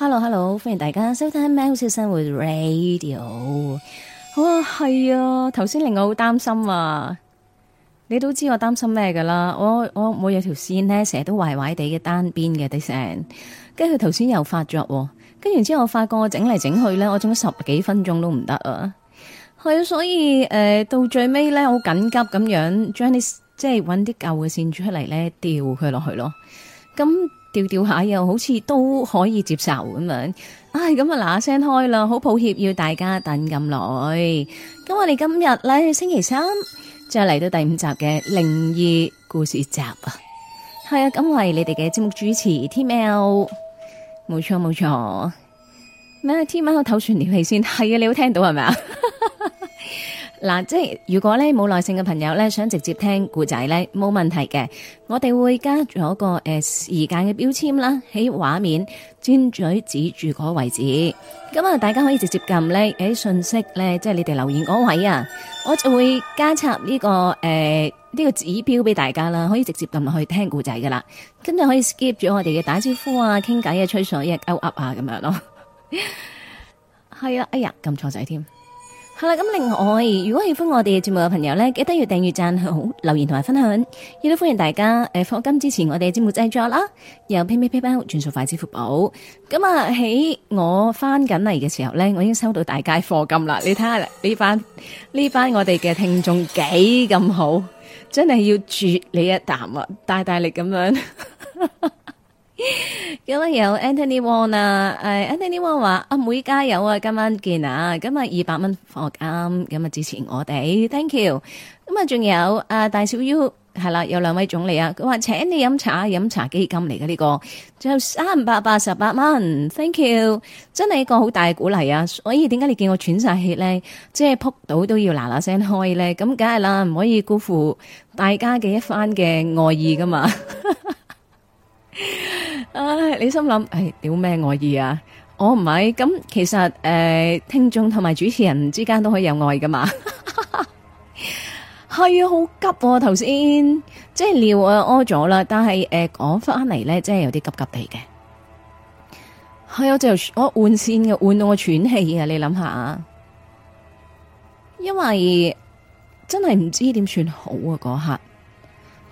Hello，Hello，hello, 歡迎大家 收睇喵式生活 Radio。哇，哦，係啊，頭先令我好擔心啊！你都知我擔心咩㗎啦？我我我，我有條線呢，成日都壞壞地嘅單邊嘅 disconnect 跟住佢頭先又發作，啊，跟住之後我發覺我整嚟整去呢，我整咗十幾分鐘都唔得啊！係啊，所以誒、呃，到最尾呢，好緊急咁樣將啲即係搵啲舊嘅線出嚟呢，掉佢落去咯。咁，嗯。調調下又好似都可以接受咁樣。唉，咁啊，嗱，聲開啦，好抱歉要大家等咁耐。咁我哋今日咧，星期三，再嚟到第五集嘅靈異故事集啊，係啊，咁我係你哋嘅節目主持 T M L，冇錯冇錯，咩 T M L 唞喘氣先，係啊，你有聽到係咪啊？ 嗱，即係如果咧冇耐性嘅朋友咧，想直接聽故仔咧，冇問題嘅。我哋會加咗個誒時間嘅標籤啦，喺畫面尖嘴指住嗰位置，咁啊大家可以直接撳咧喺信息咧，即係你哋留言嗰位啊，我就會加插呢個誒呢個指標俾大家啦，可以直接撳去聽故仔噶啦，跟住可以 skip 咗我哋嘅打招呼啊、傾偈啊、吹水啊、勾 up 啊咁樣咯。係啊，哎呀，撳錯仔添。好啦，咁另外，如果喜歡我哋節目嘅朋友咧，記得要訂閱、讚好、留言同埋分享。亦都歡迎大家誒，課金支持我哋節目製作啦。又 PayMe、PayPal、轉數快、支付寶。咁啊，喺我翻緊嚟嘅時候咧，我已經收到大家課金啦。你睇下啦，呢班呢班我哋嘅聽眾幾咁好，真係要絕你一啖啊！大大力咁樣。 今晚、 嗯、有 Anthony Wong 啊，誒、哎、Anthony Wong 話阿妹加油啊，今晚見啊，咁啊二百蚊放啱，咁啊、嗯、支持我哋，Thank you。咁、嗯嗯、啊仲有啊大少 U 係啦，有兩位總理啊，佢話請你飲茶，飲茶基金嚟嘅呢個，仲有三百八十八蚊，Thank you，真係一個好大嘅鼓勵啊！所以點解你見我喘晒氣咧？即係撲到都要嗱嗱聲開咧，咁梗係啦，唔可以辜負大家嘅一番嘅愛意噶嘛。 唉，你心諗，唉，屌咩愛意啊？我唔係咁，其實誒、呃，聽眾同埋主持人之間都可以有愛噶嘛。係 啊，好急、啊、頭先，即係尿啊屙咗啦。但係誒，講翻嚟咧，即係有啲急急地嘅。係、哎、我就我換線嘅，換到我喘氣啊！你諗下啊，因為真係唔知點算好啊，嗰刻。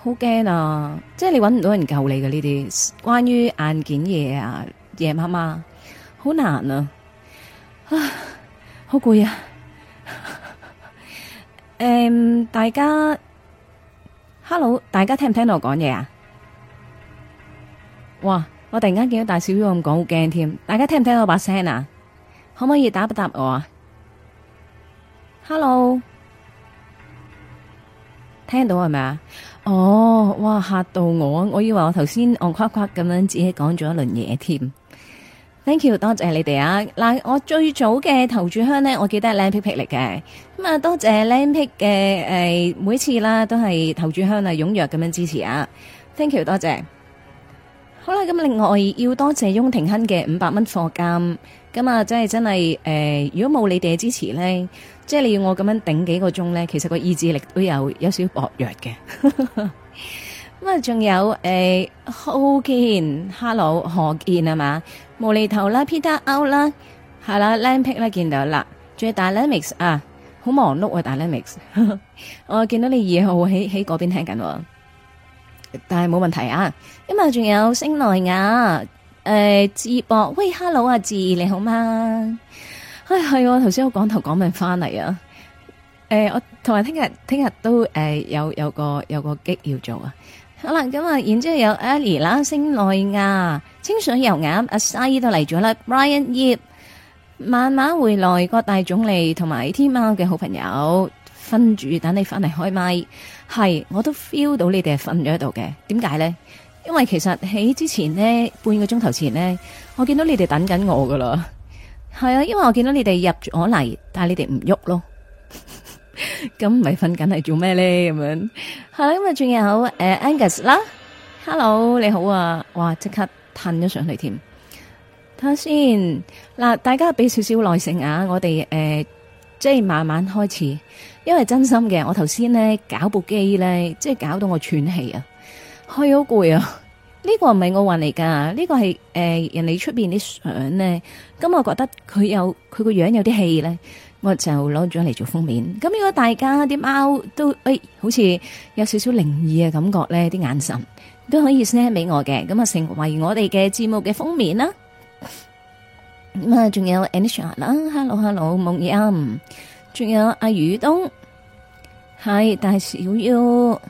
好驚啊！即係你搵唔到人救你嘅呢啲關於硬件嘢啊，夜媽媽，好難啊！啊，好攰啊！誒，大家，hello，大家聽唔聽到我講嘢啊？哇！我突然間見到大少少咁講，好驚添。大家聽唔聽到我把聲啊？可唔可以打不答我啊？Hello，聽到係咪啊？哦，哇吓到我，我以為我頭先我誇誇咁樣自己講咗一輪嘢添。Thank you，多謝你哋啊！嗱，我最早嘅頭注香呢，我記得係靚皮皮嚟嘅，咁啊、嗯、多謝靚皮嘅誒，每次啦都係頭注香啊踴躍咁樣支持啊！Thank you，多謝。好啦，咁另外要多謝翁庭亨嘅五百蚊課金，咁、嗯、啊、呃、真係真係誒，如果冇你哋嘅支持呢。即係你要我咁樣頂幾個鐘呢，其實個意志力都有有少薄弱嘅。咁 仲有呃 Houken Hello 何健啊嘛。無、欸、厘頭啦，Peter Out 啦。係 啦，Lampick 啦，見到啦。仲有 Dynamics 啊，好忙碌嘅、啊、Dynamics。我 Dynam、 啊、見到你二號喺喺嗰邊聽緊喎、啊。但係冇問題啊。咁仲有星來亞、欸、智博喂 Hello，啊呃智博喂 h e l l o 阿智，你好嗎。係，我有講頭先我講頭講命翻嚟啊！誒、欸，我同埋聽日聽日都誒、欸、有有個有個 gig 要做啊！好啦，咁啊，然之後有 Ellie 啦、星奈亞、啊、清水油眼、阿 Sai 都嚟咗啦，Brian 葉慢慢回來各大總理同埋天喵嘅好朋友，瞓住等你翻嚟開咪。係，我都 feel 到你哋係瞓咗喺度嘅。點解咧？因為其實喺之前呢，半個鐘頭前呢，我見到你哋等緊我噶啦。係啊，因為我見到你哋入咗我嚟，但係你哋唔喐咯，咁咪瞓緊係做咩咧？咁樣係啦，咁啊仲有誒 Angus 啦，Hello 你好啊，哇即刻吞咗上去添，睇下先嗱，大家俾少少耐性啊，我哋誒即係慢慢開始，因為真心嘅，我頭先咧搞部機咧，即係搞到我喘氣啊，開好攰啊。呢個唔係我話嚟噶，呢個係誒人哋出邊啲相咧。咁我覺得佢有佢個樣有啲戲咧，我就攞咗嚟做封面。咁如果大家啲貓都誒，好似有少少靈異嘅感覺咧，啲眼神都可以 send 俾我嘅。咁啊，成為我哋嘅節目嘅封面啦。咁啊，仲有 Anisha 啦，Hello Hello，夢葉音，仲有阿宇東，係大小 U。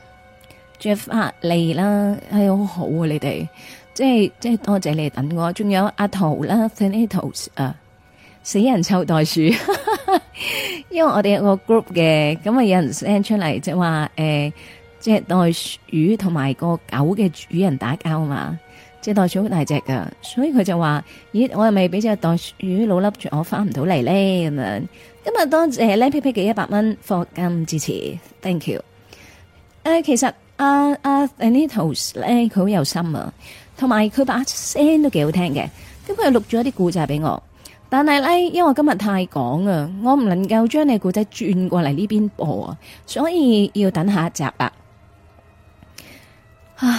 Jeff 阿利啦，係、哎、好好啊！你哋即係即係多謝你哋等我。仲有阿桃啦，s i n a t o 啊，死人臭袋鼠， 因為我哋有個 group 嘅，咁啊，有人 send 出嚟就話誒，即係、呃、袋鼠同埋個狗嘅主人打交嘛。即係袋鼠好大隻噶，所以佢就話咦，我又咪俾隻袋鼠老笠住，我翻唔到嚟呢？咁樣今日多謝靚 P P 嘅一百蚊課金支持，thank you。誒、呃呃，其實。阿阿誒呢頭咧，佢好有心啊，同埋佢把聲都幾好聽嘅。咁佢又錄咗一啲故仔俾我，但係咧，因為今日太趕啊，我唔能夠將你的故仔轉過嚟呢邊播啊，所以要等下一集啦。啊，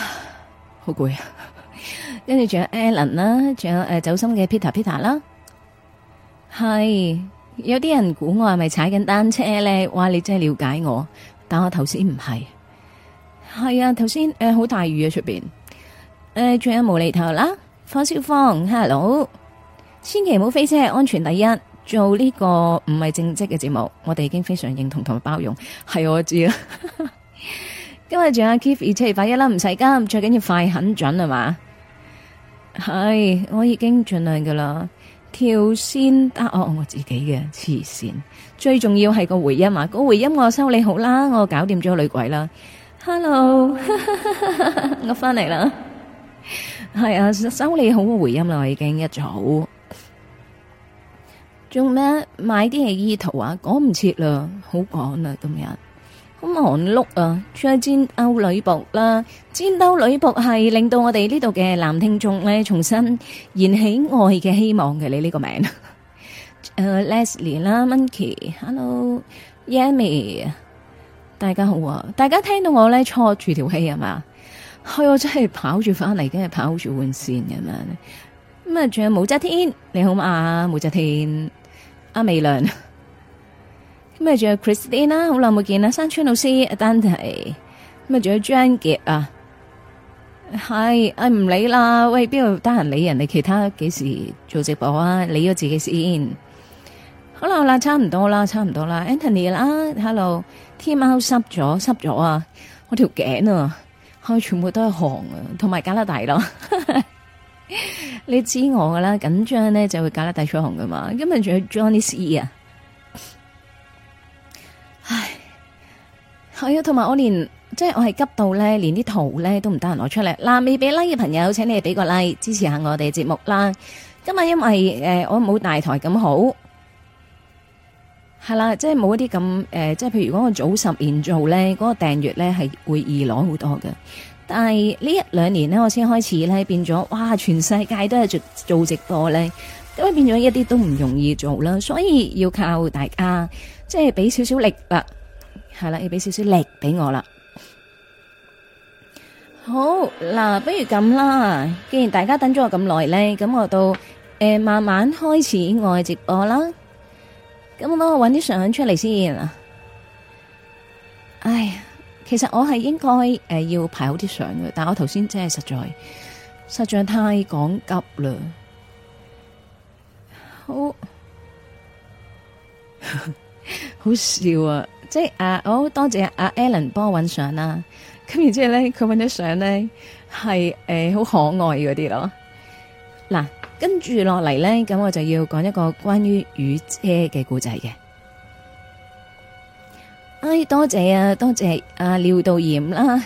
好攰啊！跟住仲有 Alan 啦，仲有誒、呃、走心嘅 Peter Peter 啦，係有啲人估我係咪踩緊單車咧？哇，你真係了解我，但我頭先唔係。係啊，頭先誒好大雨啊，出邊誒仲有無厘頭啦。火燒方，hello，千祈唔好飛車，安全第一。做呢個唔係正職嘅節目，我哋已經非常認同同埋包容。係，我知啊，因為仲有 keep 而且係快一啦，唔使急，最緊要快狠準啊嘛。係我已經盡量噶啦，跳先得哦，我自己嘅慈善最重要係個回音啊。個回音我收理好啦，我搞掂咗個女鬼啦。Hello, Hello. 我翻嚟啦，係 啊，收你好嘅回音啦，我已經一早做咩買啲嘢意圖啊，講唔切啦，好趕啦，啊、今日好、嗯、忙碌啊，再煎歐女僕啦，煎歐女僕係令到我哋呢度嘅男聽眾咧重新燃起愛嘅希望嘅，你呢個名、 呃、Leslie 啦 Monkey，Hello，Yamy 大家好啊！大家聽到我咧，搓住條氣啊嘛？哎，我真係跑住翻嚟，梗係係跑住換線咁樣咁啊！仲有武則天，你好嘛？武則天，阿美良咁啊！仲 有 Christine 啦，好耐冇見啦，山村老師 Anthony 咁啊！仲有張杰啊，係啊，哎，唔理啦。喂，邊度得閒理人哋？其他幾時做直播啊？理我自己先。好啦好啦，差唔多啦，差唔多啦，Anthony 啦，Hello。天喵濕咗，濕咗啊！我條頸啊，係、啊、全部都係汗啊，同埋加拿大咯。你知我噶啦，緊張咧就會加拿大出汗噶嘛。今日仲有 Johnny、e、啊，唉，係啊，同埋我連即係我係急到咧，連啲圖咧都唔得閒攞出嚟。嗱，未俾 like 嘅朋友，請你哋俾個 like 支持下我哋嘅節目啦。今日因為誒、呃，我冇大台咁好。係啦，即係冇一啲咁誒，即係譬如嗰我早十年做咧，嗰、嗰個訂閱咧係會易攞好多嘅。但係呢一兩年呢，我先開始咧變咗，哇！全世界都係做做直播咧，變都變咗一啲都唔容易做啦。所以要靠大家，即係俾少少力啦。係啦，要俾少少力俾我啦。好，嗱，不如咁啦。既然大家等咗我咁耐咧，咁我到誒、呃、慢慢開始我嘅直播啦。咁我搵啲相出嚟先啊！哎，其實我係應該誒、呃、要排好啲相嘅，但係我頭先真係實在，實在太趕急啦。好， 好笑啊！即係啊，好、哦、多謝阿、啊、Alan 幫我搵相啦。咁然之後咧，佢搵咗相咧係誒好可愛嗰啲咯。嗱。跟住落嚟呢，咁我就要講一個關於雨車嘅故仔嘅。唉、哎、多謝啊，多謝啊，廖道炎啦，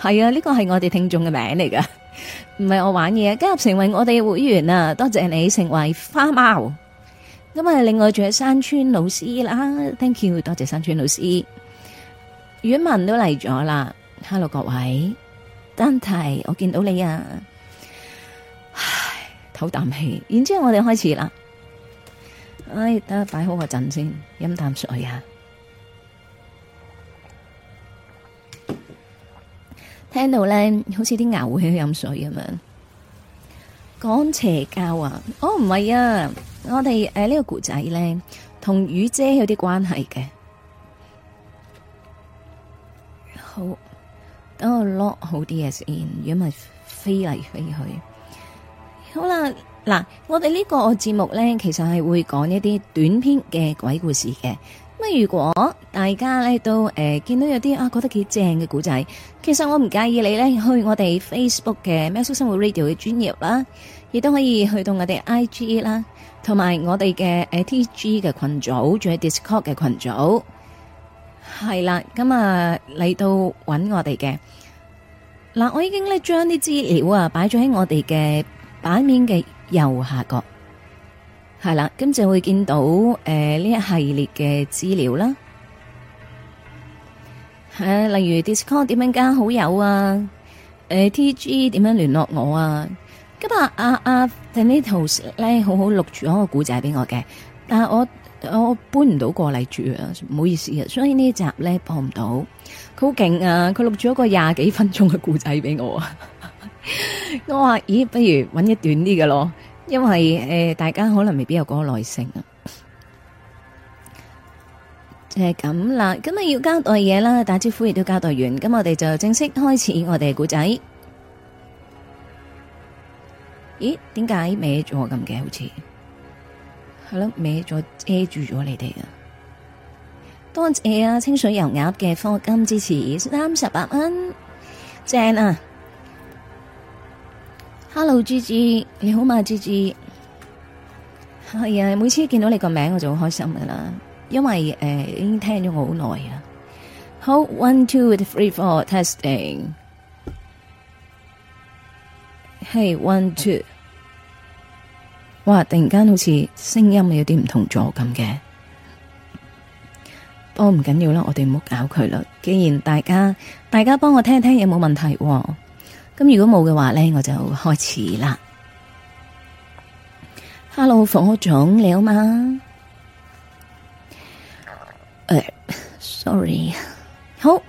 係啊，呢個係我哋聽眾嘅名嚟噶，唔係我玩嘢，加入成為我哋會員啊，多謝你成為花貓。咁啊，另外仲有山村老師啦，thank you，多謝山村老師。遠文都嚟咗啦，hello 各位，丹提我見到你啊。唞啖氣，然之後我哋開始啦。哎，等擺好個陣先，飲啖水啊！聽到咧，好似啲牛喺度飲水咁樣。講邪教啊？哦，唔係啊，我哋誒、呃這個、呢個古仔咧，同雨姐有啲關係嘅。好，等我 lock 好啲嘢先，如果唔係飛嚟飛去。好啦，嗱，我哋呢個節目呢，其實係會講一啲短篇嘅鬼故事嘅。咁如果大家呢，都、呃、誒見到有啲啊覺得幾正嘅古仔，其實我唔介意你呢去我哋 Facebook 嘅《喵式生活 Radio》嘅專頁啦，亦都可以去到我哋 IG 啦，同埋我哋嘅誒 TG 嘅群組，仲有 Discord 嘅群組，係啦。咁啊嚟到搵我哋嘅嗱，我已經呢，將啲資料啊擺咗喺我哋嘅，版面嘅右下角，係啦，咁就會見到誒呢、呃、一系列嘅資料啦，誒、呃、例如 Discord 點樣加好友啊，誒、呃、TG 點樣聯絡我啊，咁啊阿阿婷呢頭咧好好錄住一個故仔俾我嘅，但係我我搬唔到過嚟住啊，唔好意思啊，所以呢集呢集咧播唔到。佢好勁啊，佢錄住一個廿幾分鐘嘅故仔俾我啊。 我話咦，不如搵一段啲嘅咯，因為誒、呃，大家可能未必有嗰個耐性啊。 就係咁啦，咁啊要交代嘢啦，打招呼亦都交代完，咁我哋就正式開始我哋嘅古仔。咦？點解歪咗咁嘅？好似係咯，歪咗遮住咗你哋啊！多謝啊，清水油鴨嘅課金支持三十八蚊，正啊！Hello，Gigi，你好嘛，Gigi，係啊，oh、yeah, 每次見到你個名我就好開心噶啦，因為誒、呃、已經聽咗我好耐啊。好，one two three four testing，係、hey, one two，哇，突然間好似聲音有啲唔同咗咁嘅，不過唔緊要啦，我哋唔好搞佢啦。既然大家，大家幫我聽聽有冇問題。咁如果冇嘅話咧，我就開始啦。Hello，房屋總你好嘛，uh？Sorry，好。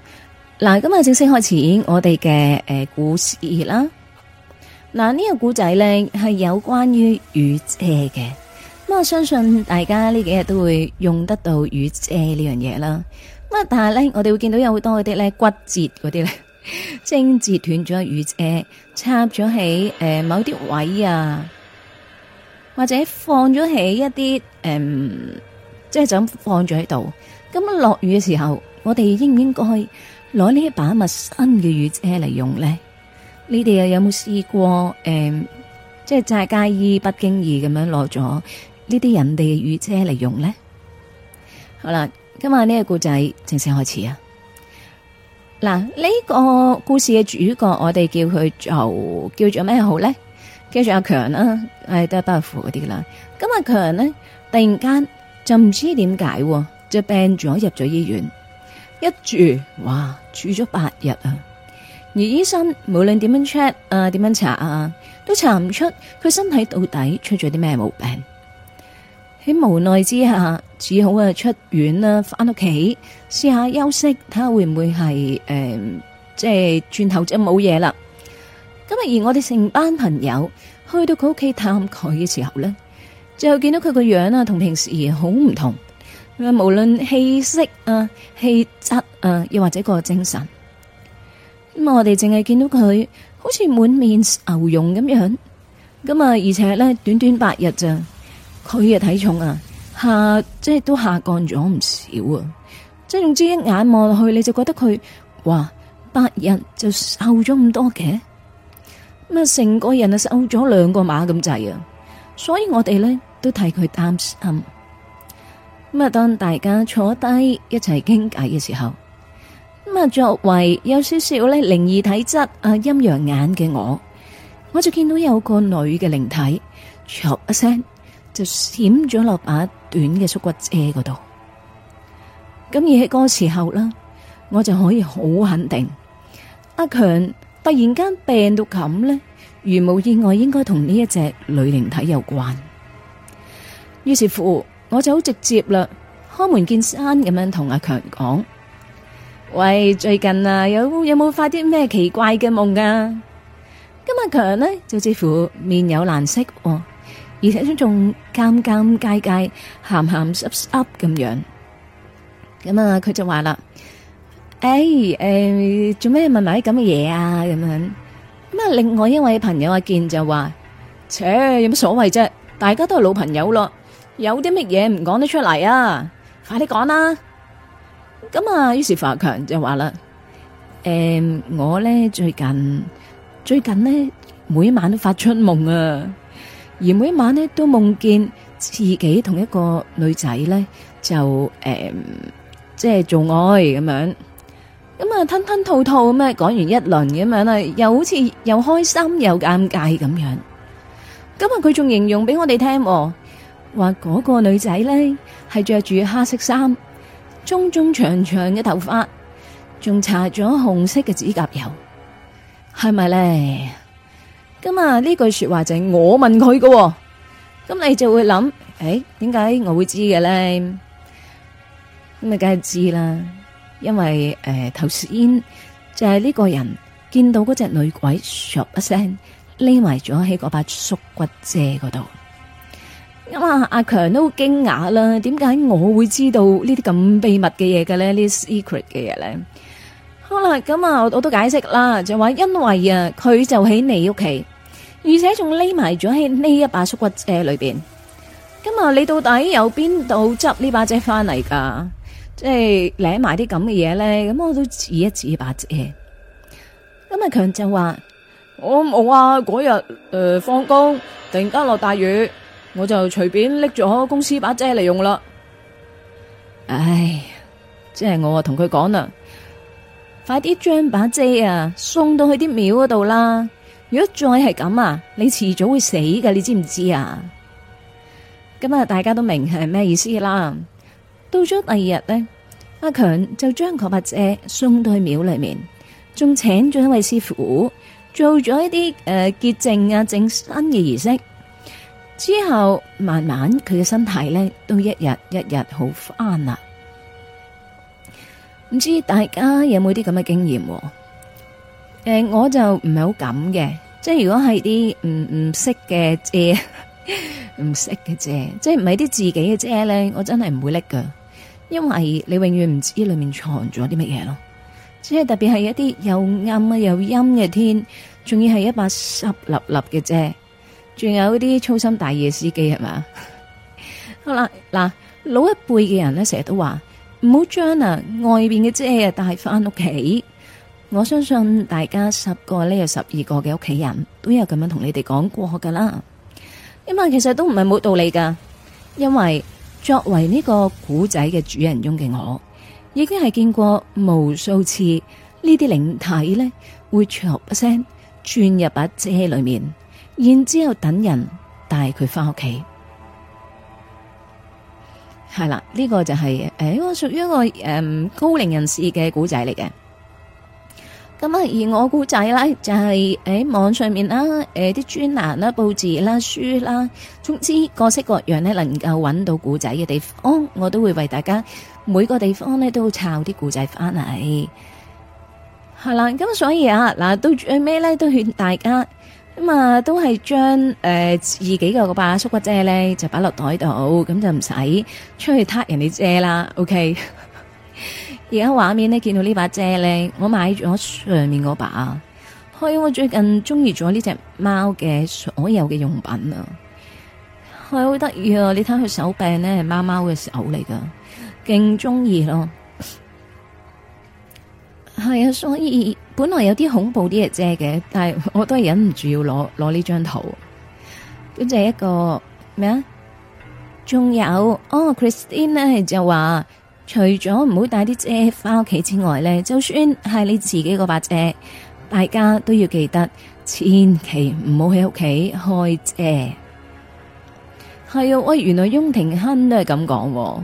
嗱，今日正式開始我哋嘅誒故事啦。嗱，這個，呢個古仔咧係有關於雨遮嘅。咁我相信大家呢幾日都會用得到雨遮呢樣嘢啦。咁啊，但係咧，我哋會見到有好多嗰啲咧骨折嗰啲咧。正截斷咗雨遮，插咗喺誒某啲位啊，或者放咗喺一啲誒、呃，即係想放咗喺度。咁落雨嘅時候，我哋應唔應該攞呢一把陌生嘅雨遮嚟用呢？你哋又有冇試過誒、呃，即係在介意不經意咁樣攞咗呢啲人哋嘅雨遮嚟用呢？好啦，今日呢個故仔正式開始啊！嗱，呢個故事嘅主角，我哋叫佢就叫做咩好咧？叫住阿強啦，誒、哎，都係包父嗰啲啦。咁阿強呢，突然間就唔知點解，就病咗入咗醫院，一住哇，住咗八日啊！而醫生無論點樣 check 啊，點樣查啊，都查唔出佢身體到底出咗啲咩毛病。喺無奈之下。只好啊出院啦，翻屋企試下休息，睇下會唔會係誒、呃，即係轉頭就冇嘢啦。咁啊，而我哋成班朋友去到佢屋企探佢嘅時候呢，最後見到佢個樣啊，同平時好唔同，無論氣息啊、氣質啊，又或者個精神，咁啊，我哋淨係見到佢好似滿面牛肉咁樣，咁啊，而且呢，短短八日咋，佢嘅體重啊。下即係都下降咗唔少啊！即係總之一眼望落去，你就覺得佢哇，八日就瘦咗咁多嘅，咁啊成個人啊瘦咗兩個碼咁滯啊！所以我哋咧都替佢擔心。咁啊，當大家坐低一齊傾偈嘅時候，咁啊，作為有少少咧靈異體質啊陰陽眼嘅我，我就見到有個女嘅靈體，唰一聲。就閃咗落把短嘅縮骨遮嗰度，咁而喺嗰個時候啦，我就可以好肯定，阿強突然間病到咁呢，如無意外應該同呢一隻女靈體有關。於是乎，我就好直接啦，開門見山咁樣同阿強講：喂，最近啊，有有冇發啲咩奇怪嘅夢噶？咁阿強呢，就似乎面有難色。而且仲尷尷尬尬、鹹鹹濕濕咁樣，咁啊佢就話啦：誒、欸、誒，做、欸、咩問埋啲咁嘅嘢啊？咁樣咁啊！另外一位朋友啊，見就話：切有乜所謂啫？大家都係老朋友咯，有啲乜嘢唔講得出嚟啊？快啲講啦！咁啊，於是華強就話啦：誒、欸，我咧最近最近咧，每一晚都發春夢啊！而每一晚都夢見自己同一個女仔呢就誒、嗯，即係做愛咁樣，咁啊吞吞吐吐咁啊，講完一輪咁樣啦，又好似又開心又尷尬咁樣。咁啊，佢仲形容俾我哋聽、哦，話嗰個女仔呢係着住黑色衫，中中長長嘅頭髮，仲搽咗紅色嘅指甲油，係咪咧？咁啊！呢句說話就係我問佢嘅，咁你就會諗，誒、哎，點解我會知嘅咧？咁啊，梗係知啦，因為誒頭先就係呢個人見到嗰隻女鬼，嗦一聲匿埋咗喺嗰把縮骨遮嗰度。咁啊，阿、啊、強都好驚訝啦，點解我會知道呢啲咁秘密嘅嘢嘅咧？呢啲 secret 嘅嘢咧？好啦，咁啊，我都解釋啦，就話因為啊，佢就喺你屋企，而且仲匿埋咗喺呢一把縮骨遮裏邊。咁啊，你到底有邊度執呢把遮翻嚟噶？即係孭埋啲咁嘅嘢咧？咁我都指一指一把遮。咁啊，強就話我冇啊，嗰日誒放工突然間落大雨，我就隨便拎咗公司把遮嚟用啦。唉，即係我啊同佢講啦。快啲將把遮啊送到去啲廟嗰度啦！如果再係咁啊，你遲早會死㗎，你知唔知啊？咁啊，大家都明係咩意思啦。到咗第二日呢，阿強就將嗰把遮送到去廟裏面，仲請咗一位師傅做咗一啲誒潔淨啊淨身嘅儀式。之後慢慢佢嘅身體呢都一日一日好返啦。唔知大家有冇啲咁嘅經驗？誒、呃，我就唔係好敢嘅，即係如果係啲唔唔識嘅啫，唔識嘅啫，即係唔係啲自己嘅啫咧，我真係唔會拎噶，因為你永遠唔知裏面藏咗啲乜嘢咯。即係特別係一啲又暗啊又陰嘅天，仲要係一把濕笠笠嘅啫，仲有啲粗心大意嘅司機係嘛？ 好啦，嗱，老一輩嘅人咧，成日都話。唔好將外邊嘅遮啊帶翻屋企。我相信大家十個呢有十二個嘅屋企人都有咁樣同你哋講過噶啦。因為其實都唔係冇道理噶，因為作為呢個古仔嘅主人翁嘅我，已經係見過無數次呢啲靈體呢會唰一聲轉入把遮裏面，然之後等人帶佢翻屋企。係啦，呢個就係、是、誒，一個屬於一個誒、嗯、高齡人士嘅古仔嚟嘅。咁啊，而我古仔啦，就係、是、喺網上面啦，誒啲專欄啦、報紙啦、書啦，總之各式各樣呢，能夠揾到古仔嘅地方，我都會為大家每個地方呢，都抄啲古仔翻嚟。係啦，咁、嗯嗯、所以啊，嗱到最尾呢，都勸大家。咁啊，都係將誒自己嘅把縮骨遮呢就擺落袋度，咁就唔使出去撻人哋遮啦。OK，而家畫面呢，見到把呢把遮咧，我買咗上面嗰把啊，因、哎、我最近中意咗呢隻貓嘅所有嘅用品啊，係好得意啊！你睇佢手柄咧係貓貓嘅手嚟噶，勁中意咯，係 啊、哎，所以。本來有啲恐怖啲嘅遮嘅，但係我都係忍唔住要攞攞呢張圖。跟住一個咩啊？仲有哦，Christine 呢就話，除咗唔好帶啲遮翻屋企之外呢，就算係你自己個把遮，大家都要記得，千祈唔好喺屋企開遮。係啊，喂，原來翁庭欣都係咁講。誒、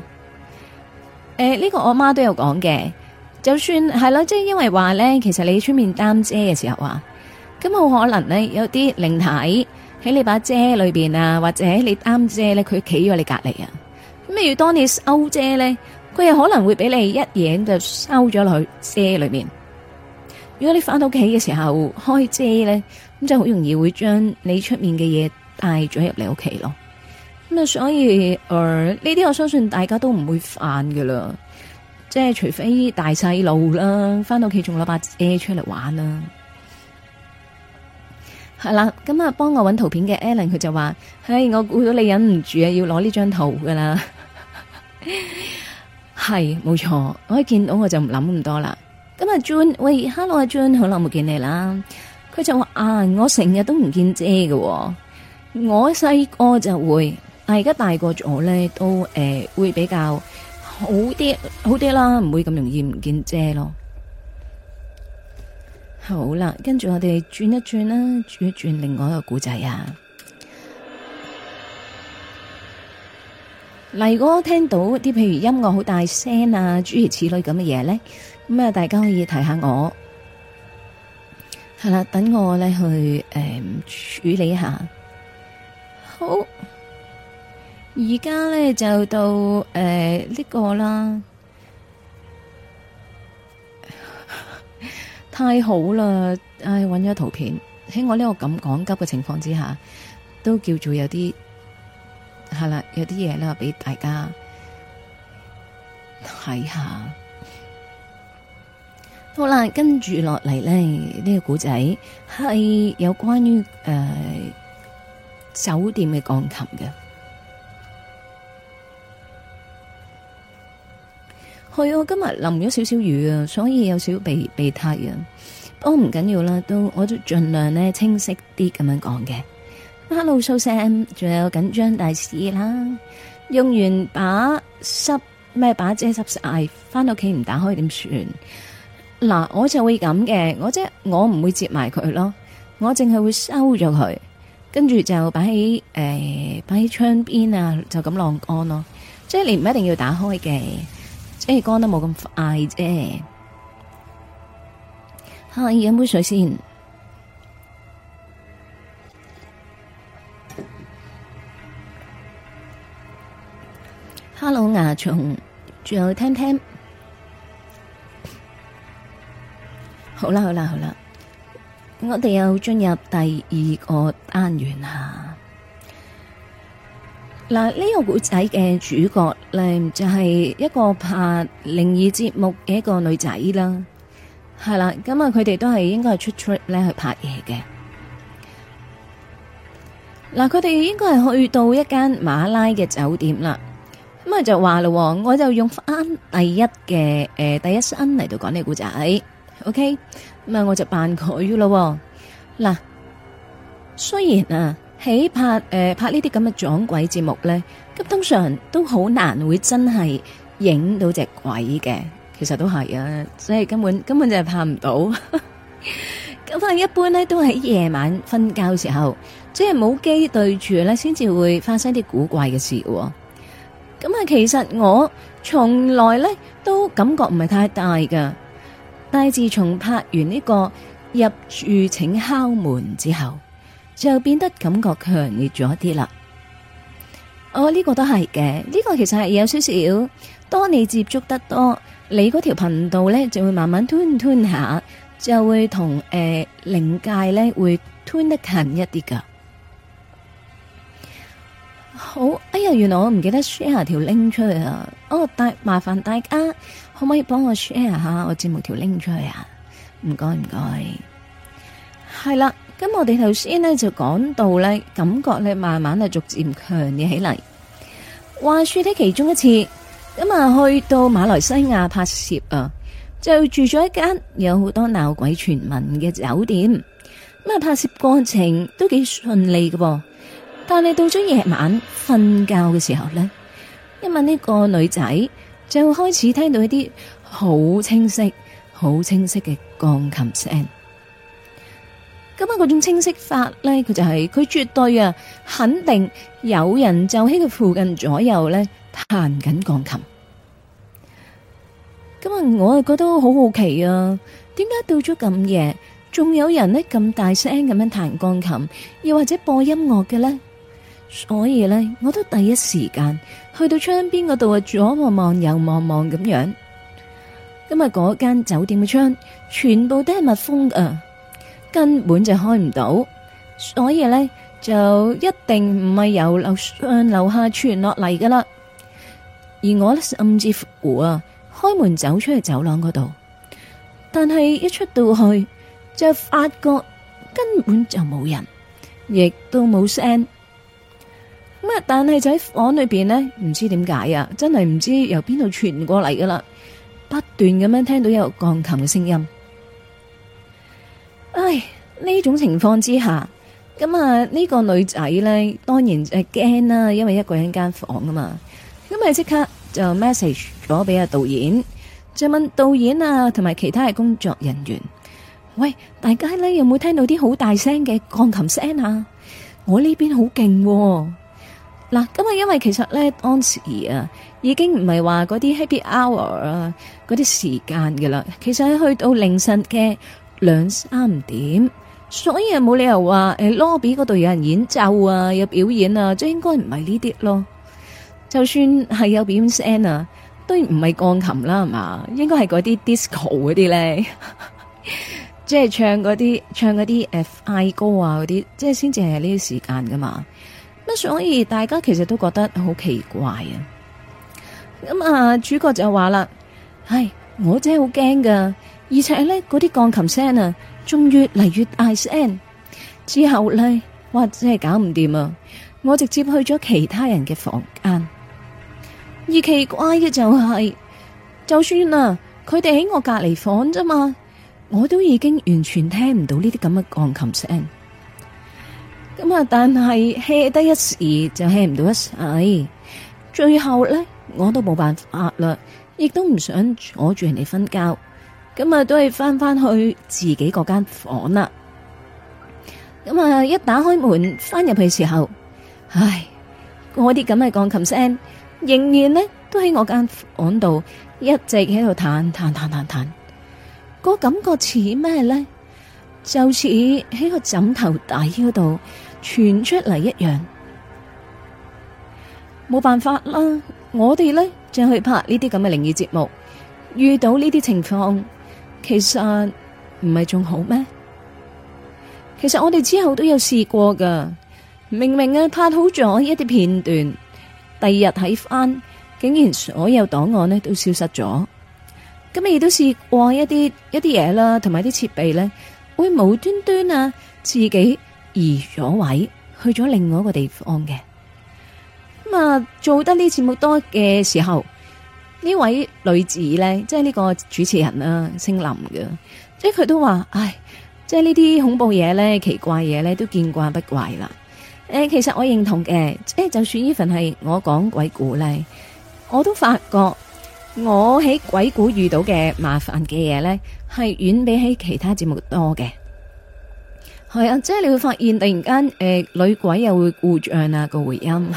欸，呢、這個我媽都有講嘅。就算係啦，即係因為話咧，其實你出面擔遮嘅時候啊，咁好可能咧有啲靈體喺你把遮裏邊啊，或者你擔遮咧，佢企咗你隔籬啊。咁例如當你收遮咧，佢又可能會俾你一嘢，就收咗落去遮裏面。如果你翻到屋企嘅時候開遮咧，咁就好容易會將你出面嘅嘢帶咗入你屋企咯。咁啊，所以誒呢啲我相信大家都唔會犯噶啦。即係除非大細路啦，翻到屋企仲攞把遮出嚟玩啦。係啦，咁啊，幫我揾圖片嘅 Ellen 佢就話：，唉、hey,，我估到你忍唔住啊，要攞呢張圖噶啦。係冇錯，我一見到我就唔諗咁多啦。咁啊，June，喂，Hello，阿 June，好耐冇見你啦。佢就話啊，我成日都唔見遮嘅，我細個就會，但係而家大個咗咧，都誒、呃、會比較。好啲好啲啦，唔會咁容易唔見遮咯。好啦，跟住我哋轉一轉啦，轉一轉另外一個古仔啊。 如果聽到啲譬如音樂好大聲啊，諸如此類咁嘅嘢咧，咁啊大家可以提下我，係啦，等我咧去誒、呃、處理一下。好。而家咧就到誒呢、呃這個啦， 太好啦！唉，搵咗圖片喺我呢個咁趕急嘅情況之下，都叫做有啲係啦，有啲嘢啦，俾大家睇下。好啦，跟住落嚟咧，呢、這個故仔係有關於誒、呃、酒店嘅鋼琴嘅。係我、啊、今日淋咗少少雨啊，所以有少少鼻塞，不過都唔緊要啦，都我都盡量咧清晰啲咁樣講嘅。Hello，Susan，仲有緊張大師啦，用完把濕咩把遮濕晒，翻到屋企唔打開點算？嗱，我就會咁嘅，我即係我唔會接埋佢咯，我淨係會收咗佢，跟住就擺喺誒擺喺窗邊啊，就咁晾乾咯。即係你唔一定要打開嘅。誒，乾得冇咁快啫。哈，飲杯水先。Hello，牙蟲，最後聽聽。好啦，好啦，好啦，我哋又進入第二個單元啦。嗱，呢個古仔嘅主角咧就係一個拍靈異節目嘅一個女仔啦，係啦，咁啊佢哋都係應該係出 trip 咧去拍嘢嘅。嗱，佢哋應該係去到一間馬拉嘅酒店啦，咁啊就話喎，我就用翻第一嘅、誒第一身嚟到講呢個古仔，OK，咁啊我就扮佢咯。嗱，雖然啊。喺拍誒、呃、拍呢啲咁嘅撞鬼節目呢，咁通常都好難會真係影到隻鬼嘅，其實都係啊，所以根本根本就係拍唔到。咁反正一般呢，都喺夜晚瞓覺嘅時候，即係冇機對住呢先至會發生啲古怪嘅事。咁啊，那其實我從來呢都感覺唔係太大噶，但係自從拍完呢、呢個入住請敲門之後。就變得感覺強烈咗啲啦。哦，呢、這個都係嘅，呢、這個其實係有少少。當你接觸得多，你嗰條頻道咧就會慢慢吞吞下，就會同誒靈界咧會吞得近一啲噶。好，哎呀，原來我唔記得 share 條 link 出去啊。哦，大麻煩大家，可唔可以幫我 share 下我節目條 link 出去啊？唔該唔該，係啦。咁我哋頭先呢就講到呢，感覺咧慢慢啊逐漸強烈起嚟。話說的其中一次，咁啊去到馬來西亞拍攝啊，就住咗一間有好多鬧鬼傳聞嘅酒店。咁啊拍攝過程都幾順利㗎噃，但係到咗夜晚瞓覺嘅時候呢，一晚呢個女仔就開始聽到一啲好清晰、好清晰嘅鋼琴聲。咁啊，嗰種清晰法咧，佢就係佢絕對啊，肯定有人就喺佢附近左右咧彈緊鋼琴。咁啊，我啊覺得好好奇啊，點解到咗咁夜，仲有人呢咁大聲咁樣彈鋼琴，又或者播音樂嘅呢？所以咧，我都第一時間去到窗邊嗰度啊，左望望，右望望咁樣。咁啊嗰間酒店嘅窗全部都係密封噶。根本就開唔到，所以咧就一定唔係由樓上樓下傳落嚟噶啦。而我咧甚至乎啊，開門走出去走廊度，但係一出到去就發覺根本就冇人，亦都冇聲。咁啊，但係就喺房裏邊咧，唔知點解啊，真係唔知由邊度傳過嚟噶啦，不斷咁樣聽到有鋼琴嘅聲音。唉，呢種情況之下，咁啊呢個女仔呢，當然係驚啦，因為一個人間房啊嘛，咁啊即刻就 message 咗俾阿導演，就問導演啊同埋其他嘅工作人員，喂，大家呢有冇聽到啲好大聲嘅鋼琴聲啊？我呢邊好勁，嗱，咁啊因為其實呢，當時啊已經唔係話嗰啲 happy hour 啊嗰啲時間噶啦，其實去到凌晨嘅。兩三點，所以冇理由話誒，lobby 嗰度有人演奏啊，有表演啊，即係應該唔係呢啲咯。就算係有表演聲啊，都唔係鋼琴啦，係嘛？應該係嗰啲 disco 嗰啲咧， 即係唱嗰啲唱嗰啲 Fi 歌啊嗰啲，即係先至係呢啲時間噶嘛。咁所以大家其實都覺得好奇怪啊。咁啊，主角就話啦：，唉，我真係好驚噶。而且呢，嗰啲鋼琴聲啊，仲越嚟越大聲。之後咧，哇，真係搞唔掂啊！我直接去咗其他人嘅房間。而奇怪嘅就係，就算啊，佢哋喺我隔籬房啫嘛，我都已經完全聽唔到呢啲咁嘅鋼琴聲。咁啊，但係 hea 得一時就 hea 唔到一世。最後呢，我都冇辦法啦，亦都唔想阻住人哋瞓覺。咁啊，都係翻翻去自己嗰間房啦。咁啊，一打開門翻入去時候，唉，嗰啲咁嘅鋼琴聲仍然呢都喺我間房度，一直喺度彈彈彈彈彈。嗰個感覺似咩呢？就似喺個枕頭底嗰度傳出嚟一樣。冇辦法啦，我哋呢就去拍呢啲咁嘅靈異節目，遇到呢啲情況。其實唔係仲好咩？其實我哋之後都有試過噶，明明啊拍好咗一啲片段，第二日睇翻，竟然所有檔案呢都消失咗。咁亦都試過一啲一啲嘢啦，同埋啲設備呢，會無端端啊自己移咗位，去咗另外一個地方嘅。咁啊，做得呢節目多嘅時候。呢位女子咧，即係呢個主持人啦，姓林嘅，即係佢都話，唉，即係呢啲恐怖嘢咧、奇怪嘢咧，都見怪不怪啦。誒、呃，其實我認同嘅，即係就算呢份係我講鬼故咧，我都發覺我喺鬼故遇到嘅麻煩嘅嘢咧，係遠比起其他節目多嘅。係啊，即係你會發現突然間，誒、呃，女鬼又會故障啊，個回音。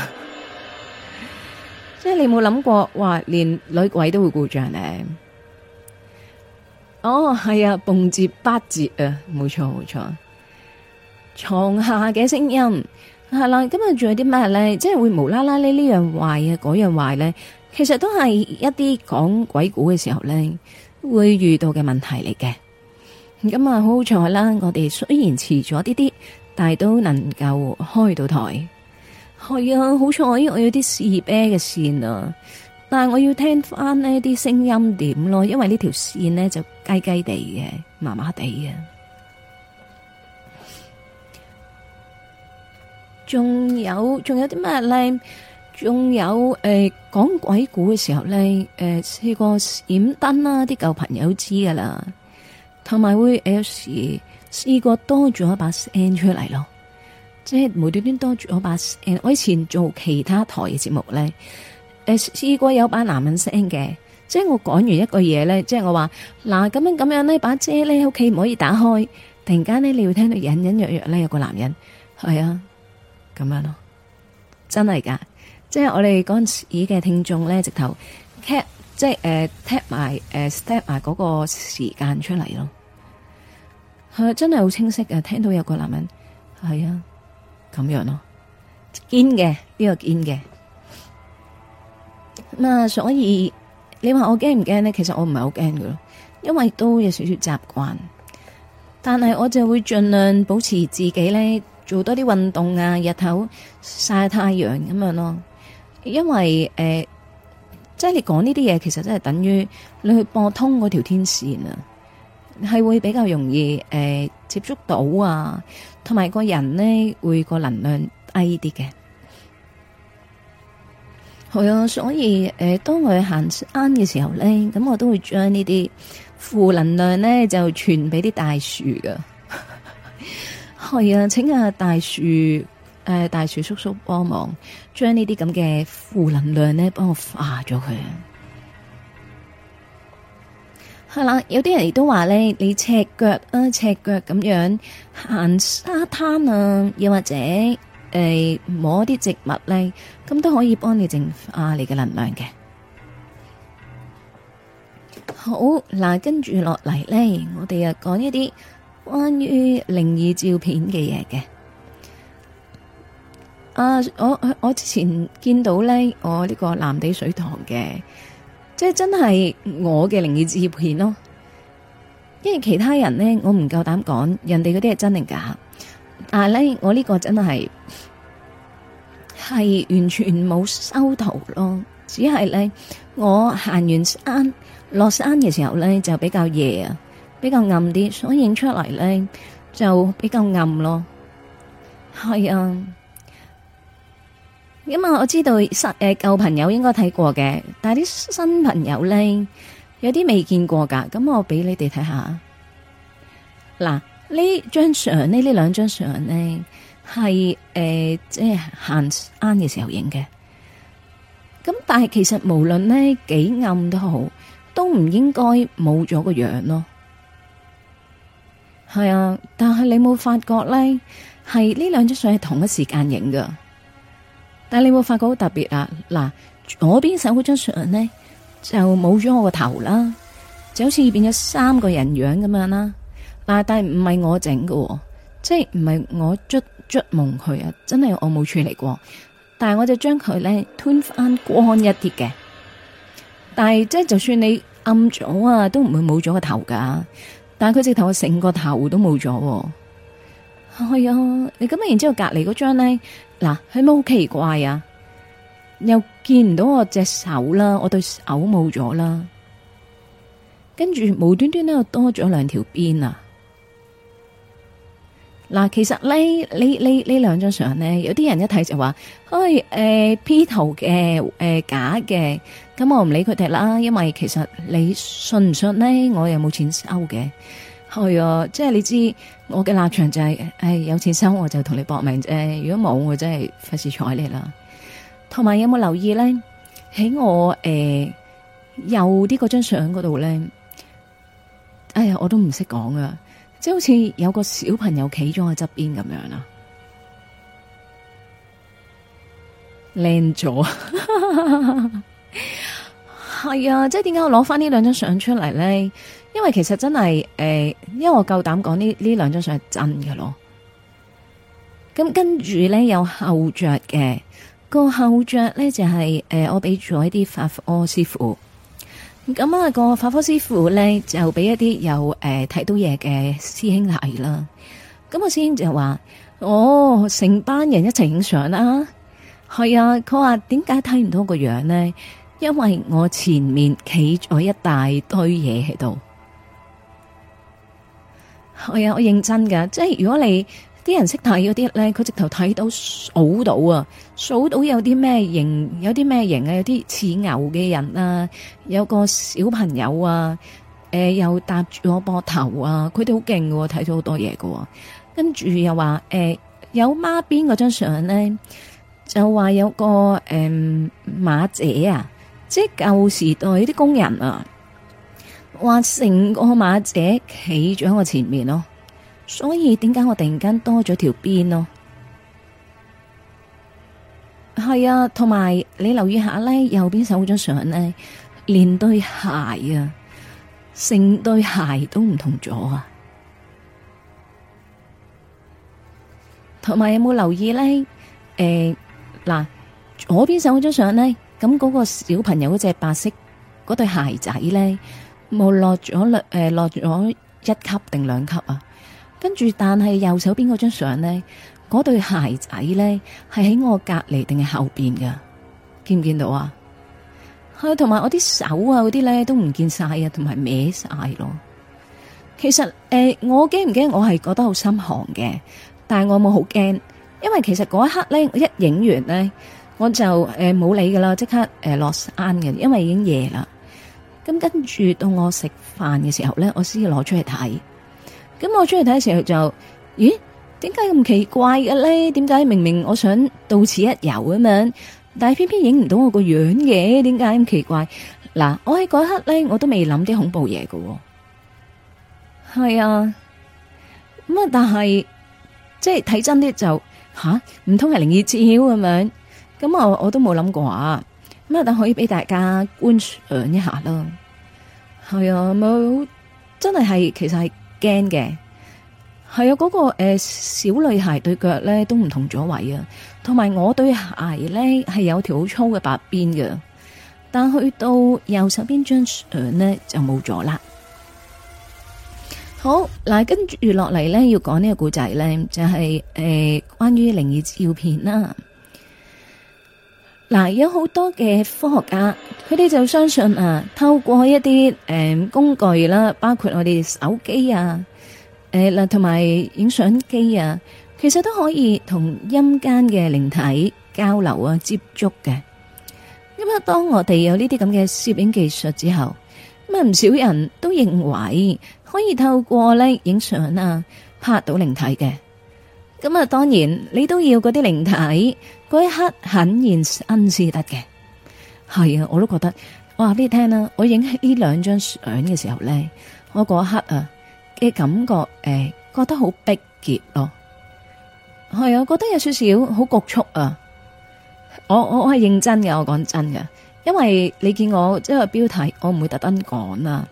即係你冇諗過，話，連女鬼都會故障呢？哦，係啊，蹦節八節啊，冇錯冇錯。床下嘅聲音係啦，今日仲有啲咩咧？即係會無啦啦呢呢樣壞啊，嗰樣壞咧，其實都係一啲講鬼故嘅時候咧，會遇到嘅問題嚟嘅。咁、嗯、啊，好好彩啦！我哋雖然遲咗啲啲，但係都能夠開到台。係啊，好彩我有我有啲事業嘅線啊，但係我要聽翻呢啲聲音點咯，因為呢條線就的的呢就雞雞地嘅，麻麻地嘅。仲有仲有啲咩咧？仲有誒講鬼故嘅時候咧，誒、呃、試過閃燈啦，啲舊朋友知噶啦。同埋會有時試過多咗一把聲出嚟咯。即係無端端多住我把聲，我以前做其他台嘅節目咧，誒試過有把男人聲嘅，即係我講完一個嘢咧，即係我話嗱咁樣咁樣咧，把遮咧喺屋企唔可以打開，突然間咧你會聽到隱隱約約咧有個男人，係啊，咁樣咯，真係噶，即係我哋嗰陣時嘅聽眾咧直頭、uh, tap 即係誒 tap 埋誒 tap 埋嗰個時間出嚟咯，係啊，真係好清晰嘅，聽到有個男人，係啊。咁樣咯，堅嘅，呢個堅嘅。咁啊，所以你話我驚唔驚呢？其實我唔係好驚㗎咯，因為都有少少習慣，但係我就會盡量保持自己呢，做多啲運動啊，日頭曬太陽咁樣咯，因為誒，即係你講呢啲嘢，其實真係等於你去播通嗰條天線啊。係會比較容易，誒、呃、接觸到啊，同埋個人呢會個能量低啲嘅，係啊，所以誒、呃，當我去行山嘅時候咧，咁我都會將呢啲負能量咧就傳俾啲大樹噶，係 啊，請阿、啊、大樹誒、呃、大樹叔叔幫忙將呢啲咁嘅負能量咧幫我化咗佢啊。係啦，有啲人亦都話咧，你赤腳啊，赤腳咁樣行沙灘啊，又或者誒、呃、摸啲植物咧，咁都可以幫你淨化你嘅能量嘅。好，嗱，跟住落嚟咧，我哋就講一啲關於靈異照片嘅嘢嘅。啊，我我之前見到咧，我呢個藍地水塘嘅。即係真係我嘅靈異照片咯，因為其他人呢，我唔夠膽講，人哋嗰啲係真定假。但係咧，我呢個真係係完全冇修圖咯，只係咧，我行完山落山嘅時候咧就比較夜啊，比較暗啲，所以影出嚟，咧就比較暗咯。係啊。因為啊、嗯，我知道舊誒舊朋友應該睇過嘅，但係啲新朋友咧有啲未見過噶。咁我俾你哋睇下，嗱呢張相呢，呢兩張相咧係誒即係行山嘅時候影嘅。咁但係其實無論呢幾暗都好，都唔應該冇咗個樣咯。係啊，但係你冇發覺咧，係呢兩張相係同一時間影噶。但係你會發覺好特別啊！嗱，左邊我邊手嗰張相咧就冇咗我個頭啦，就好似變咗三個人樣咁樣啦。但但係唔係我整喎，即係唔係我捽捽蒙佢啊！真係我冇處理過，但係我就將佢咧吞翻光一啲嘅。但係即係就算你暗咗啊，都唔會冇咗個頭噶。但係佢直頭成個頭都冇咗。係啊，你咁啊，然之後隔籬嗰張咧，嗱，係咪好奇怪啊？又見唔到我隻手啦，我對手冇咗啦，跟住無端端咧又多咗兩條邊啊！嗱，其實呢，呢呢呢兩張相咧，有啲人一睇，就話，哎，誒 P 圖嘅，誒假嘅，咁我唔理佢哋啦，因為其實你信唔信咧，我又冇錢收嘅。係啊，即係你知我嘅立場就係、是，誒有錢收我就同你搏命，啫如果冇我真係費事睬你啦。同埋有冇留意咧？喺我誒、呃、右啲嗰張相嗰度咧，哎呀我都唔識講啊！即係好似有個小朋友企咗喺側邊咁樣啦，靚咗帥了。係 啊，即係點解我攞翻呢兩張相出嚟咧？因為其實真係誒、呃，因為我夠膽講呢呢兩張相係真嘅咯。咁跟住咧有後着嘅個後着咧就係、是、誒、呃，我俾咗一啲法科師傅。咁、嗯、啊、個法科師傅咧就俾一啲有誒睇、呃、到嘢嘅師兄嚟啦。咁啊，師兄就話：哦，成班人一齊影相啦。係啊，佢話點解睇唔到個樣呢？因為我前面企咗一大堆嘢喺度。係啊，我認真噶，即係如果你啲人識睇嗰啲咧，佢直頭睇到數到啊，數到有啲咩型，有啲咩型啊，有啲似牛嘅人啊，有個小朋友啊，呃、又搭住我膊頭啊，佢哋好勁嘅，睇咗好多嘢喎。跟住又話、呃、有孖邊嗰張相咧，就話有個誒、呃、馬姐啊，即係舊時代啲工人啊。話成個馬姐企咗喺我前面咯，所以點解我突然間多咗條辮咯？係啊，同埋你留意下咧，右邊手張相咧，連對鞋啊，成對鞋都唔同咗啊！同埋有冇留意咧？誒，嗱，左邊手張相咧，咁嗰個小朋友嗰隻白色嗰對鞋仔咧。冇落咗誒，落咗、呃、一級定兩級啊？跟住，但係右手邊嗰張相呢，嗰對鞋仔呢，係喺我隔籬定係後邊噶？見唔見到啊？啊，同埋我啲手啊，嗰啲呢，都唔見曬啊，同埋歪曬咯。其實誒、呃，我驚唔驚？我係覺得好心寒嘅，但係我冇好驚，因為其實嗰一刻呢，我一影完呢，我就誒冇、呃、理噶啦，即刻誒落、呃、山嘅，因為已經夜啦。咁跟住到我食飯嘅時候咧，我先攞出嚟睇。咁我出去睇嘅時候就，咦？點解咁奇怪嘅咧？點解明明我想到此一遊咁樣，但係偏偏影唔到我個樣嘅？點解咁奇怪？嗱，我喺嗰刻咧，我都未諗啲恐怖嘢㗎喎、哦。係啊，咁啊，但係即係睇真啲就吓，唔通係靈異之兆咁樣？咁啊，我都冇諗過啊。乜但可以俾大家觀賞一下咯？係啊，冇真係係，其實係驚嘅。係啊，嗰、那個誒、呃、小女孩對腳咧都唔同咗位啊，同埋我對鞋咧係有條好粗嘅白邊嘅，但去到右手邊張相咧就冇咗啦。好，嗱跟住落嚟咧要講呢個故仔咧，就係、是、誒、呃、關於靈異照片啦。嗱、啊，有好多嘅科學家，佢哋就相信啊，透過一啲誒、嗯、工具啦，包括我哋手機啊，誒同埋影相機啊，其實都可以同陰間嘅靈體交流啊、接觸嘅。咁啊，當我哋有呢啲咁嘅攝影技術之後，咁啊唔少人都認為可以透過呢影相啊拍到靈體嘅。咁啊，當然你都要嗰啲靈體。嗰一刻很現恩師得嘅，係啊，我都覺得，我話俾你聽啦，我影呢兩張相嘅時候咧，我嗰一刻啊嘅感覺，誒、欸，覺得好逼結咯，係啊，我覺得有少少好局促啊，我我我係認真嘅，我講真嘅，因為你見我即係、就是、個標題，我唔會特登講啊。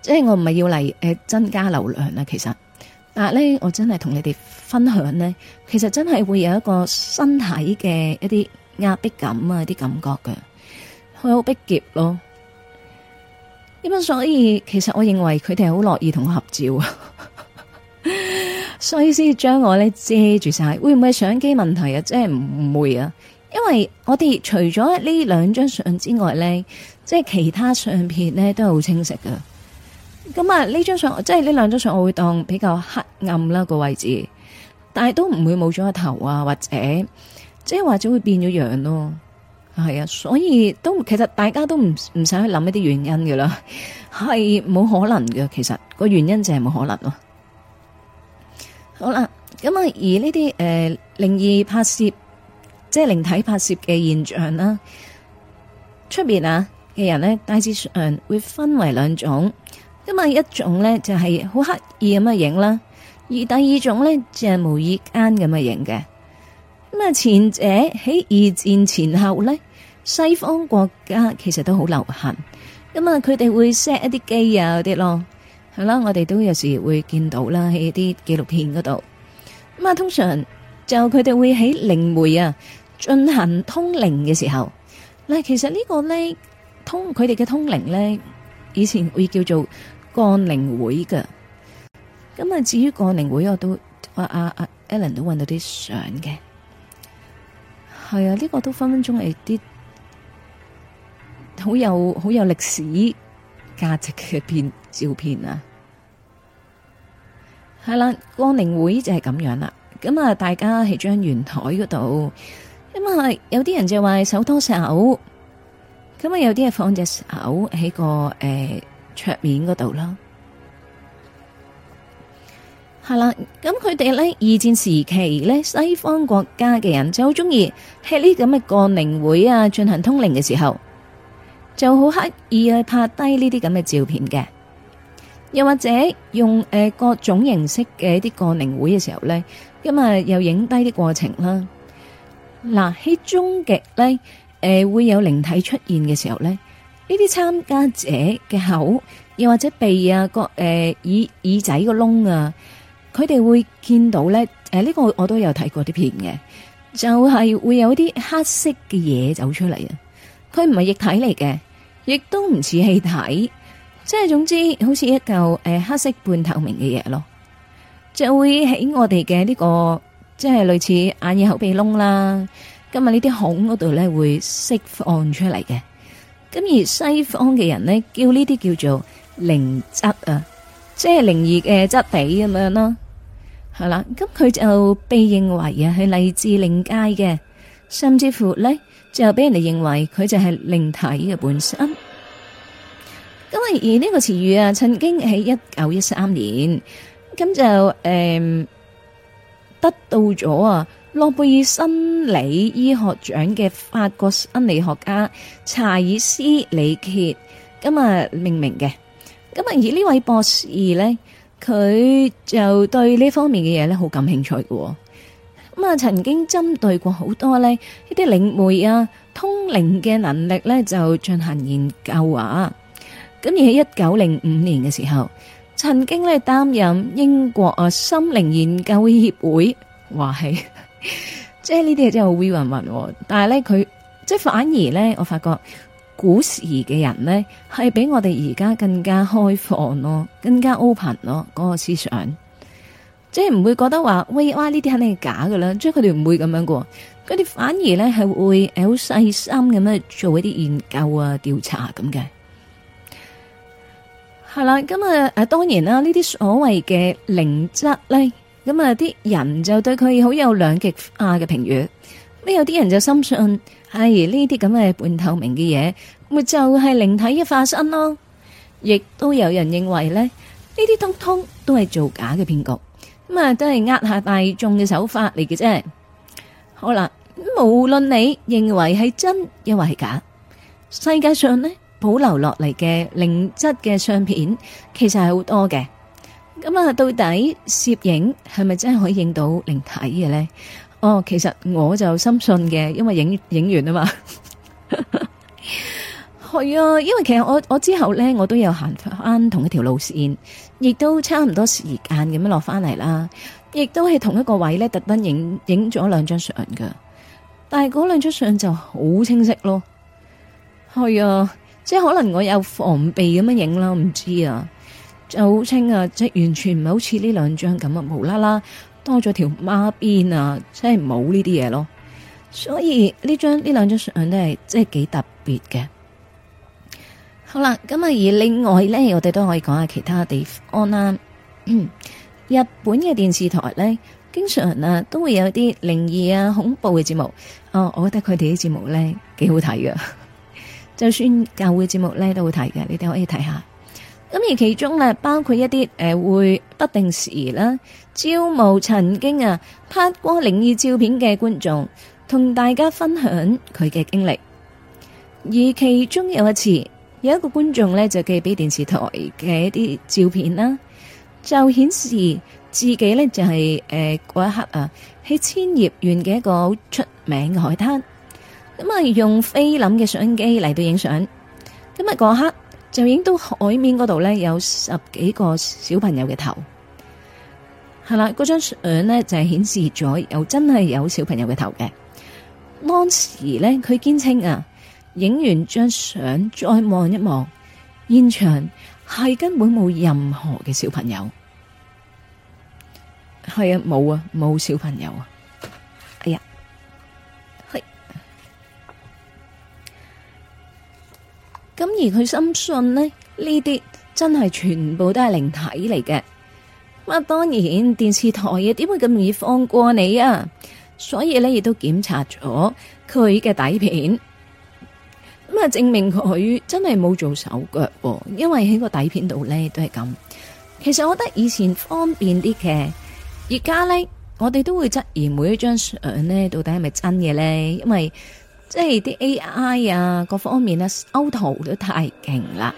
即、就、係、是、我唔係要嚟誒、呃、增加流量啦，其實。但係咧，我真係同你哋分享呢，其實真係會有一個身體嘅一啲壓迫感啊，啲感覺嘅，佢好逼夾咯。咁啊，所以其實我認為佢哋係好樂意同我合照啊， 所以先將我呢遮住晒。會唔會相機問題啊？即係唔會啊，因為我哋除咗呢兩張相之外呢，即係其他相片呢，都係好清晰嘅。咁啊，呢張相即係呢兩張相，我會當比較黑暗啦個位置，但係都唔會冇咗個頭啊，或者即係或者會變咗樣咯，係啊，所以都其實大家都唔唔使去諗一啲原因噶啦，係冇可能㗎。其實個原因就係冇可能咯。好啦，咁啊，而呢啲誒靈異拍攝，即係靈體拍攝嘅現象啦，出邊啊嘅人咧大致上會分為兩種。咁啊，一種咧就係好刻意咁樣影啦，而第二種咧就係無意間咁樣影嘅。咁啊，前者喺二戰前後咧，西方國家其實都好流行。咁啊，佢哋會 set 一啲機啊嗰啲咯，係啦，我哋都有時會見到啦喺啲紀錄片嗰度。咁啊，通常就佢哋會喺靈媒啊進行通靈嘅時候，嗱，其實呢個咧通佢哋嘅通靈咧，以前會叫做。過零會嘅，咁啊至於過零會，我都阿阿、啊、阿、啊、Ellen 都揾到啲相嘅，係啊，呢個都分分鐘係啲好有好有歷史價值嘅片照片啊，係啦，過零會就係咁樣啦，咁啊大家喺張圓台嗰度，咁啊有啲人就話手拖手，咁啊有啲係放隻手喺個誒。欸桌面嗰度啦，係啦，咁佢哋呢二戰時期呢，西方國家嘅人就好中意吃呢咁嘅過靈會啊，進行通靈嘅時候就好刻意去拍低呢啲咁嘅照片嘅，又或者用誒各種形式嘅一啲過靈會嘅時候呢，咁啊又影低啲過程啦。嗱喺終極呢誒會有靈體出現嘅時候呢。呢啲參加者嘅口，又或者鼻呀、呃、啊、個誒耳耳仔個窿啊，佢哋會見到咧。呢、呃呢個我都有睇過啲片嘅，就係、係、會有啲黑色嘅嘢走出嚟啊！佢唔係液體嚟嘅，亦都唔似氣體，即係總之好似一嚿、呃、黑色半透明嘅嘢咯。就會喺我哋嘅呢個，即係類似眼耳口鼻窿啦。今日呢啲孔嗰度咧，會釋放出嚟嘅。咁而西方嘅人呢，叫呢啲叫做靈質啊，即係靈異嘅質地咁樣咯，係啦。咁佢就被認為啊係來自靈界嘅，甚至乎呢就俾人哋認為佢就係靈體嘅本身。咁啊而呢個詞語啊，曾經喺一九一三年，咁就誒得到咗啊。諾貝爾生理醫學獎嘅法國生理學家查爾斯李歇咁啊命名嘅，咁啊而呢位博士呢，佢就對呢方面嘅嘢呢好感興趣嘅，咁啊曾經針對過好多呢一啲靈媒啊通靈嘅能力呢就進行研究啊，咁而喺一九零五年嘅時候，曾經呢擔任英國啊心靈研究協會，話係。即係呢啲， 真係好虛云云，但係咧佢即係反而咧，我發覺古時嘅人呢，係比我哋而家更加開放咯，更加 open 咯，嗰、嗰個思想，即係唔會覺得話喂，哇呢啲肯定係假噶啦，即係佢哋唔會咁樣噶，佢哋反而呢，係會好細心咁樣做一啲研究啊、調查咁嘅。係啦，咁啊，誒，當然啦，呢啲所謂嘅靈質咧。咁啊，啲人就對佢好有兩極化嘅評語。咁有啲人就深信，哎，呢啲咁嘅半透明嘅嘢，咪就係靈體嘅化身咯。亦都有人認為呢啲通通都係造假嘅騙局。咁啊，都係呃下大眾嘅手法嚟嘅啫。好啦，無論你認為係真又或係假，世界上呢，保留落嚟嘅靈質嘅相片，其實係好多嘅。咁啊，到底攝影係咪真係可以影到靈體嘅呢？哦，其實我就深信嘅，因為影影完啊嘛。係 啊，因為其實我我之後呢，我都有行翻同一條路線，亦都差唔多時間咁樣落翻嚟啦。亦都係同一個位呢，特登影影咗兩張相噶。但係嗰兩張相就好清晰咯。係啊，即係可能我有防備咁樣影啦，我唔知啊。就清啊！即係完全唔係好似呢兩張咁啊，無啦啦多咗條孖邊啊，即係冇呢啲嘢咯。所以呢張呢兩張相都係即係幾特別嘅。好啦，咁啊，而另外呢，我哋都可以講下其他地方啦。嗯， 日本嘅電視台呢，經常啊都會有啲靈異啊、恐怖嘅節目。哦，我覺得佢哋啲節目呢幾好睇㗎。 就算教會節目呢，都好睇嘅，你哋可以睇下。咁而其中咧，包括一啲誒、呃、會不定時啦，招募曾經啊拍過靈異照片嘅觀眾同大家分享佢嘅經歷，而其中有一次，有一個觀眾咧就寄俾電視台嘅一啲照片啦，就顯示自己咧就係、是、誒、呃、嗰一刻啊，喺千葉縣嘅一個好出名嘅海灘，咁啊用菲林嘅相機嚟到影相，咁啊嗰一刻。就影到海面嗰度咧，有十幾個小朋友嘅頭，係啦，嗰張相咧就係顯示咗有真係有小朋友嘅頭嘅。當時咧，佢堅稱啊，影完張相再望一望，現場係根本冇任何嘅小朋友，係啊，冇啊，冇小朋友啊。咁而佢深信呢，呢啲真係全部都係靈體嚟嘅。咁啊，當然電視台嘢點會咁容易放過你啊？所以呢，亦都檢查咗佢嘅底片。咁啊，證明佢真係冇做手腳，因為喺個底片度呢，都係咁。其實我覺得以前方便啲嘅，而家呢，我哋都會質疑每一張相呢，到底係咪真嘅呢？因為。即係啲 AI 啊，各方面咧，修圖都太勁啦，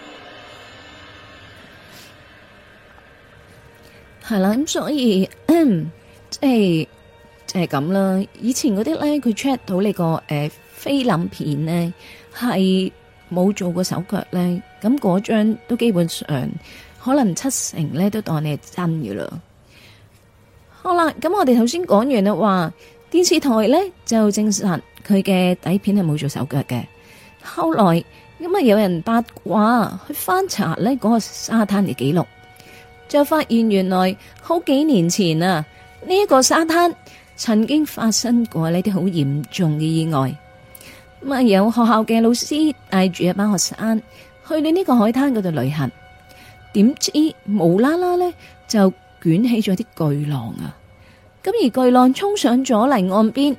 係啦，咁所以即係即係咁啦。以前嗰啲咧，佢 check 到你個誒菲林片咧，係冇做過手腳咧，咁嗰張都基本上可能七成咧都當你係真嘅啦。好啦，咁我哋頭先講完啦話。電視台呢就證實佢嘅底片係冇做手腳嘅。後來咁啊，有人八卦去翻查呢個沙灘嘅記錄，就發現原來好幾年前啊，呢一個沙灘曾經發生過呢啲好嚴重嘅意外。咁啊，有學校嘅老師帶住一班學生去到呢個海灘嗰度旅行，點知無啦啦呢就捲起咗啲巨浪啊！咁而巨浪衝上咗嚟岸邊，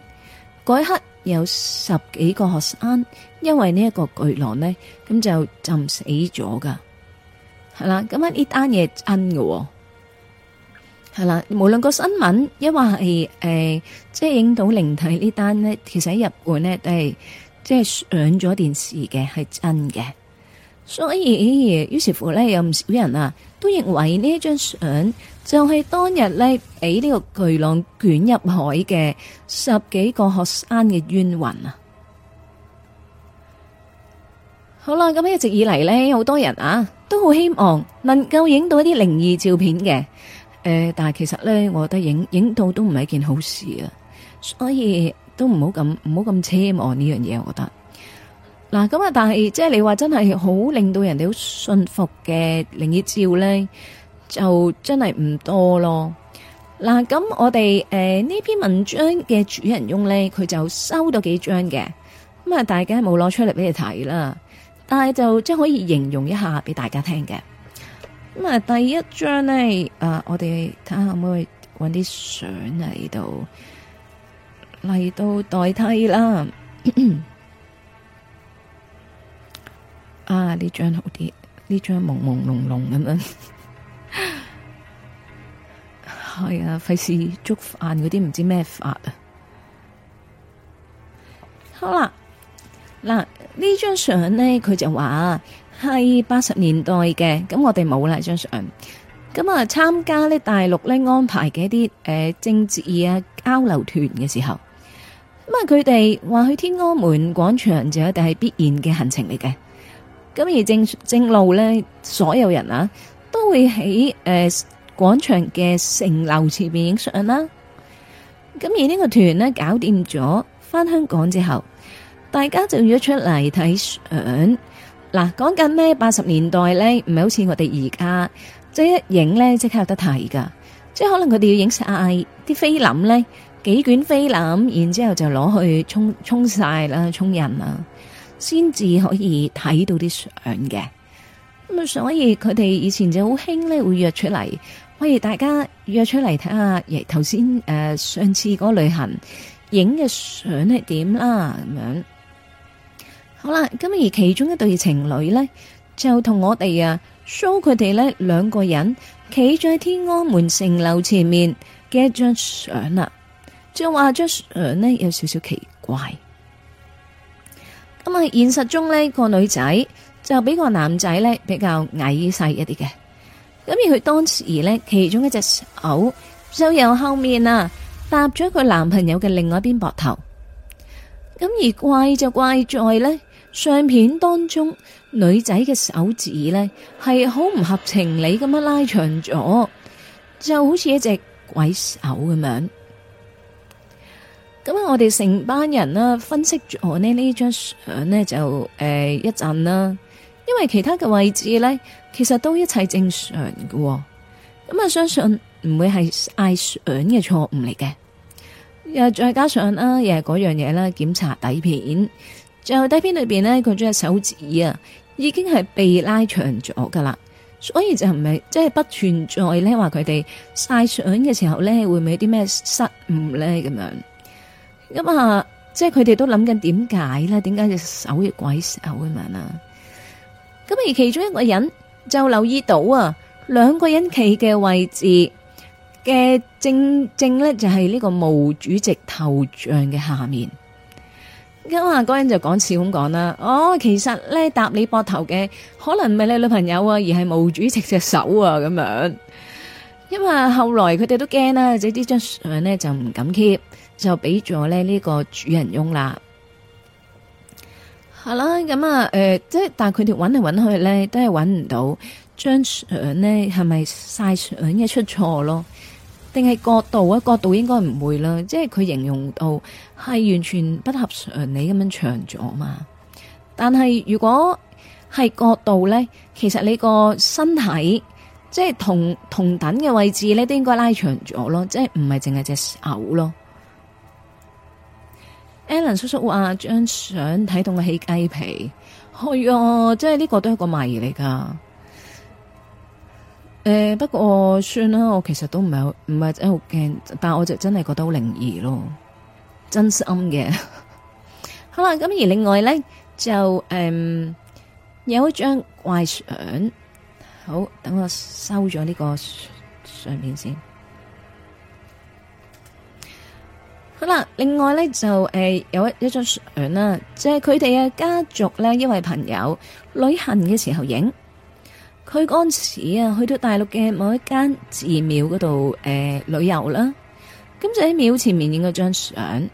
嗰一刻有十幾個學生因為呢一個巨浪呢，咁就浸死咗噶，係啦。咁啊呢單嘢真㗎喎，係啦。無論個新聞，因為係誒即係影到靈體呢單呢，其實喺日本呢，都係即係上咗電視嘅，係真嘅。所以於是乎呢，有唔少人啊都認為呢一張相。就係當日呢，俾呢個巨浪捲入海嘅十幾個學生嘅冤魂啊！好啦，咁一直以嚟呢，好多人啊，都好希望能夠影到一啲靈異照片嘅，誒、呃，但係其實呢，我覺得影影到都唔係一件好事啊，所以都唔好咁唔好咁奢望呢樣嘢，我覺得。嗱，咁啊，但係即係你話真係好令到人哋好信服嘅靈異照呢。就真係唔多咯。嗱、啊，咁我哋誒呢篇文章嘅主人翁咧，佢就收到幾張嘅，咁啊，大家冇攞出嚟俾你睇啦。但係就即係可以形容一下俾大家聽嘅。咁啊，第一張咧、啊，我哋睇下可唔可以揾啲相嚟到嚟到代替啦。咳咳啊，呢張好啲，呢張朦朦朧朧咁樣。係啊，費事觸犯嗰啲唔知咩法啊。好啦，嗱，呢張相呢，佢就話係八十年代嘅。咁我哋冇啦，張相咁啊。參加呢大陸呢安排嘅一啲誒、呃、政治啊交流團嘅時候，咁啊，佢哋話去天安門廣場就一定係必然嘅行程嚟嘅。咁而正正路呢，所有人啊。會喺誒廣場嘅城樓前面影相啦，咁而這個團，呢個團咧，搞掂咗，翻香港之後，大家就要出嚟睇相。嗱，講緊咧八十年代呢，唔係好似我哋而家，即係一影呢，即刻有得睇噶，即係可能佢哋要影晒啲菲林呢，幾卷菲林，然之後就攞去沖沖晒啦，沖印啦，先至可以睇到啲相嘅。咁所以佢哋以前就好興呢，會約出嚟，不如大家約出嚟睇下，頭先誒上次嗰旅行影嘅相係點啦咁樣。好啦，咁而其中一對情侶呢，就同我哋啊 show 佢哋呢兩個人企在天安門城樓前面嘅一張相啦，就話張相呢有少少奇怪。咁、嗯、啊，現實中呢，個女仔。就俾個男仔呢，比較矮細一啲嘅，咁而佢當時呢，其中一隻手就由後面啊搭咗佢男朋友嘅另外一邊膊頭，咁而怪就怪在呢，相片當中女仔嘅手指呢係好唔合情理咁樣拉長咗，就好似一隻鬼手咁樣。咁我哋成班人呢分析咗呢張相呢，就、呃、誒一陣啦。因為其他嘅位置咧，其實都一切正常嘅、哦，咁啊相信唔會係曬相嘅錯誤嚟嘅。又是再加上啦、啊，又係嗰樣嘢啦，檢查底片，最後底片裏邊呢，佢將個手指啊，已經係被拉長咗噶啦，所以就唔係即係不存在咧，話佢哋曬相嘅時候咧，會唔會有啲咩失誤咧咁樣？咁啊，即係佢哋都諗緊點解咧？點解隻手嘅鬼手咁樣啊？咁而其中一個人就留意到啊，兩個人企嘅位置嘅正正咧就係呢個毛主席頭像嘅下面。咁啊，嗰人就講笑咁講啦，哦，其實咧搭你膊頭嘅可能唔係你女朋友啊，而係毛主席隻手啊咁樣。因為後來佢哋都驚啦，就呢張相咧就唔敢貼，就俾咗咧呢個主人翁啦。係啦，咁啊、嗯，誒、嗯，即係但係佢哋揾嚟揾去咧，都係揾唔到張相咧，係咪晒相嘅出錯咯？定係角度啊？角度應該唔會啦，即係佢形容到係完全不合常理咁樣長咗嘛？但係如果係角度咧，其實你個身體即係同同等嘅位置咧，都應該拉長咗咯，即係唔係淨係隻手咯。Alan 叔叔話張相睇到我起雞皮，係啊，即係呢個都係個謎嚟噶。誒、呃，不過算啦，我其實都唔係好，唔係真好驚，但我就真係覺得好靈異咯，真心嘅。 好啦、啊，咁而另外咧就誒、嗯、有一張怪相，好等我收咗呢個相片先。好啦，另外咧就誒有一一張相啦，即係佢哋嘅家族咧一位朋友旅行嘅時候影，佢嗰時啊去到大陸嘅某一間寺廟嗰度誒旅遊啦，咁就喺廟前面影咗張相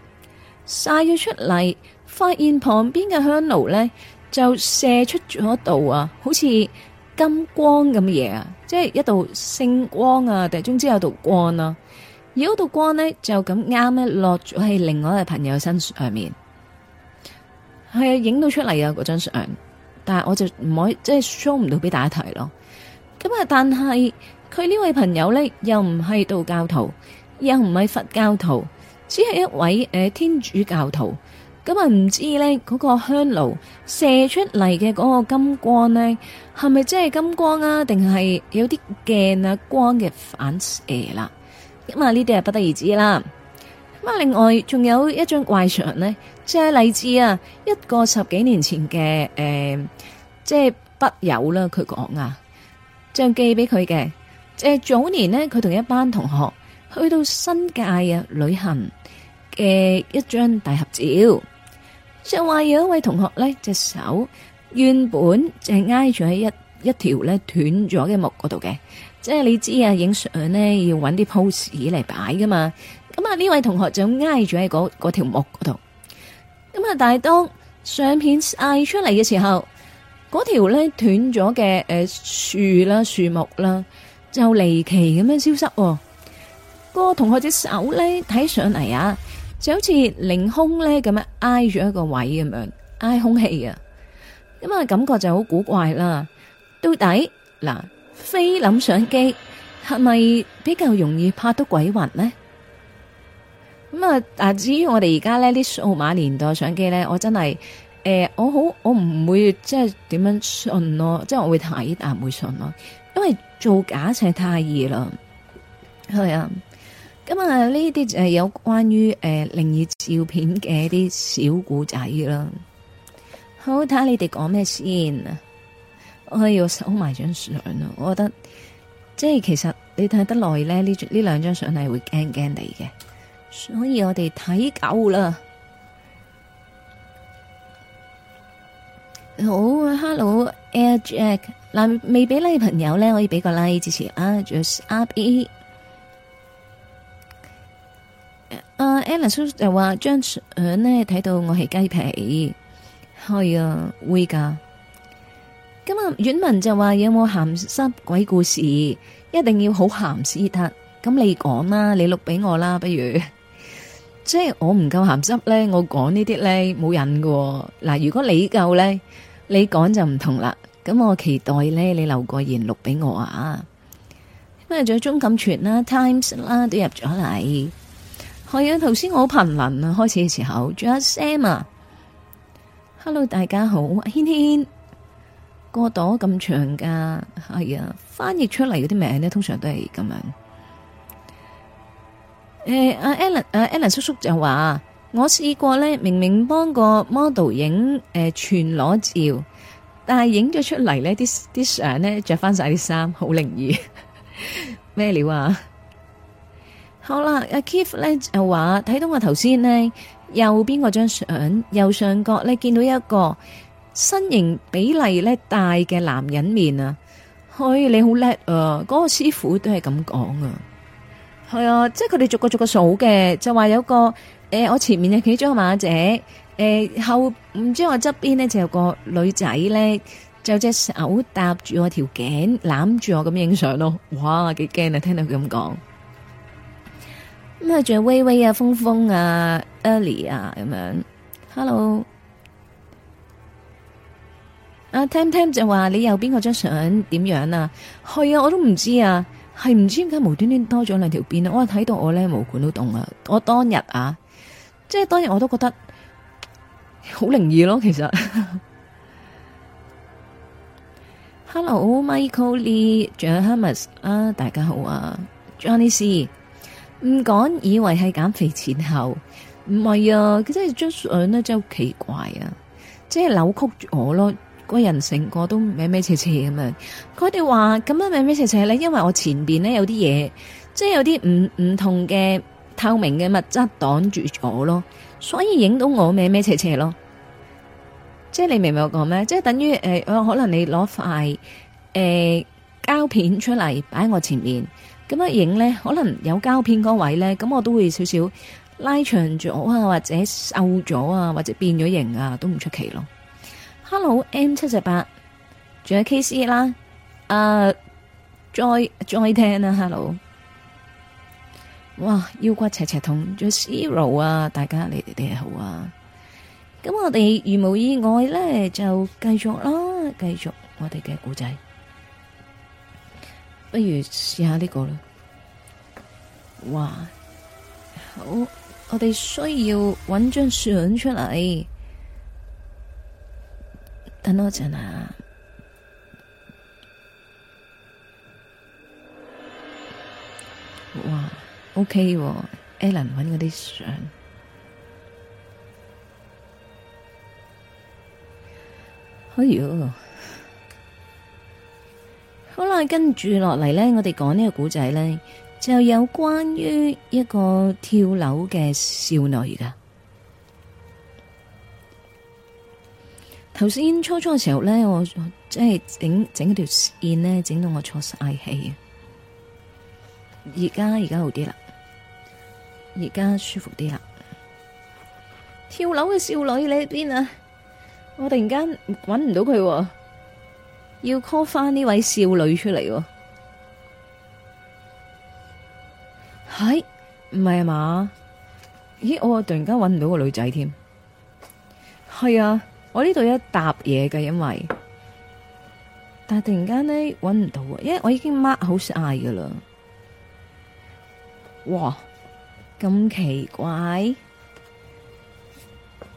晒咗出嚟，發現旁邊嘅香爐咧就射出咗一道啊，好似金光咁嘅嘢啊，即係一道星光啊，定係總之有道光啊。嗰道光呢就咁啱呢落咗喺另外一位朋友身上面，係啊，影到出嚟啊，嗰張相，但係我就唔可以即係 show 唔到俾大家睇咯。咁啊，但係佢呢位朋友呢又唔係道教徒，又唔係佛教徒，只係一位誒天主教徒。咁啊，唔知呢嗰個香爐射出嚟嘅，嗰個金光呢，係咪真係金光啊？定係有啲鏡啊光嘅反射啦？咁啊！呢啲係不得而知啦。咁啊，另外仲有一張怪相咧，即係嚟自一個十幾年前嘅，誒，即係筆友啦，佢講啊，就寄俾佢嘅，即係早年咧，佢同一班同學去到新界啊旅行嘅一張大合照，就話有一位同學咧隻手原本就係挨住喺一一條咧斷咗嘅木嗰度嘅。即係你知啊，影相咧要搵啲 pose 嚟擺噶嘛，咁啊呢位同學就挨住喺嗰嗰條木嗰度，咁啊，但係當相片晒出嚟嘅時候，嗰條咧斷咗嘅誒樹啦樹木啦，就離奇咁樣消失喎。個同學隻手咧睇上嚟啊，就好似凌空咧咁樣挨住一個位咁樣挨空氣啊，咁啊感覺就好古怪啦。到底嗱？.非林相機係咪比較容易拍到鬼魂呢？咁啊，啊至於我哋而家呢啲數碼年代相機呢，我真係誒、呃，我好我唔會即係點樣信咯，即係我會睇但唔會信咯，因為做假設太易啦。係啊，咁啊呢啲就係有關於誒靈異照片嘅一啲小古仔啦。好，睇下你哋講咩先？可以要收埋張相啊，我覺得即係其實你睇得耐咧，呢呢兩張相係會驚驚地嘅，所以我哋睇夠啦。好啊，Hello Air Jack，嗱、啊、未俾 like 嘅朋友咧，可以俾個 like 支持。Just Up E，阿 Alan 叔又話張相咧，睇到我係雞皮，係啊，會㗎。咁啊，遠文就話有冇咸濕鬼故事，一定要好咸濕得。咁你講啦，你錄俾我啦，不如。即係我唔夠咸濕咧，我講呢啲咧冇癮喎。嗱，如果你夠咧，你講就唔同啦。咁我期待咧，你留個言錄俾我 Times, 啊。咁啊，仲有鍾錦全啦、Times 啦都入咗嚟。係啊，頭先我好頻輪啊，開始嘅時候仲有 Sam 啊。Hello，大家好，軒軒。個朵咁長㗎，係啊！翻譯出嚟嗰啲名咧，通常都係咁樣。誒、欸，阿、啊、Alan，阿、啊、Alan 叔叔就話：，我試過咧，明明幫個 model 影誒、呃、全裸照，但係影咗出嚟呢啲啲相咧着返晒啲衫，好靈異，咩料啊呢？好啦，阿 Keith 咧就話：，睇到我頭先呢，右邊嗰張相右上角咧見到一個身形比例咧大嘅男人面啊，哎，你好叻啊！嗰個師傅都係咁講啊，係啊，即係佢哋逐個逐個數嘅，就話有個誒，我前面啊企咗阿馬姐，誒後唔知我側邊咧就有個女仔咧，就隻手搭住我條頸攬住我咁影相咯，哇，幾驚啊！聽到佢咁講，咁啊仲有威威啊，風風啊，early 啊咁樣，Hello。啊，聽 m 就話你右邊嗰張相點樣啊？係啊，我都唔知道啊，係唔知點解無端端多咗兩條片啊！我、啊、睇到我咧毛管都動啊！我當日啊，即係當日我都覺得好靈異咯，其實。 Hello，Michael Lee，仲有 h e m m e s 啊，大家好啊，Johnny C，唔講以為係減肥前後，唔係啊，佢真係張相咧好奇怪啊，即係扭曲住我咯。個人成個都歪歪斜斜咁樣，佢哋話咁樣歪歪斜斜咧，因為我前邊咧有啲嘢，即係有啲唔唔同嘅透明嘅物質擋住咗咯，所以影到我歪歪斜斜咯。即係你明唔明我講咩？即係等於誒、呃，可能你攞塊誒、呃、膠片出嚟擺喺我前面，咁樣影咧，可能有膠片嗰位咧，咁我都會少少拉長咗啊，或者瘦咗啊，或者變咗形啊，都唔出奇咯。Hello M78，仲有 KC 啦、啊，啊，再再聽啦，Hello，哇，腰骨赤赤痛，仲有 Zero 啊，大家你哋哋好啊，咁我哋如無意外咧，就繼續啦，繼續我哋嘅故仔，不如試下呢個啦，哇，好，我哋需要揾張相出嚟。等多陣、OK、啊！哇，O K 喎，Alan 揾嗰啲相。哎喲，好喇，跟住落嚟咧，我哋講呢個古仔咧，就有關於一個跳樓嘅少女噶。頭先初初嘅時候咧，我即係整整嗰條線咧，整到我錯晒氣。而家而家好啲啦，而家舒服啲啦。跳樓嘅少女你喺邊啊？我突然間揾唔到佢，啊，要 call 返呢位少女出嚟。係唔係啊？嘛，哎？咦！我突然間揾唔到個女仔添，係啊。我呢度有一沓嘢嘅，因為，但係突然間呢，揾唔到啊，因為我已經 mark 好晒嘅啦。哇，咁奇怪，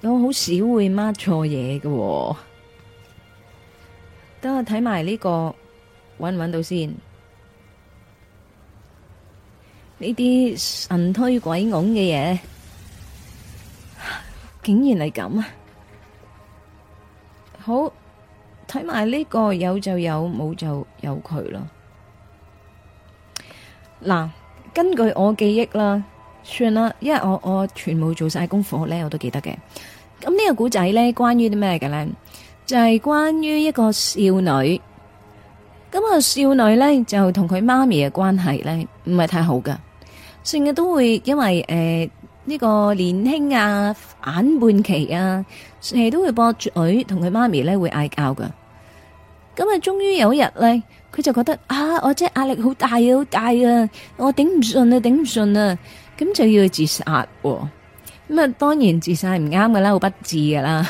我好少會 mark 錯嘢嘅。等我睇埋呢個，揾唔揾到先。呢啲神推鬼拱嘅嘢，竟然係咁啊！好，睇埋呢個有就有，冇就有佢啦。嗱，根據我記憶啦，算啦，因為我我全部做晒功課咧，我都記得嘅。咁呢個古仔咧，關於啲咩嘅咧，就係關於一個少女。咁啊，少女咧就同佢媽咪嘅關係咧，唔係太好噶，成日都會因為誒。呃呢個年輕啊，反叛期啊，成日都會駁嘴，同佢媽咪咧會嗌交噶。咁啊，終於有一日咧，佢就覺得啊，我真係壓力好大，好大啊，我頂唔順啊，頂唔順啊，咁就要去自殺。咁啊，當然自殺係唔啱噶啦，好不智噶啦。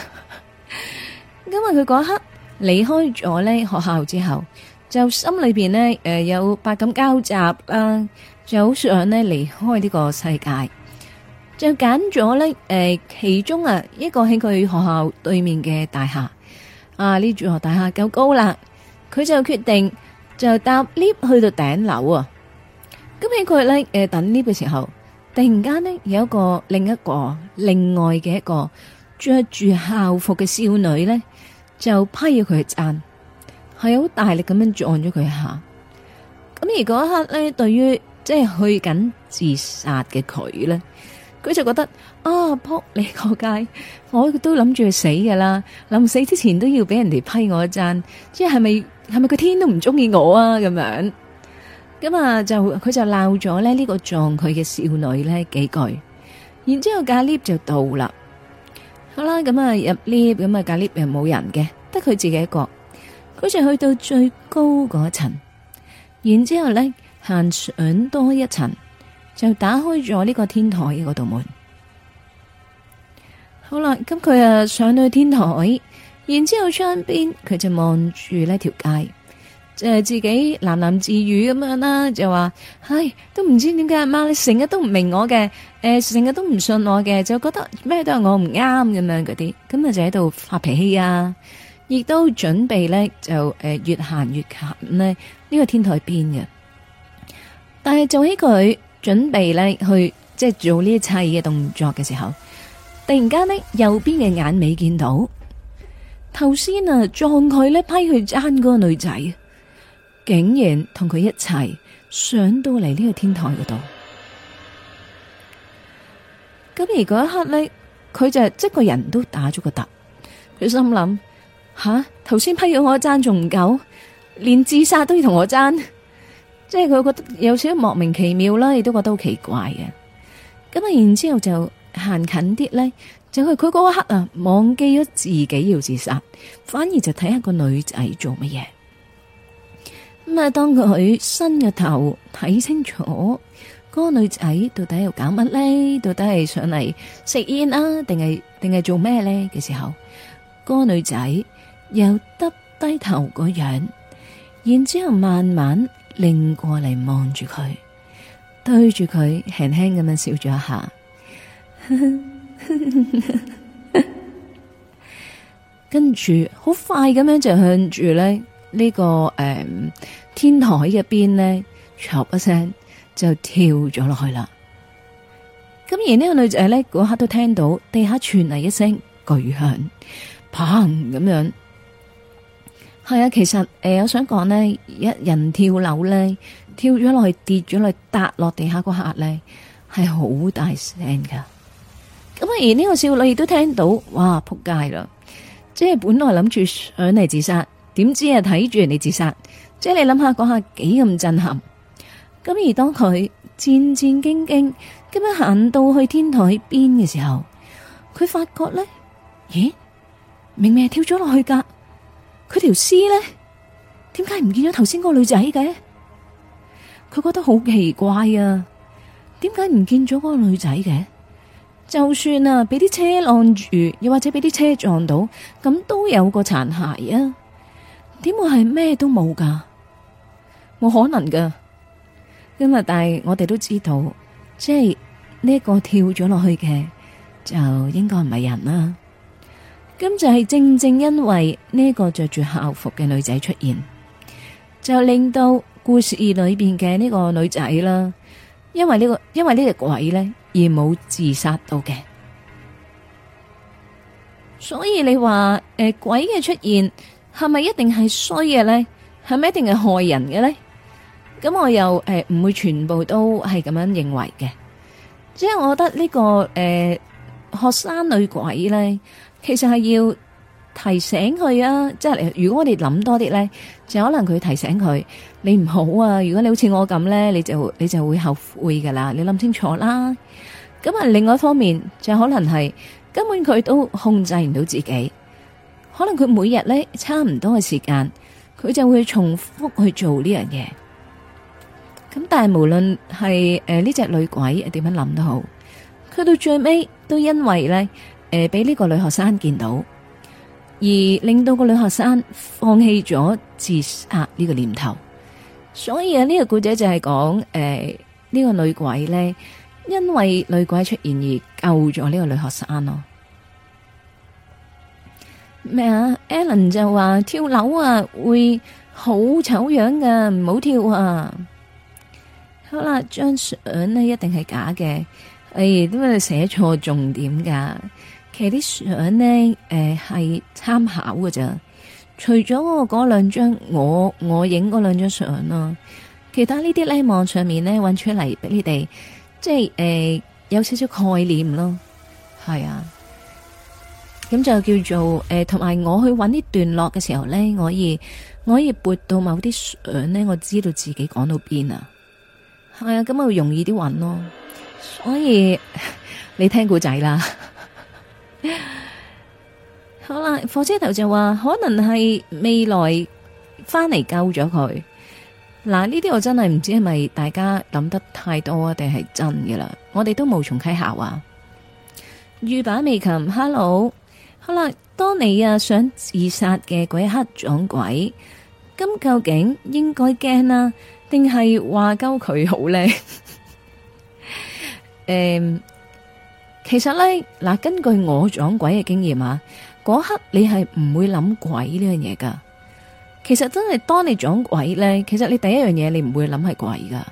咁啊佢嗰一刻離開咗咧學校之後，就心裏邊咧誒有百感交集啦，就好想咧離開呢個世界。就揀咗咧，誒，其中啊一個喺佢學校對面嘅大廈，啊，呢座大廈夠高啦，佢就決定就搭 lift 去到頂樓啊。咁喺佢咧，誒，等 lift 嘅時候，突然間呢有一個另一個另外嘅一個着住校服嘅少女咧，就批咗佢去身，係好大力咁樣撞咗佢一下。咁而嗰一刻咧，對於即係去緊自殺嘅佢咧。佢就覺得啊，扑你個街，我都諗住去死噶啦，諗死之前都要俾人哋批我一讚，即係咪係咪個天都唔中意我啊咁樣？咁啊就佢就鬧咗咧呢個撞佢嘅少女呢幾句，然之後隔 lift 就到啦。好啦，咁啊入 lift 咁啊隔 lift 又冇人嘅，得佢自己一個，佢就去到最高嗰層，然之後呢行上多一層。就打開咗呢個天台嘅嗰度門，好啦，咁佢啊上到去天台，然之後，窗邊佢就望住呢條街，就係、是、自己喃喃自語咁樣啦，就話，唉，都唔知點解阿媽，你成日都唔明我嘅，誒、呃，成日都唔信我嘅，就覺得咩都係我唔啱咁樣嗰啲，咁啊就喺度發脾氣啊，亦都準備咧就誒越行越近咧呢個天台邊嘅，但係做起佢。準備咧去即係做呢一切嘅動作嘅時候，突然間呢，右邊嘅眼尾見到，頭先啊撞佢呢批去爭嗰個女仔，竟然同佢一齊上到嚟呢個天台嗰度。咁 而嗰一刻呢，佢就即個人都打咗個突，佢心諗吓，頭先批咗我爭仲唔夠，連自殺都要同我爭。即係佢覺得有少少莫名其妙啦，亦都覺得好奇怪嘅。咁啊，然之後就行近啲咧，就係佢嗰一刻啊，忘記咗自己要自殺，反而就睇下個女仔做乜嘢。咁啊，當佢伸個頭睇清楚嗰、那個女仔到底又搞乜呢，到底係上嚟食煙啊，定係定係做咩呢嘅時候，嗰、那個女仔又耷低頭個樣，然之後慢慢，擰過嚟望住佢，對住佢輕輕咁樣笑咗一下， 跟住好快咁樣就向住咧呢、呢個誒、嗯、天台嘅邊呢，咗一聲就跳咗落去啦。咁而呢個女仔呢，嗰刻都聽到地下傳嚟一聲巨響，砰咁樣。係啊，其實誒，我想講呢，一人跳樓咧，跳咗落去跌咗落去，笪落地下個客咧係好大聲噶。咁而呢個少女亦都聽到，哇，扑街啦！即係本來諗住上嚟自殺，點知啊睇住人哋自殺，即係你諗下嗰下幾咁震撼。咁而當佢戰戰兢兢咁樣行到去天台邊嘅時候，佢發覺咧，咦，明明係跳咗落去噶。佢條屍咧，點解唔見咗頭先嗰個女仔嘅？佢覺得好奇怪啊！點解唔見咗個女仔嘅？就算啊，俾啲車按住，又或者俾啲車撞到，咁都有個殘骸啊！點會係咩都冇噶？冇可能噶，因為但係我哋都知道，即係呢一個跳咗落去嘅，就應該唔係人啦。咁就係正正因為呢個着住校服嘅女仔出現，就令到故事裏邊嘅呢個女仔啦，因為呢個因為呢隻鬼呢而冇自殺到嘅。所以你話誒鬼嘅出現係咪一定係衰嘅呢？係咪一定係害人嘅呢？咁我又誒唔會全部都係咁樣認為嘅，即係我覺得呢個誒學生女鬼呢。其實係要提醒佢啊，即係如果我哋諗多啲咧，就可能佢提醒佢：你唔好啊！如果你好似我咁咧，你就你就會後悔噶啦。你諗清楚啦。咁啊，另外一方面就可能係根本佢都控制唔到自己，可能佢每日咧差唔多嘅時間，佢就會重複去做呢樣嘢。咁但係無論係誒呢隻女鬼點樣諗都好，佢到最尾都因為咧。誒，俾呢個女學生見到，而令到個女學生放棄咗自殺呢個念頭，所以啊，呢個故仔就係講誒，呢、呃呢個女鬼呢，因為女鬼出現而救咗呢個女學生咯。咩啊？Alan 就話跳樓啊，會好醜樣噶，唔好跳啊！好啦，張相咧一定係假嘅，誒、哎，都係寫錯重點噶。其實啲相咧，誒、呃、係參考㗎咋，除咗我嗰兩張我我影嗰兩張相咯，其他呢啲咧，網上面咧，揾出嚟俾你哋，即係誒、呃、有少少概念咯。係啊，咁就叫做誒，同、呃、埋我去揾啲段落嘅時候咧，我可以我可以撥到某啲相咧，我知道自己講到邊啊。係啊，咁啊容易啲揾咯。所以你聽古仔啦。好啦，火車頭就話可能係未來翻嚟救咗佢。嗱，呢啲我真係唔知係咪大家諗得太多啊，定係真嘅啦？我哋都無從稽考啊！預板未琴，Hello，好啦，當你啊，想自殺嘅嗰一刻撞鬼，咁究竟應該驚啊，定係話救佢好呢？誒。其實咧，嗱，根據我撞鬼嘅經驗啊，嗰刻你係唔會諗鬼呢樣嘢噶。其實真係當你撞鬼咧，其實你第一樣嘢你唔會諗係鬼噶，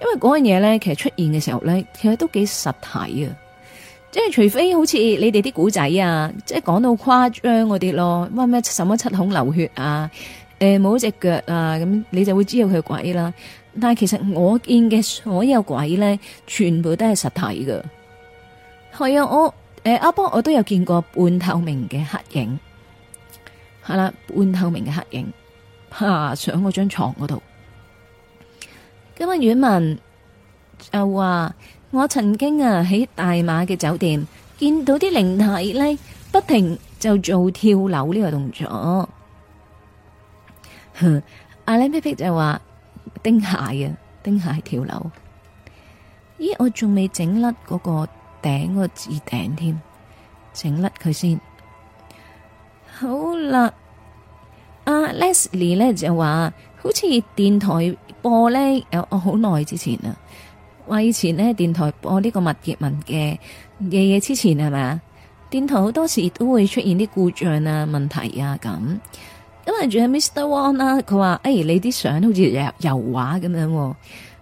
因為嗰樣嘢咧，其實出現嘅時候咧，其實都幾實體啊。即係除非好似你哋啲古仔啊，即係講到誇張嗰啲咯，乜乜什麼七孔流血啊，誒冇咗隻腳啊，咁你就會知道佢係鬼啦。但係其實我見嘅所有鬼咧，全部都係實體噶。係啊，我誒阿、啊、波我都有見過半透明嘅黑影，係啦、啊，半透明嘅黑影爬、啊、上嗰張床嗰度。咁阿婉文就話我曾經啊喺大馬嘅酒店見到啲靈體咧，不停就做跳樓呢個動作。阿靚皮皮就話丁蟹啊，丁蟹跳樓。咦，我仲未整甩嗰個。頂個字頂添，整甩佢先。好啦，Leslie 咧，就話好似電台播咧，有好耐之前啦。話以前咧電台播呢個麥潔文嘅夜夜痴纏，係咪啊？電台好多時都會出現啲故障啊、問題啊咁。因為仲有 Mr. One 啦，佢話誒你啲相好似油油畫咁樣，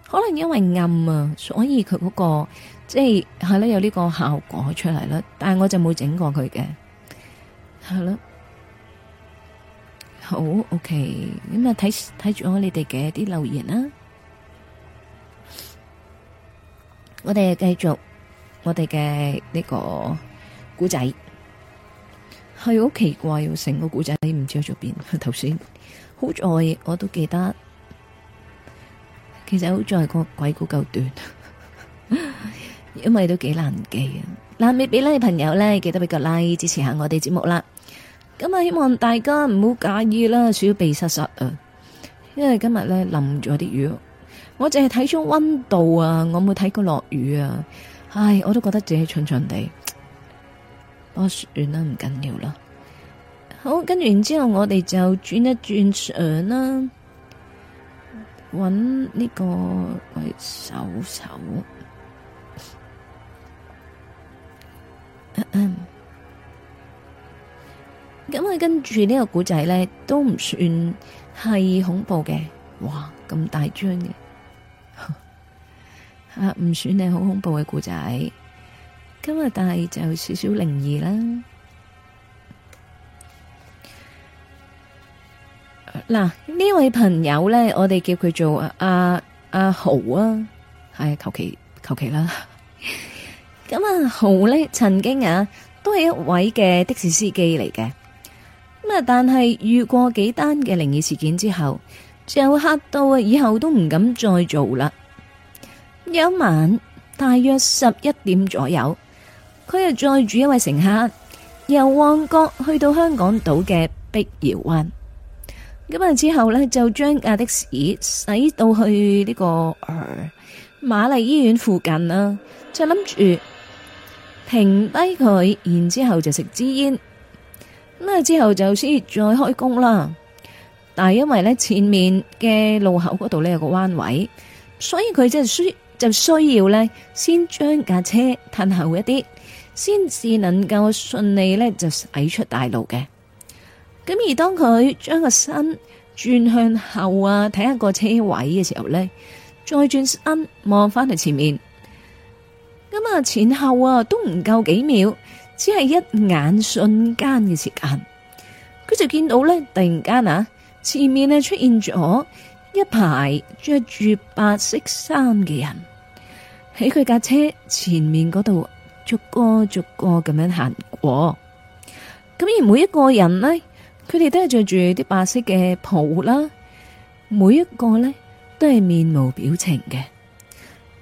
可能因為暗啊，所以佢嗰個。即係係啦，有呢個效果出嚟啦，但係我就冇整過佢嘅。係啦，好 OK 咁啊，睇睇住我你哋嘅啲留言啦，我哋繼續我哋嘅呢個古仔。係好奇怪，成個古仔唔知去咗邊頭先，好在我都記得，其實好在個鬼故夠短。因為都幾難記啊！嗱，未俾 like 嘅朋友呢，記得俾個 like 支持下我哋節目啦。咁啊，希望大家唔好介意啦，少鼻塞塞啊。因為今日咧淋咗啲雨，我淨係睇咗溫度啊，我冇睇過落雨啊。唉，我都覺得自己蠢蠢地，不過算啦，唔緊要啦。好，跟完之後我哋就轉一轉場啦，搵呢、這個嚟手手。嗯，咁、嗯、啊，跟住呢個古仔呢，都唔算係恐怖嘅，哇，咁大張嘅，唔、啊、算你好恐怖嘅古仔，今日但係就少少靈異啦。嗱、啊，呢位朋友呢，我哋叫佢做阿、啊、阿、啊啊、豪啊，係求其求其啦。咁啊，豪呢曾經啊，都係一位嘅的、的士司機嚟嘅。咁啊，但係遇過幾單嘅靈異事件之後，就嚇到啊，以後都唔敢再做啦。有一晚，大約十一點左右，佢又載住一位乘客，由旺角去到香港島嘅碧瑤灣。咁啊之後呢，就將架的士駛到去呢、這個呃、瑪麗醫院附近啦、啊，就諗住，停低佢，然之後就食支煙。咁啊，之後就先再開工啦。但係因為咧前面嘅路口嗰度咧有個彎位，所以佢即係需就需要咧先將架車褪後一啲，先至能夠順利咧就駛出大路嘅。咁而當佢將個身轉向後啊，睇下個車位嘅時候咧，再轉身望翻去前面。咁啊，前後啊都唔夠幾秒，只係一眼瞬間嘅時間。佢就見到咧，突然間啊，前面呢，出現咗一排着住白色衫嘅人，喺佢架車前面嗰度逐個逐個咁樣行過。咁而每一個人呢，佢哋都係着住啲白色嘅袍啦，每一個呢，都係面無表情嘅。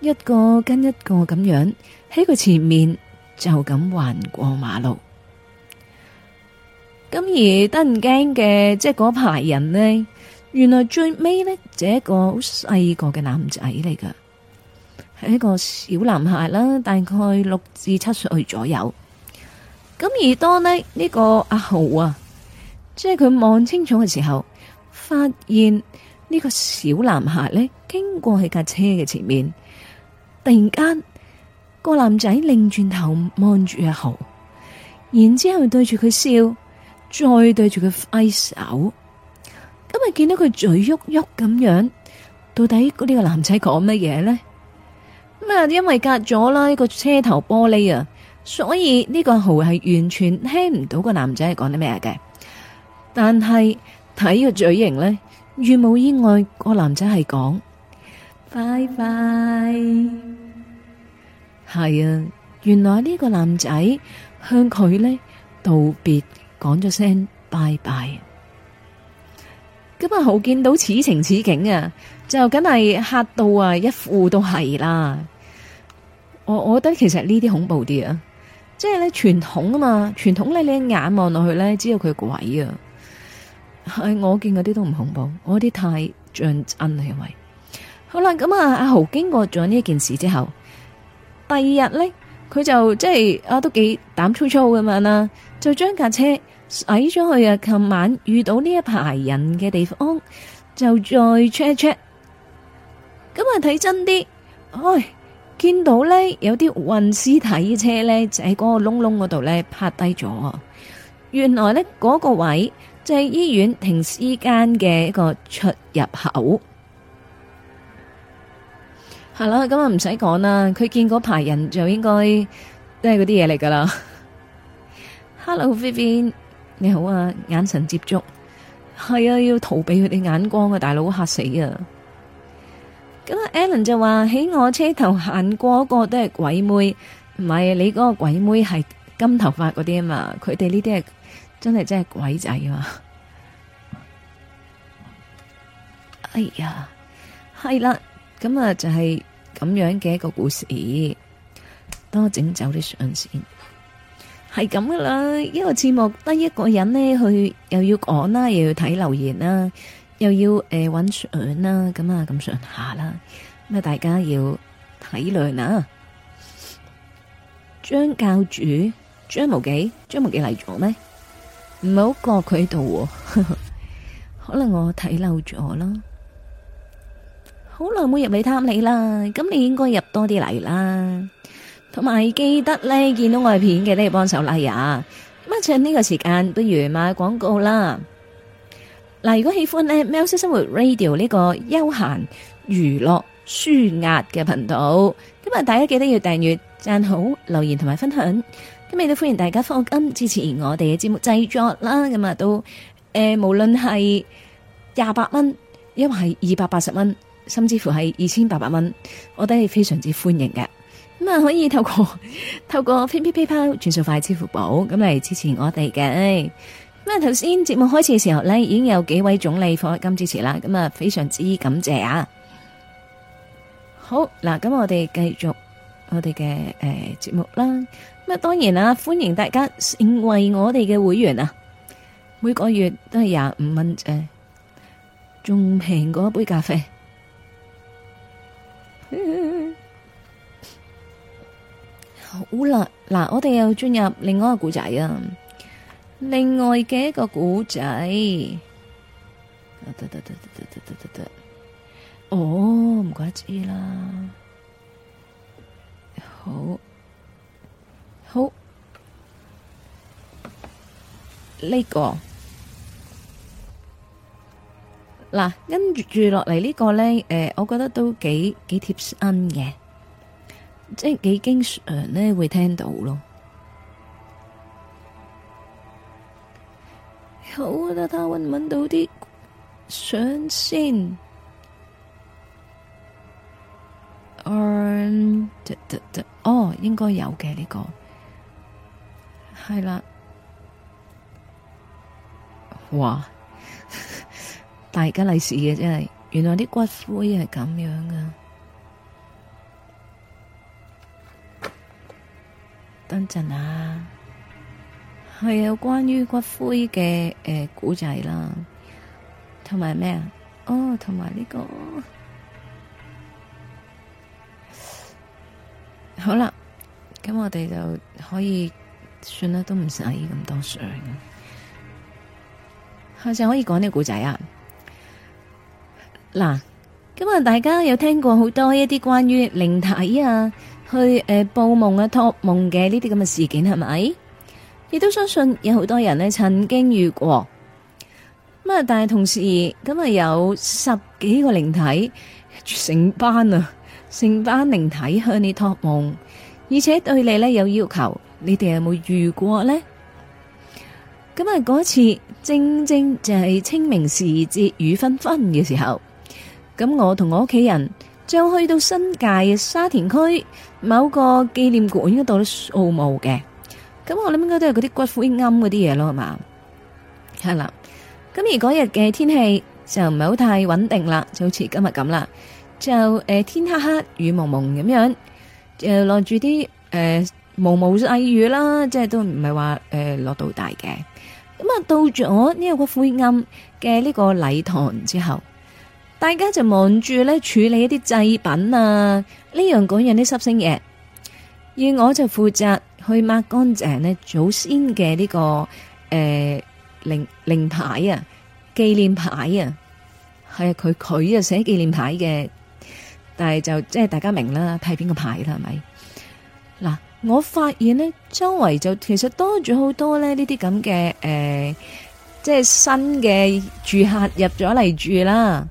一個跟一個咁樣喺佢前面就咁橫過馬路。咁而得唔驚嘅，即係嗰排人呢，原來最尾咧，就一個好細個嘅男仔嚟噶，係一個小男孩啦，大概六至七歲左右。咁而當呢呢、呢個阿豪啊，即係佢望清楚嘅時候，發現呢個小男孩呢，經過喺架車嘅前面。突然間，個男仔擰轉頭望住阿豪，然之後對住佢笑，再對住佢揮手。咁啊，見到佢嘴喐喐咁樣，到底呢個男仔講乜嘢呢？咁啊，因為隔咗啦呢個車頭玻璃啊，所以呢個豪係完全聽唔到個男仔係講啲咩嘅。但係睇個嘴型呢，如冇意外，個男仔係講。拜拜，係啊，原來呢個男仔向佢呢道別，講咗聲拜拜。咁啊，好見到此情此景啊，就梗係嚇到啊，一副都係啦。我我覺得其實呢啲恐怖啲啊，即係呢傳統啊嘛，傳統咧你一眼望落去咧，知道佢鬼啊。係我見嗰啲都唔恐怖，我啲太像真啦，因為。好啦，咁啊，阿豪經過咗呢一件事之後，第二日呢，佢就即係啊，都幾膽粗粗咁樣啦，就將架車駛咗去啊，琴晚遇到呢一排人嘅地方，就再 check check。咁啊，睇真啲，唉，見到呢，有啲運屍體車呢，就喺嗰個窿窿嗰度呢，拍低咗。原來呢，嗰個位就係醫院停屍間嘅一個出入口。係啦，咁啊唔使講啦，佢見嗰排人就應該都係嗰啲嘢嚟噶啦。Hello，Vivian，你好啊，眼神接觸係啊，要逃避佢哋眼光啊，大佬嚇死啊！咁啊，Alan 就話喺我車頭行過，個都係鬼妹，唔係你嗰個鬼妹係金頭髮嗰啲啊嘛，佢哋呢啲係真係真係鬼仔啊嘛！哎呀，係啦，咁啊就係。咁樣嘅一個故事，多整走啲相先，係咁噶啦。一個節目得一個人呢，去又要講啦，又要睇留言啦，又要誒揾相啦，咁啊咁上下啦。咁啊，大家要體諒啊。張教主張無忌，張無忌嚟咗咩？唔好過佢度，可能我睇漏咗啦。好耐冇入嚟探你啦，咁你應該入多啲嚟啦。同埋記得呢，見到外片嘅都要幫手拉呀。咁啊趁呢個時間，不如買廣告啦。嗱，如果喜歡呢 m u 咧，喵式生活 radio 呢個休閒娛樂舒壓嘅頻道，咁啊，大家記得要訂閱、讚好、留言同埋分享。咁亦都歡迎大家放金支持我哋嘅節目製作啦。咁啊，都誒，無論係廿八蚊，亦或係二百八十蚊。甚至乎係二千八百蚊，我都係非常之歡迎嘅。咁啊，可以透過透過 PayPal 轉數快支付寶咁嚟支持我哋嘅。咁啊，頭先節目開始嘅時候呢，已經有幾位總理放喺金支持啦。咁啊，非常之感謝啊！好嗱，咁我哋繼續我哋嘅誒節目啦。咁啊，當然啦，歡迎大家成為我哋嘅會員啊！每個月都係廿五蚊啫，仲平過一杯咖啡。 好啦，嗱，我哋又進入另外一個故仔啊，另外嘅一個故仔，得得得得得得得得，哦，唔怪之啦，好，好，呢、這個。嗱，跟住住落嚟呢個咧，誒，我覺得都幾幾貼心嘅，即係幾經常咧會聽到咯。好啊，睇下揾唔揾到啲相先，哦，應該有嘅呢個，係啦，哇！大家利是嘅真係，原來啲骨灰係咁樣噶。等陣啊，係有關於骨灰嘅誒古仔啦，同埋咩啊？哦，同埋呢個。好啦，咁我哋就可以算啦，都唔使咁多相。下次可以講啲古仔啊。嗱，咁啊，大家有聽過好多一啲關於靈體啊，去誒、呃、報夢啊、托夢嘅呢啲咁嘅事件係咪？亦都相信有好多人曾經遇過。咁啊，但係同時咁啊，有十幾個靈體成班啊，成班靈體向你托夢，而且對你呢有要求，你哋有冇遇過呢？咁啊，嗰次正正就係清明時節雨紛紛嘅時候。咁我同我屋企人就去到新界嘅沙田區某個紀念館嗰度咧掃墓嘅，咁我諗應該都係嗰啲骨灰庵嗰啲嘢咯，係嘛？係啦，咁而嗰日嘅天氣就唔係好太穩定啦，就好似今日咁啦，就誒、呃、天黑黑、雨蒙蒙咁樣，誒落住啲誒毛毛細雨啦，即係都唔係話誒落到大嘅，咁啊到咗呢個骨灰庵嘅呢個禮堂之後。大家就忙住咧處理一啲祭品啊，呢樣嗰樣啲濕性嘢，而我就負責去抹乾淨呢祖先嘅呢、這個誒靈靈牌啊紀念牌啊係啊佢佢就寫紀念牌嘅，但係就即係大家明啦，睇邊個牌啦，係咪嗱？我發現呢，周圍就其實多咗好多咧呢啲咁嘅誒，即係新嘅住客入咗嚟住啦。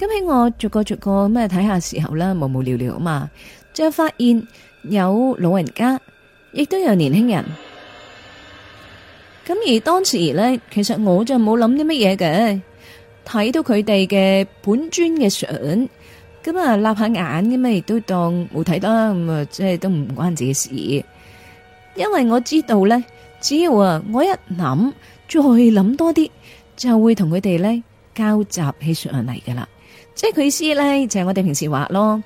咁喺我逐個逐個咩睇下時候啦，無無聊聊啊嘛，最後發現有老人家，亦都有年輕人。咁而當時咧，其實我就冇諗啲乜嘢嘅，睇到佢哋嘅本尊嘅相，咁啊立下眼嘅咩，亦都當冇睇啦，咁啊即係都唔關自己事。因為我知道咧，只要啊我一諗，再諗多啲，就會同佢哋咧交集起上嚟噶啦。即係佢意思咧，就係、是、我哋平時話咯，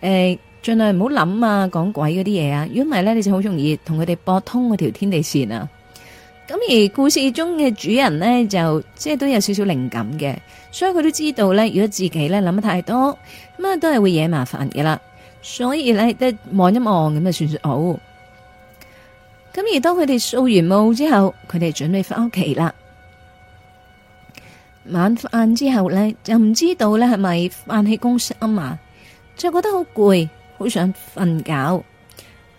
誒，盡量唔好諗啊，講鬼嗰啲嘢啊。如果唔係咧，你就好容易同佢哋駁通嗰條天地綫啊。咁而故事中嘅主人呢，就即係都有少少靈感嘅，所以佢都知道咧，如果自己咧，諗得太多，咁啊都係會惹麻煩嘅啦。所以咧，都望一望咁啊，算算好。咁而當佢哋掃完墓之後，佢哋準備翻屋企啦。晚飯之後呢，就唔知道呢係咪飯氣攻心啊，就覺得好攰，好想瞓覺。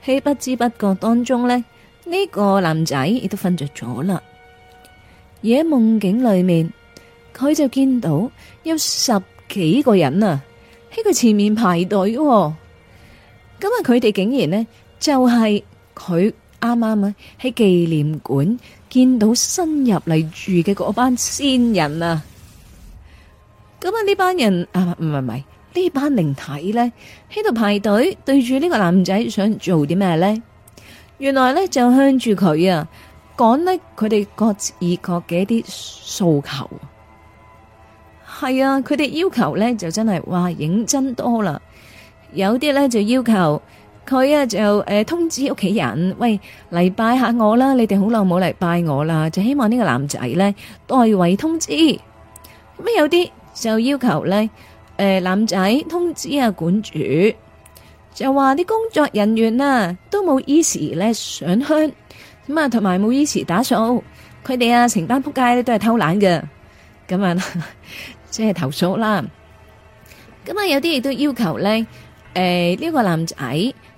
喺不知不覺當中呢，呢、呢個男仔亦都瞓着咗啦。而喺夢境裏面，佢就見到有十幾個人啊，喺佢前面排隊。咁啊，佢哋竟然呢，就係佢啱啱啊喺紀念館。見到新入嚟住嘅嗰班先人啊，咁啊呢班人啊，唔唔唔係呢班靈體呢，喺度排隊對住呢個男仔想做啲咩呢？原來呢就向住佢啊，講呢佢哋各自各嘅一啲訴求。係啊，佢哋要求呢就真係哇認真多啦，有啲呢就要求。佢啊就誒、呃、通知屋企人，喂嚟拜一下我啦！你哋好耐冇嚟拜我啦，就希望呢個男仔呢代為通知。咁有啲就要求呢，誒、呃、男仔通知啊管主，就話啲工作人員啊都冇依時咧上香，咁啊同埋冇依時打掃，佢哋啊成班仆街都係偷懶嘅，咁啊即係投訴啦。咁啊有啲亦都要求呢，誒、呃、呢、呢個男仔。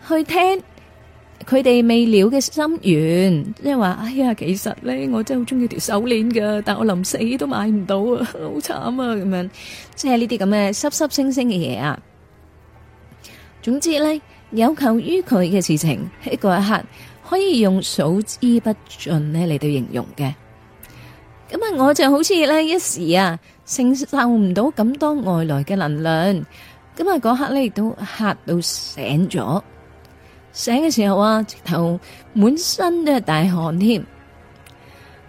去聽佢哋未了嘅心願，即係話，哎呀，其實呢，我真係好中意條手鏈噶，但我臨死都買唔到啊，好慘啊，咁樣，即係呢啲咁嘅濕濕星星嘅嘢啊。總之呢，有求於佢嘅事情，喺嗰一刻可以用數之不盡呢嚟到形容嘅。咁啊，我就好似呢一時啊承受唔到咁多外來嘅能量，咁啊嗰刻呢亦都吓到醒咗。醒嘅時候啊，直頭滿身都係大汗添。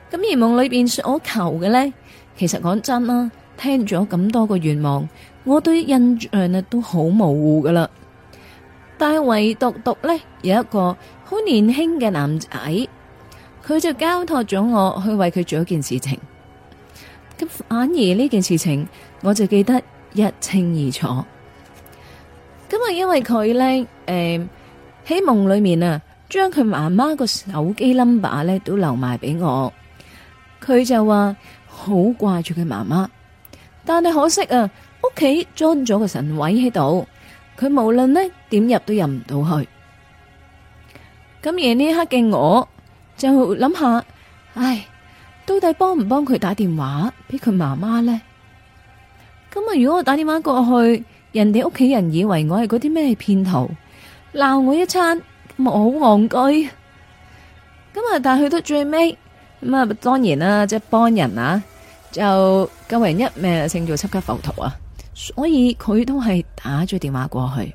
咁而夢裏邊所求嘅呢，其實講真啦，聽咗咁多個願望，我對印象呢都好模糊噶啦。但唯獨獨呢，有一個好年輕嘅男仔，佢就交託咗我去為佢做一件事情。咁反而呢件事情，我就記得一清二楚。咁啊，因為佢呢。誒、欸。喺夢裏面啊，將佢媽媽個手機 number 咧都留埋俾我。佢就話好掛住佢媽媽，但係可惜啊，屋企裝咗個神位喺度，佢無論呢點入都入唔到去。咁而呢刻嘅我就諗下，唉，到底幫唔幫佢打電話俾佢媽媽呢？咁啊，如果我打電話過去，人哋屋企人以為我係嗰啲咩騙徒，鬧我一餐，我好戇居，咁啊但去到最尾，咁啊當然啦，即係幫人啊，就救人一命，勝造七級浮屠啊，所以佢都係打咗電話過去，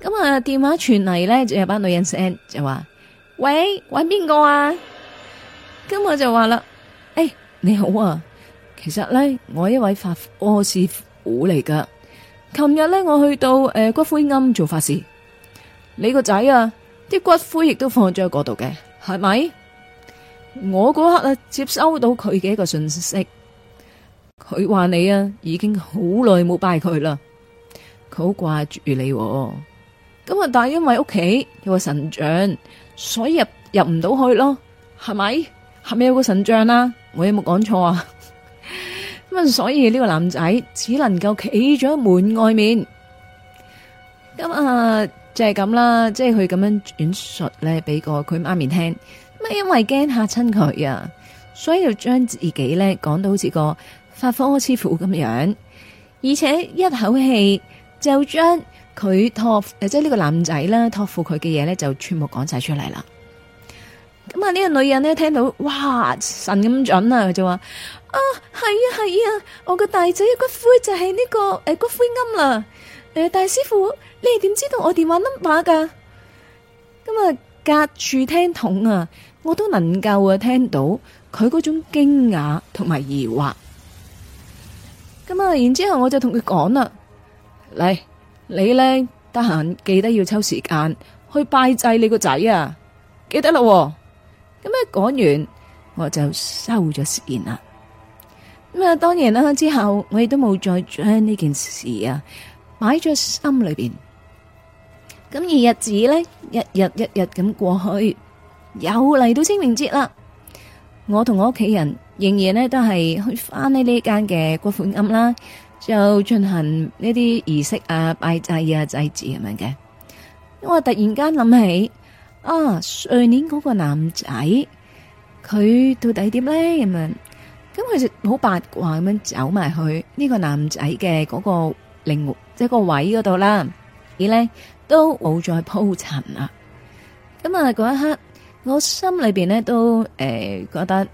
咁啊電話傳嚟呢，就有班女人聲就話：喂，揾邊個啊？咁我就話啦，誒、欸、你好啊，其實呢，我係一位法科師傅嚟噶，琴日呢，我去到誒骨灰庵做法事。你個仔啊，啲骨灰亦都放咗喺嗰度嘅，係咪？我嗰刻啊接收到佢嘅一個信息，佢話你啊已經好耐冇拜佢啦，佢好掛住你。咁啊，但係因為屋企有個神像，所以入入唔到去咯，係咪？係咪有個神像啦啊？我有冇講錯啊？咁啊，所以呢個男仔只能夠企咗喺門外面。咁啊。就係咁啦，即係佢咁樣轉述咧，俾個佢媽咪聽，乜因為驚嚇親佢啊，所以就將自己咧講到好似個法科師傅咁樣，而且一口氣就將佢託誒，即係呢個男仔呢託付佢嘅嘢咧，就全部講晒出嚟啦。咁啊，呢個女人咧聽到，哇神咁準啊，佢就話啊係啊係啊，我個大仔骨灰就係呢、這個誒、呃、骨灰庵啦。呃、大師傅，你係點知道我電話 number 噶？咁啊，隔住聽筒啊，我都能夠啊聽到佢嗰種驚訝同埋疑惑。咁啊，然之後我就同佢講啦，嚟，你咧得閒記得要抽時間去拜祭你個仔啊，記得啦。咁一講完，我就收咗線啦。咁啊，當然啦，之後我亦都冇再將呢件事啊。擺咗心裏邊，咁而日子咧，一日一日咁過去，又嚟到清明節啦。我同我屋企人仍然呢都係去翻呢呢間嘅骨灰龕啦，就進行呢啲儀式啊，拜祭啊祭祀咁樣嘅。因為突然間諗起啊，上年嗰個男仔，佢到底點咧咁樣？咁、嗯、佢就好八卦咁樣走埋去呢、這個男仔嘅嗰個。靈墓即係個位嗰度啦，而咧都冇再鋪塵啦。咁啊，嗰一刻我心裏邊咧都，誒、欸、覺得，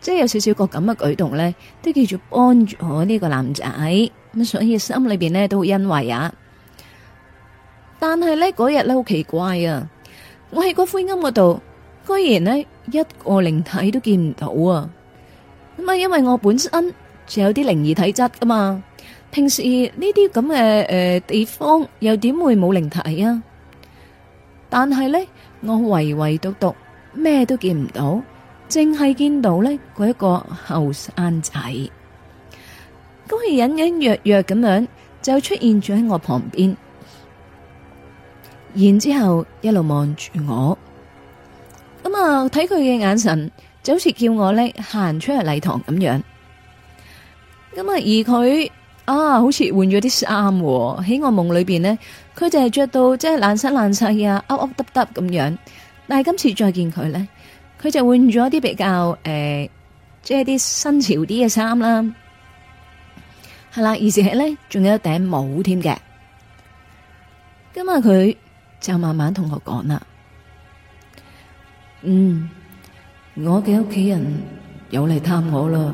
即係有少少個咁嘅舉動咧，都叫做幫助我呢個男仔咁，所以心裏邊咧都好欣慰啊。但係咧嗰日咧好奇怪啊，我喺個灰龕嗰度，居然呢，一個靈體都見唔到啊。咁啊，因為我本身就有啲靈異體質噶嘛。平時呢啲咁嘅誒地方又點會冇靈體啊？但係呢，我唯唯獨獨咩都見唔到，淨係見到呢佢一個後生仔，咁係隱隱約約咁樣就出現住喺我旁邊，然之後一路望住我，咁啊睇佢嘅眼神就好似叫我呢行出去禮堂咁樣，咁啊而佢。啊，好似換咗啲衫喎！喺我夢裏邊咧，佢就係着到即係爛衫爛晒啊，凹凹凸凸咁樣。但係今次再見佢咧，佢就換咗啲比較誒，即係啲新潮啲嘅衫啦，係啦，而且咧仲有一頂帽添嘅。今日，佢就慢慢同我講啦。嗯，我嘅屋企人又嚟探我啦。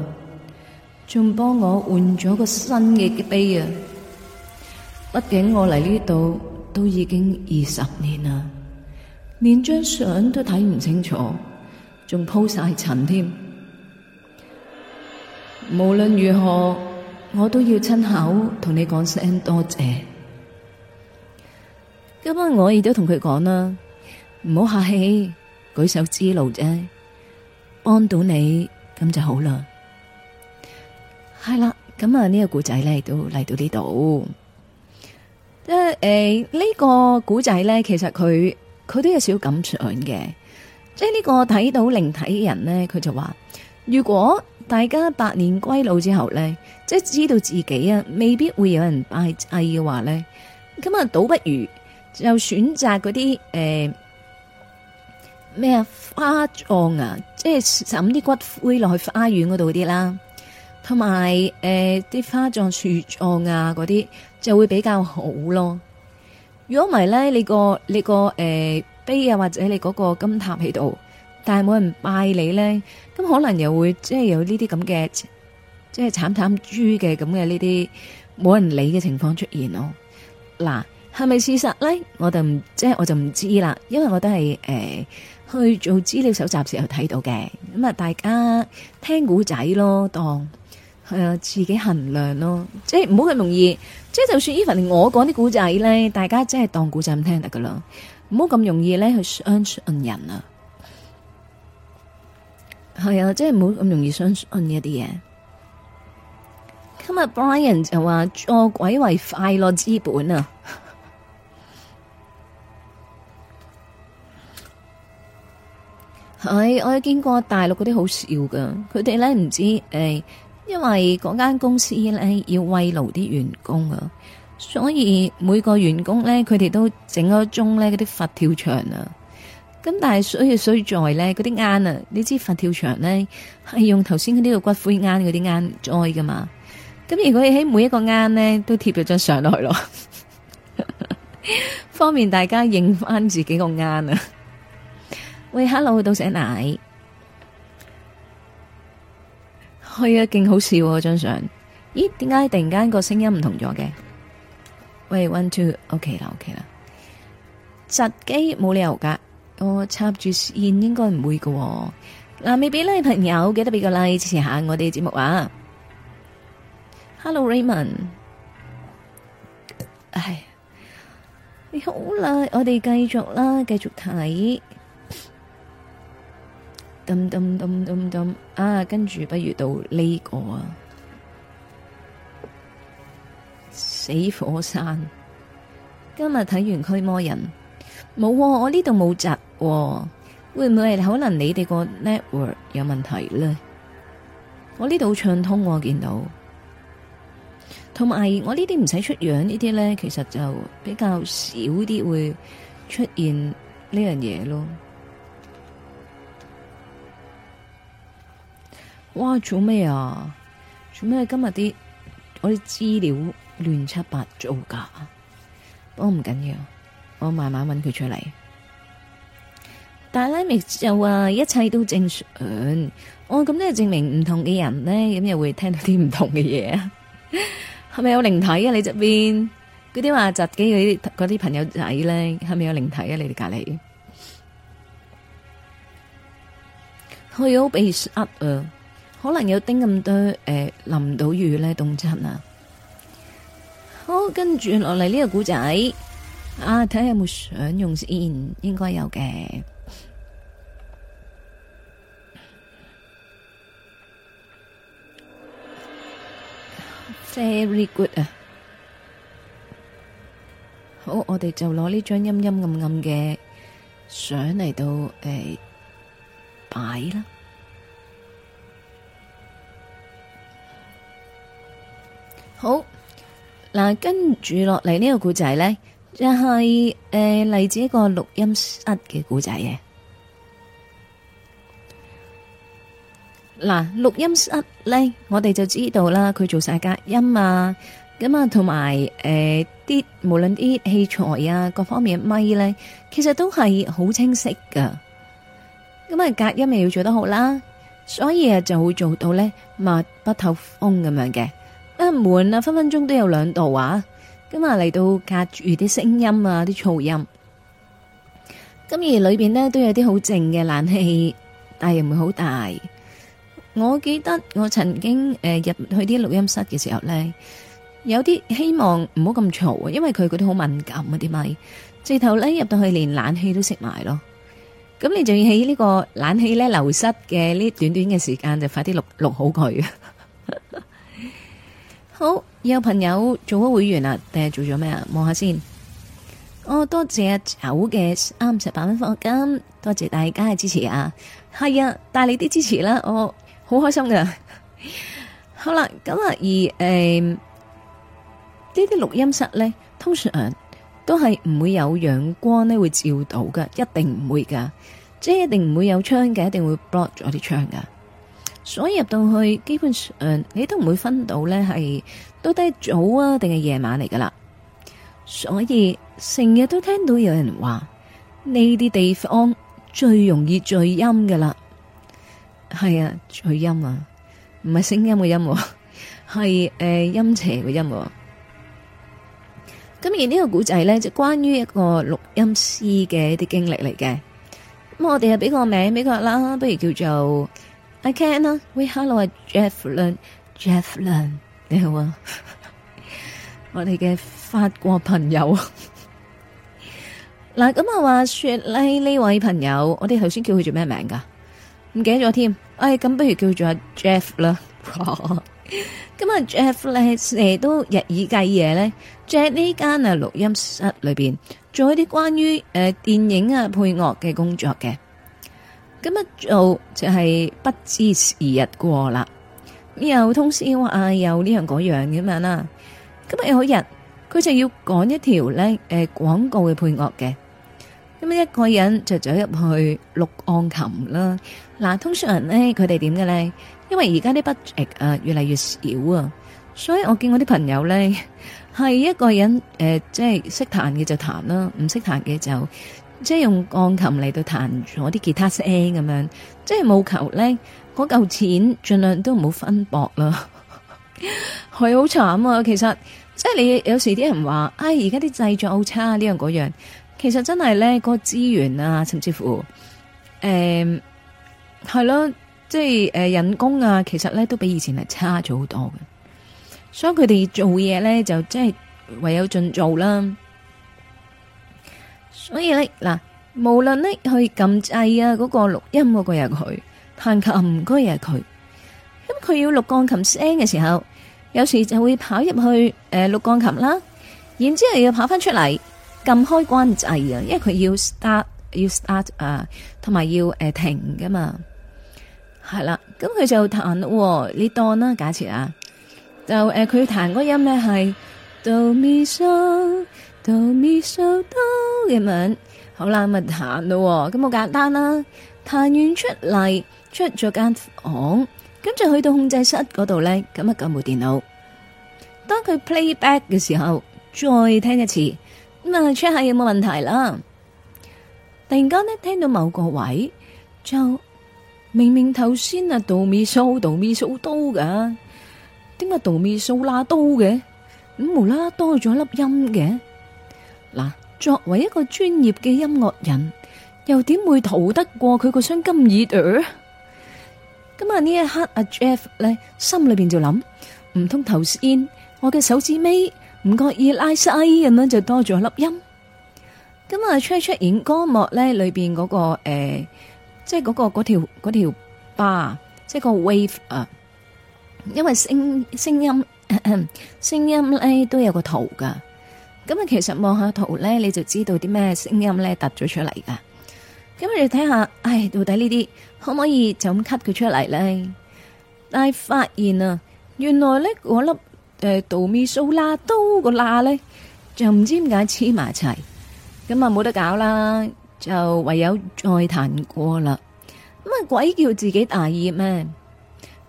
仲幫我換咗個新嘅碑啊！畢竟我嚟呢度都已經二十年啦，連張相都睇唔清楚，仲鋪晒塵添。無論如何，我都要親口同你講聲多謝，謝。今晚我亦都同佢講啦，唔好客氣，舉手之勞啫，幫到你咁就好啦。係啦，咁啊呢、呃這個古仔咧都嚟到呢度，即係誒呢個古仔咧，其實佢佢都有少少感想嘅，即係呢個睇到靈體嘅人咧，佢就話：如果大家百年歸老之後咧，即係知道自己啊，未必會有人拜祭嘅話咧，咁啊倒不如就選擇嗰啲誒咩啊花葬啊，即係抌啲骨灰落去花園嗰度啲啦。同埋誒，啲、呃、花葬樹葬啊，嗰啲就會比較好咯。如果唔係咧，你個你個誒、呃、碑啊，或者你嗰個金塔喺度，但係冇人拜你咧，咁可能又會即係有呢啲咁嘅，即係慘慘豬嘅咁嘅呢啲冇人理嘅情況出現咯。嗱，係咪事實咧？我就唔即係我就唔知啦，因為我都係誒、呃、去做資料搜集時候睇到嘅。咁啊，大家聽古仔咯，當。係啊，自己衡量咯，即係唔好咁容易，即係就算 even 我講啲古仔咧，大家真係當古仔咁聽得噶啦，唔好咁容易咧去相信人啊。係啊，即係唔好咁容易相信一啲嘢。今日 Brian 就話做鬼為快樂之本啊。係， 我有見過大陸嗰啲好笑噶，佢哋咧唔知誒。欸因為嗰間公司咧要慰勞啲員工啊，所以每個員工咧，佢哋都整咗盅咧嗰啲佛跳牆啊。咁但係所以所以在咧嗰啲罌啊，你知佛跳牆咧係用頭先嗰啲個骨灰罌嗰啲罌栽噶嘛？咁如果喺每一個罌咧都貼咗張相落去咯，方便大家認返自己個罌啊！喂，hello，到時奶。係啊，勁好笑嗰張相。咦，點解突然間個聲音唔同咗嘅？喂，one two，OK 啦，OK 啦。窒機冇理由噶，我插住線應該唔會噶、哦。嗱、啊，未俾呢位朋友記得俾個禮、like，支持下我哋嘅節目啊。Hello，Raymond，唉，你、哎、好啦，我哋繼續啦，繼續睇。噔噔噔噔噔啊！跟住不如到呢個啊，死火山。今日睇完驅魔人，冇、哦、我呢度冇窒喎，會唔會係可能你哋個 network 有問題咧？我呢度好暢通、哦，我見到。同埋我呢啲唔使出樣，呢啲咧，其實就比較少啲會出現呢樣嘢咯。哇，做咩啊？做咩今日啲我啲資料亂七八糟噶？不過唔緊要，我慢慢揾佢出嚟。但係咧，咪就話一切都正常。哦，咁咧證明唔同嘅人咧，咁又會聽到啲唔同嘅嘢。係咪有靈體啊？你側邊嗰啲話集嘅嗰啲嗰啲朋友仔咧，係咪有靈體啊？你哋隔籬，佢好被呃啊！可能有丁咁多誒，淋唔到雨呢，凍親啊！好，跟住落嚟，呢個古仔啊，睇下有冇相用先，應該有嘅。Very good 啊！好，我哋就攞呢張陰陰暗暗嘅相嚟到誒擺啦。好嗱，跟住落嚟呢個故仔咧，就係誒嚟自一個錄音室嘅故仔嘅。嗱、呃，錄音室咧，我哋就知道啦，佢做晒隔音啊，咁啊，同埋誒啲無論啲器材啊，各方面嘅咪咧，其實都係好清晰噶。咁啊，隔音咪要做得好啦，所以啊，就會做到咧密不透風咁樣嘅。一門啊，分分鐘都有兩度啊，咁啊嚟到隔住啲聲音啊、啲噪音，咁而裏邊呢都有啲好靜嘅冷氣，但係唔會好大。我記得我曾經誒入去啲錄音室嘅時候呢，有啲希望唔好咁嘈啊，因為佢嗰啲好敏感啊啲咪，最後呢入到去連冷氣都熄埋咯。咁你就要喺呢個冷氣呢流失嘅呢短短嘅時間就快啲錄錄好佢。好，有朋友做咗會員啊，定係做咗咩啊？望下先。哦，多謝九嘅三十八蚊課金，多謝大家嘅支持啊！係啊，帶你啲支持啦，我、哦、好開心噶。 好啦，咁啊，而誒呢啲錄音室咧，通常都係唔會有陽光咧會照到嘅，一定唔會噶，即係一定唔會有窗嘅，一定會 block 咗啲窗噶。所以入到去，基本上你都唔會分到呢係到底早啊定係夜晚嚟噶啦。所以成日都聽到有人話呢啲地方最容易聚陰噶啦，係啊聚陰啊，唔係聲音嘅、啊、音，係誒陰邪嘅音。咁而呢個古仔呢，就關於一個錄音師嘅一啲經歷嚟嘅。咁我哋啊，俾個名俾佢啦，不如叫做。I can 啊，喂，hello 啊，Jeff 倫，Jeff 倫，你好啊，我哋嘅法國朋友啊， 嗱咁啊，話說咧呢位朋友，我哋頭先叫佢做咩名噶？唔記得咗添，哎，咁不如叫佢做阿 Jeff 啦。咁啊，Jeff 倫誒都日以繼夜咧，喺呢間啊錄音室裏邊做一啲關於誒、呃、電影啊配樂嘅工作嘅。咁啊做就係不知時日過啦，又通宵話又呢樣嗰樣咁樣啦。咁啊有一日，佢就要講一條咧誒廣告嘅配樂嘅。咁啊，一個人就走入去錄鋼琴啦。嗱，通常咧佢哋點嘅咧？因為而家啲 budget 越嚟越少啊，所以我見我啲朋友咧係一個人誒，即係識彈嘅就彈啦，唔識彈嘅就。即係用鋼琴嚟到彈咗啲吉他聲咁樣，即係冇求咧，嗰嚿錢盡量都唔好分薄啦，佢好慘啊！其實即係你有時啲人話，唉、哎，而家啲製作好差，呢樣嗰樣，其實真係咧，個資源啊，甚至乎，誒、嗯，係咯，即係誒人工啊，其實咧都比以前係差咗好多嘅，所以佢哋做嘢咧就即係唯有盡做啦。所以咧，嗱，無論呢去撳掣啊，嗰、嗰個錄音嗰個又佢，彈琴嗰個又係佢，咁佢要錄鋼琴聲嘅時候，有時就會跑入去誒錄鋼琴啦，然之後又跑翻出嚟撳開關掣啊，因為佢要 start 要 start 啊，同埋要誒、啊、停噶嘛，係啦，咁佢就彈、哦、你當啦，假設啊，就誒佢彈嗰音咧係 do.。 哆咪嗦哆咁樣，好啦，咪彈咯，咁好簡單啦。彈完出嚟，出咗間房間，咁就去到控制室嗰度咧。咁啊，撳部電腦，當佢 playback 嘅時候，再聽一次，咁啊 check 下有冇問題啦。突然間呢，聽到某個位就明明頭先啊哆咪嗦哆咪嗦刀噶，點解哆咪嗦拉刀嘅？咁無啦啦多咗一粒音嘅。嗱，作為一個專業嘅音樂人，又點會逃得過佢個雙金耳朵？咁啊，呢一刻，阿 Jeff 咧心裏邊就諗，唔通頭先我嘅手指尾唔覺意拉細咁樣就多咗一粒音。咁啊出出演歌幕咧裏邊嗰個誒，即係嗰個嗰條嗰條 bar，即係個 wave 啊，因為聲聲音聲音咧都有個圖噶。咁啊，其實望下圖咧，你就知道啲咩聲音咧突咗出嚟噶。咁我哋睇下，唉，到底呢啲可唔可以就咁 cut 佢出嚟咧？但係發現啊，原來咧嗰粒誒 do 咪蘇拉 do 個拉咧就唔知點解黐埋一齊，咁啊冇得搞啦，就唯有再彈過啦。咁啊鬼叫自己大意咩？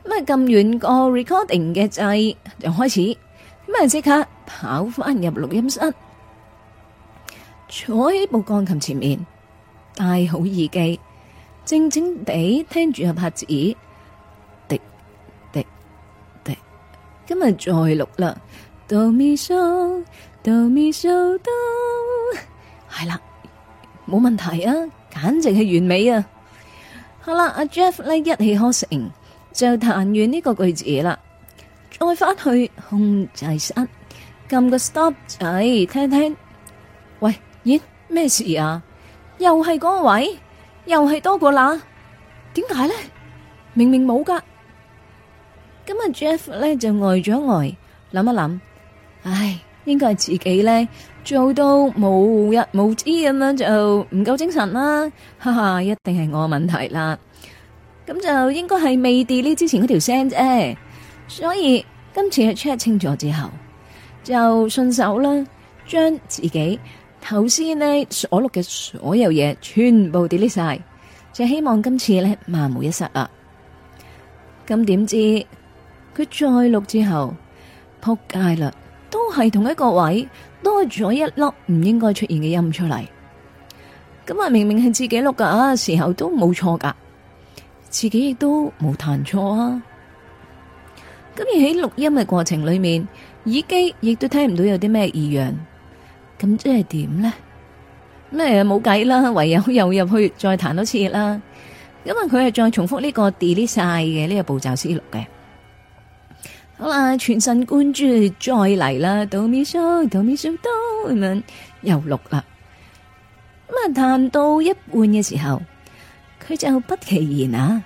咁啊撳完個 recording 嘅掣又開始，咁啊即刻。跑翻入錄音室，坐喺部鋼琴前面，戴好耳機，靜靜地聽住個拍子，滴滴滴。今日再錄啦，Do me so，Do me so do，係啦，冇問題啊，簡直係完美啊。好啦，阿 Jeff 呢一氣呵成就彈完呢個句子啦，再翻去控制室。撳個 stop 仔，聽聽，喂，咦，咩事啊？又係嗰個位，又係多個喇，點解咧？明明冇噶，咁啊 Jeff 咧就呆咗呆諗一諗，唉，應該係自己咧做到冇日冇知咁樣就唔夠精神啦，哈哈，一定係我問題啦，咁就應該係未 delete 之前嗰條聲啫，所以今次去 check 清楚之後。就順手啦，將自己頭先呢所錄嘅所有嘢，全部 delete 晒，就希望今次呢萬無一失啦。咁點知佢再錄之後，扑街啦，都係同一個位，多咗一粒唔應該出現嘅音出嚟。咁啊，明明係自己錄噶，時候都冇錯噶，自己亦都冇彈錯啊。咁而喺錄音嘅過程裏面。耳機亦都聽唔到有啲咩異樣，咁即係點呢？咩冇計啦，唯有又入去再彈多次啦。因為佢係再重複呢個 delete 晒嘅呢個步驟思路嘅。好啦，全神貫注再嚟啦，哆咪嗦哆咪嗦哆咁樣又錄啦。咁啊，彈到一半嘅時候，佢就不期而然啊，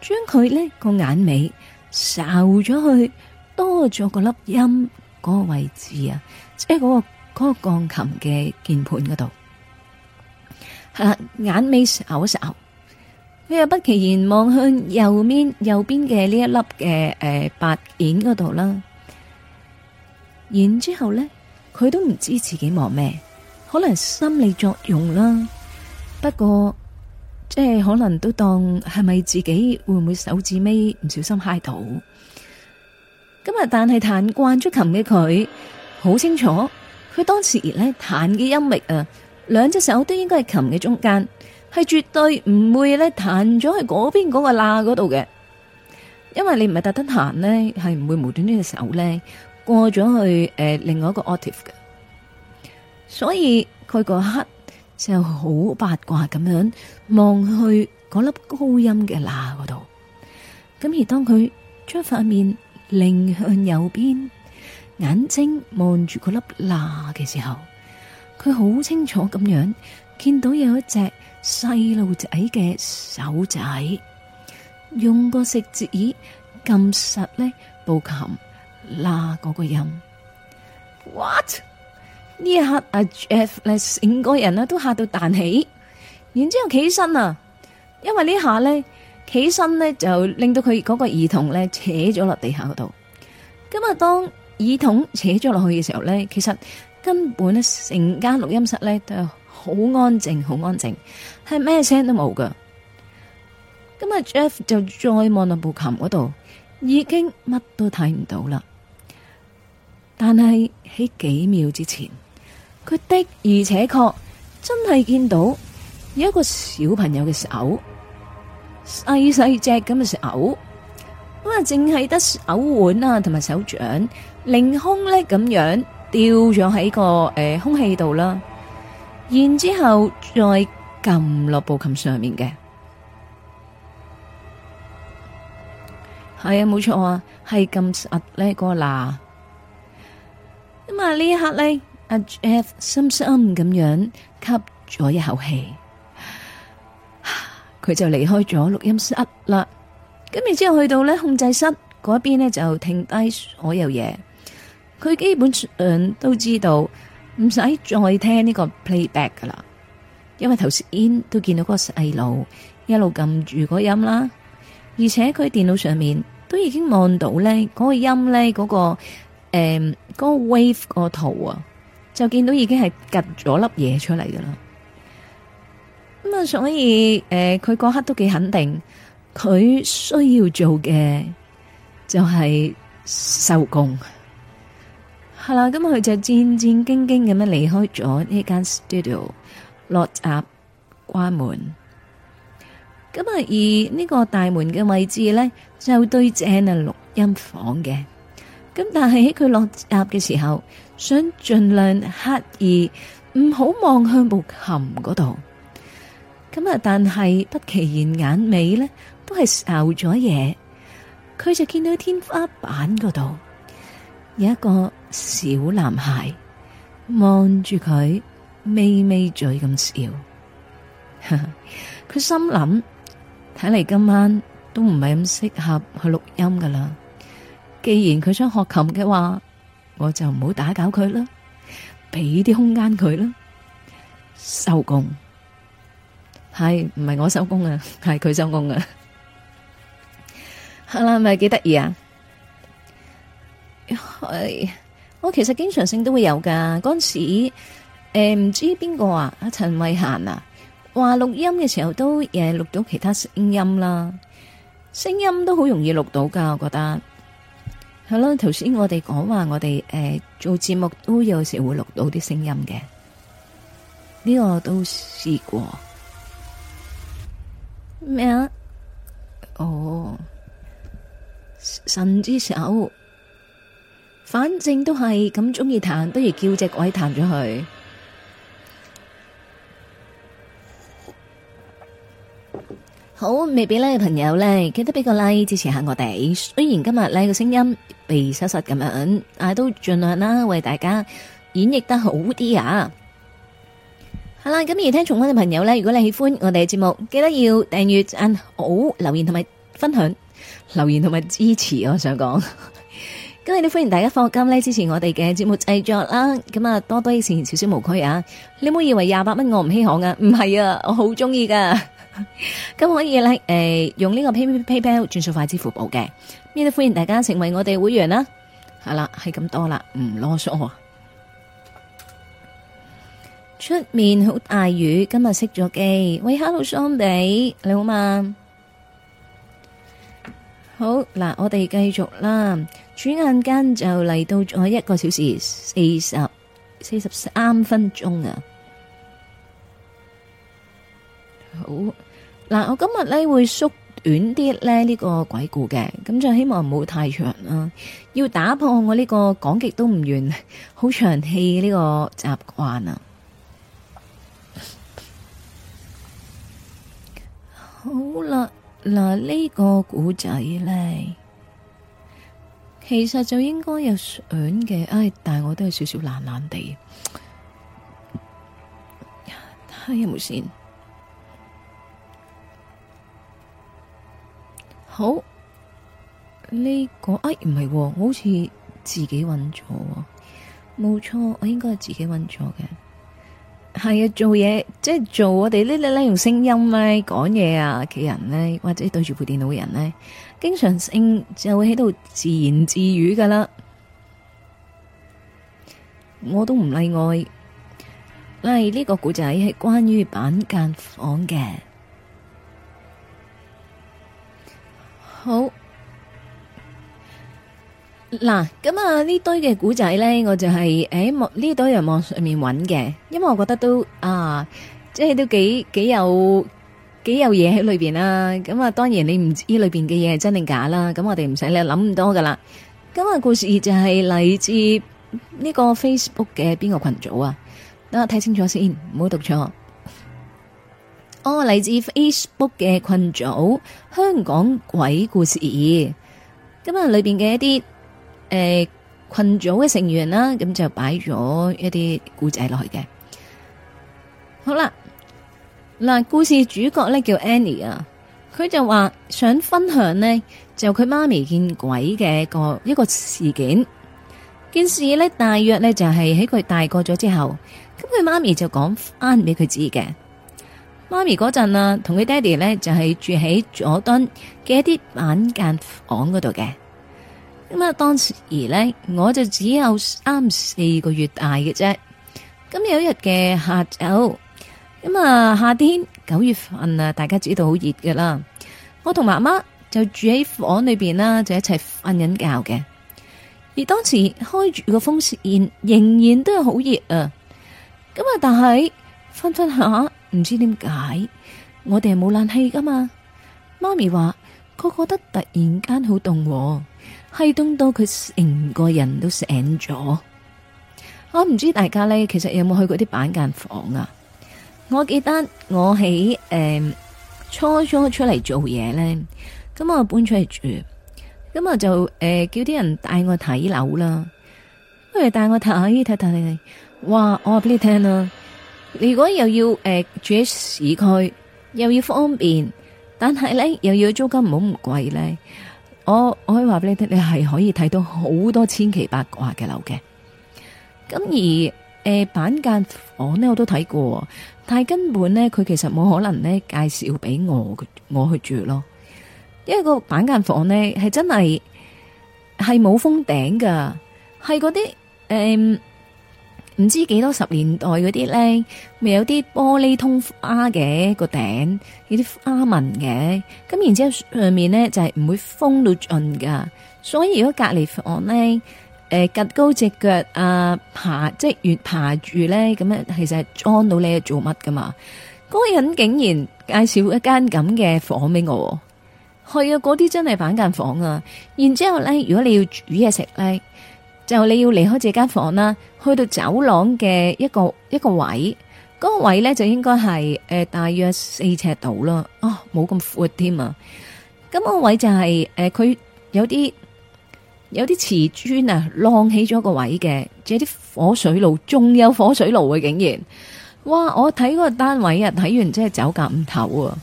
將佢呢個眼尾收咗去，多咗個粒音嗰個位置啊，即係嗰個嗰個鋼琴嘅鍵盤嗰度，係啦，眼尾睄一睄，佢又不其然望向右邊右邊嘅呢一粒嘅誒白鍵嗰度啦，然之後呢，佢都唔知自己望咩，可能心理作用啦，不過即係可能都當係咪自己會唔會手指尾唔小心揩到？今日但係彈慣咗琴嘅佢，好清楚，佢當時咧彈嘅音域啊，兩隻手都應該係琴嘅中間，係絕對唔會咧彈咗去嗰邊嗰個罅嗰度嘅。因為你唔係特登彈咧，係唔會無端端隻手咧過咗去誒、呃、另外一個 octave 嘅。所以佢嗰刻就好八卦咁樣望去嗰粒高音嘅罅嗰度。咁而當佢將塊面另向右邊，眼睛望住個粒罅嘅時候，佢好清楚咁樣見到有一隻細路仔嘅手仔，用個食指撳實呢，部琴啦嗰個音。What？呢一刻阿、啊、Jeff 咧，成個人呢都嚇到彈起，然之後起身啊，因為呢下呢。起身呢，就令到佢嗰個耳筒呢扯咗落地下嗰度。咁啊，當耳筒扯咗落去嘅時候呢，其實根本呢成間錄音室呢都好安靜，好安靜，係咩聲都冇㗎。咁啊，Jeff 就再望到部琴嗰度，已經乜都睇唔到啦。但係喺幾秒之前，佢的而且確真係見到有一個小朋友嘅手。細細隻咁啊，食藕，咁啊，淨係得手腕啊，同埋手掌，凌空咧咁樣吊咗喺個誒空氣度啦，然之後再撳落部琴上面嘅。係啊，冇錯啊，係撳實呢個啦。咁啊，呢一刻咧，阿 Jeff 深深咁樣吸咗一口氣。佢就離開咗錄音室啦，咁然之後去到咧控制室嗰邊咧就停低所有嘢，佢基本上都知道唔使再聽呢個 playback 噶啦，因為頭先 in 都見到嗰個細路一路撳住嗰個音啦，而且佢電腦上面都已經望到咧嗰個音咧、嗰、嗰個誒、嗰個欸嗰個 wave 嗰個圖啊，就見到已經係夾咗粒嘢出嚟噶啦。咁啊，所以誒，佢嗰刻都幾肯定，佢需要做嘅就係收工係啦。咁佢就戰戰兢兢咁樣離開咗呢間 studio，落閘關門。咁啊，而呢個大門嘅位置呢，就對正啊錄音房嘅。咁但係喺佢落閘嘅時候，想盡量刻意唔好望向部琴嗰度。咁啊！但係不其然眼尾咧，都係流咗嘢。佢就見到天花板嗰度有一個小男孩，望住佢，眯眯嘴咁笑。呵呵，佢心諗：睇嚟今晚都唔係咁適合去錄音噶啦。既然佢想學琴嘅話，我就唔好打攪佢啦，俾啲空間佢啦，收工。係唔係我收工啊？係佢收工啊？係 啦，係咪幾得意啊！係，我其實我經常性都會有噶。嗰陣時，誒、呃、唔知邊個啊？阿陳慧嫻啊，話錄音嘅時候都誒錄到其他聲音啦。聲音都好容易錄到噶，我覺得。係啦、啊，頭先我哋講話，我哋誒做節目都有時會錄到啲聲音嘅。呢、這個都試過。咩啊？什麼哦，神之手，反正都係咁鍾意彈，不如叫隻鬼彈咗佢。好，未俾呢朋友呢，記得俾個 Like 支持下我哋。雖然今日呢個聲音鼻塞塞咁樣，但係都盡量啦，為大家演繹得好啲啊！好啦，咁、嗯、而聽重溫嘅朋友咧，如果你喜歡我哋嘅節目，記得要訂閱、按好、哦、留言同埋分享留言同埋支持。我想講， 今日都歡迎大家放金咧，支持我哋嘅節目製作啦。咁啊，多多益善，少少無拘啊！你唔好以為廿八蚊我唔稀罕啊。唔係啊，我好中意噶。咁、 嗯、可以咧，誒、呃，用呢個 PayPay PayPal 轉數快支付寶嘅，亦都歡迎大家成為我哋會員啦。係啦、嗯，係咁多啦，唔囉嗦。出面好大雨，今日熄咗機。喂，Hello，Sandy，你好嘛？好嗱，我哋繼續啦。轉眼間就嚟到咗一個小時四十四十三分鐘啊！好嗱，我今日咧會縮短啲咧呢個鬼故嘅，咁就希望唔好太長啦。要打破我呢個講極都唔完好長氣呢個習慣啊！好啦，嗱呢個古仔咧，其實就應該有相嘅，哎，但係我都係少少懶懶地，睇有冇先。好，呢、這個哎唔係，我好似自己搵咗，冇錯，我應該係自己搵咗嘅。係啊，做嘢即係做我哋呢呢呢用聲音咪講嘢啊企人咧，或者對住部電腦嘅人咧，經常性就會喺度自言自語噶啦。我都唔例外。嚟呢個古仔係關於板間房嘅。好。嗱，咁啊呢堆嘅古仔呢，我就係喺網呢堆人網上面揾嘅，因為我覺得都啊，即係都幾幾有幾有嘢喺裏邊啦。咁啊，當然你唔知呢裏邊嘅嘢係真定假啦。咁我哋唔使你諗咁多噶啦。今日故事就係嚟自呢個 Facebook 嘅邊個群組啊？等我睇清楚先，唔好讀錯。哦，嚟自 Facebook 嘅群組，香港鬼故事二。今日裏邊嘅一啲。誒、呃，群組嘅成員啦，咁就擺咗一啲故仔落去嘅。好啦，嗱，故事主角呢叫 Annie 啊，佢就話想分享呢，就佢媽咪見鬼嘅個一個事件。件事呢，大約呢就係喺佢大個咗之後，咁佢媽咪就講翻俾佢知嘅。媽咪嗰陣啊，同佢爹哋呢，就係、是、住喺佐敦嘅一啲板間房嗰度嘅。咁啊，當時咧我就只有三四個月大嘅啫。咁有一日嘅下晝，咁啊夏天九月份啊，大家知道好熱㗎啦。我同媽媽就住喺房裏邊啦，就一齊瞓緊覺嘅。而當時開住個風扇，仍然都係好熱啊。咁啊，但係分分下唔知點解，我哋係冇冷氣噶嘛。媽咪話佢覺得突然間好凍。係凍到佢成個人都醒咗，我唔知大家咧，其實有冇去過啲板間房啊？我記得我喺誒、嗯、初初出嚟做嘢咧，咁我搬出嚟住，咁啊就誒、嗯、叫啲人帶我睇樓啦，不如帶我睇下。睇睇睇，哇！我話俾你聽啦，如果又要誒、呃、住喺市區，又要方便，但係咧又要租金唔好唔貴咧。我我可以話俾你聽，你係可以睇到好多千奇百怪嘅樓嘅。咁而誒、呃、板間房咧，我都睇過，但係根本咧，佢其實冇可能咧介紹俾我我去住咯，因為個板間房咧係真係係冇封頂噶，係嗰啲誒。呃唔知幾多十年代嗰啲咧，咪有啲玻璃通花嘅個頂，有啲花紋嘅，咁然之後上面咧就係、是、唔會封到盡噶。所以如果呢、呃、隔離房咧，誒，隔高隻腳啊，爬即越爬住咧，咁樣其實係裝到你做乜噶嘛？嗰、那個、人竟然介紹一間咁嘅房俾我，係啊，嗰啲真係反間房啊！然之後咧，如果你要煮嘢食咧。就你要離開這間房啦，去到走廊嘅一個一個位，嗰、那個位咧就應該係誒大約四尺度啦。哦，冇咁闊添啊！咁、那個位就係誒佢有啲有啲瓷磚啊，晾起咗個位嘅，即係啲火水爐仲有火水爐嘅、啊，竟然哇！我睇嗰個單位啊，睇完真係走夾唔唞啊！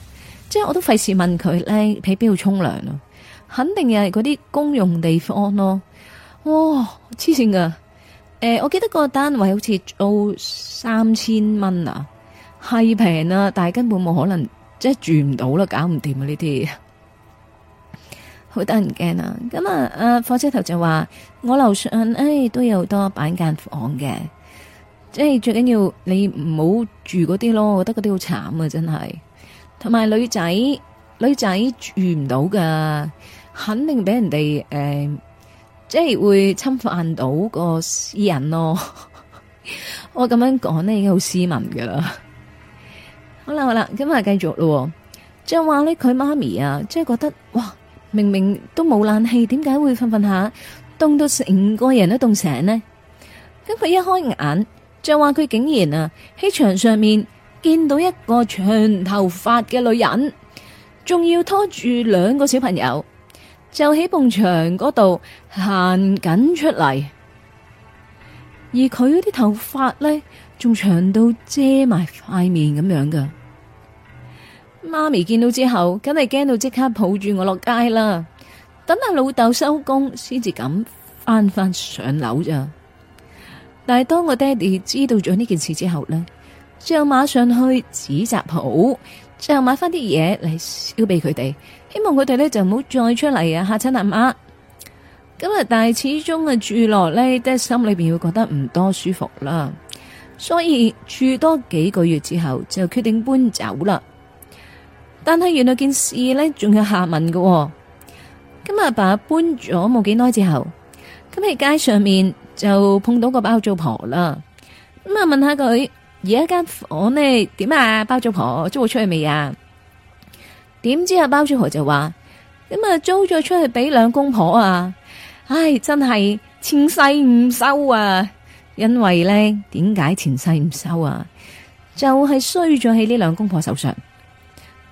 即係我都費事問佢咧，喺邊度沖涼啊？肯定係嗰啲公用地方咯。哇，黐線噶！誒、欸，我記得個單位好似租三千蚊啊，係平啊，但係根本冇可能，即係住唔到啦，搞唔掂啊！呢啲好得人驚啊！咁啊，阿火車頭就話我樓上誒都有多板間房嘅，即係最緊要你唔好住嗰啲咯，我覺得嗰啲好慘啊，真係。同埋女仔，女仔住唔到噶，肯定俾人哋誒。欸即係會侵犯到個私人咯， 我咁樣講呢，已經好斯文噶啦。好啦好啦，咁啊繼續咯。就話呢，佢媽咪啊，即係覺得：「哇，明明都冇冷氣，點解會瞓瞓下凍到成個人都凍醒呢！」咁佢一開眼，就話佢竟然啊喺牆上面見到一個長頭髮嘅女人，仲要拖住兩個小朋友。就喺埲牆嗰度行緊出嚟，而佢嗰啲頭髮呢，仲長到遮埋塊面咁樣噶。媽咪見到之後，梗係驚到即刻抱住我落街啦，等阿老豆收工先至咁翻翻上樓咋。但係當我爹哋知道咗呢件事之後呢，就馬上去紙紮舖，就買翻啲嘢嚟燒俾佢哋。希望佢哋呢就唔好再出嚟啊嚇親阿媽，咁啊但係始終啊住落呢，都係心裏邊會覺得唔多舒服啦，所以住多幾個月之後就決定搬走啦。但係原來件事呢，仲有下文嘅。今日阿爸搬咗冇幾耐之後，咁喺街上面就碰到個包租婆啦。咁啊問下佢而家間房呢點啊？包租婆租我出去未啊？點知阿包租婆就話，咁啊租咗出去俾兩公婆啊，唉真係前世唔收啊！因為咧點解前世唔收啊？就係衰咗喺呢兩公婆手上，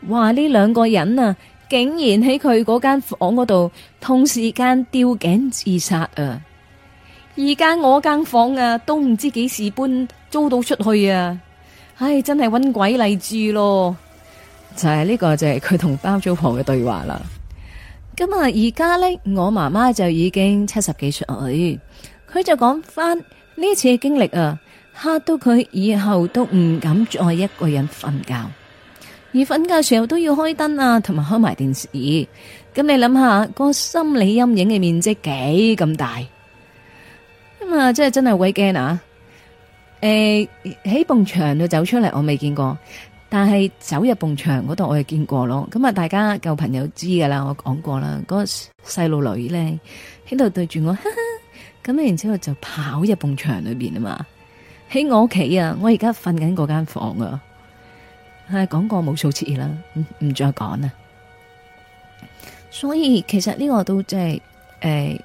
哇呢兩個人啊，竟然喺佢嗰間房嗰度同時間吊頸自殺啊！而家我間房啊，都唔知幾時搬租到出去啊！唉，真係揾鬼嚟住咯！就係呢個就係佢同包租婆嘅對話啦。咁啊，而家咧，我媽媽就已經七十幾歲，佢就講翻呢次嘅經歷啊，嚇到佢以後都唔敢再一個人瞓覺，而瞓覺時候都要開燈啊，同埋開埋電視。咁你諗下，個心理陰影嘅面積幾咁大？咁啊，真係真係好鬼驚啊！誒，喺埲牆度走出嚟，我未見過。但係走入蹦牆嗰度，我又見過咯。咁啊，大家舊朋友知噶啦，我講過啦。嗰個細路女咧喺度對住我，呵呵咁啊，然之後就跑入蹦牆裏邊啊嘛。喺我屋企啊，我而家瞓緊嗰間房啊。係講過無數次啦，唔唔再講啦。所以其實呢個都即係誒，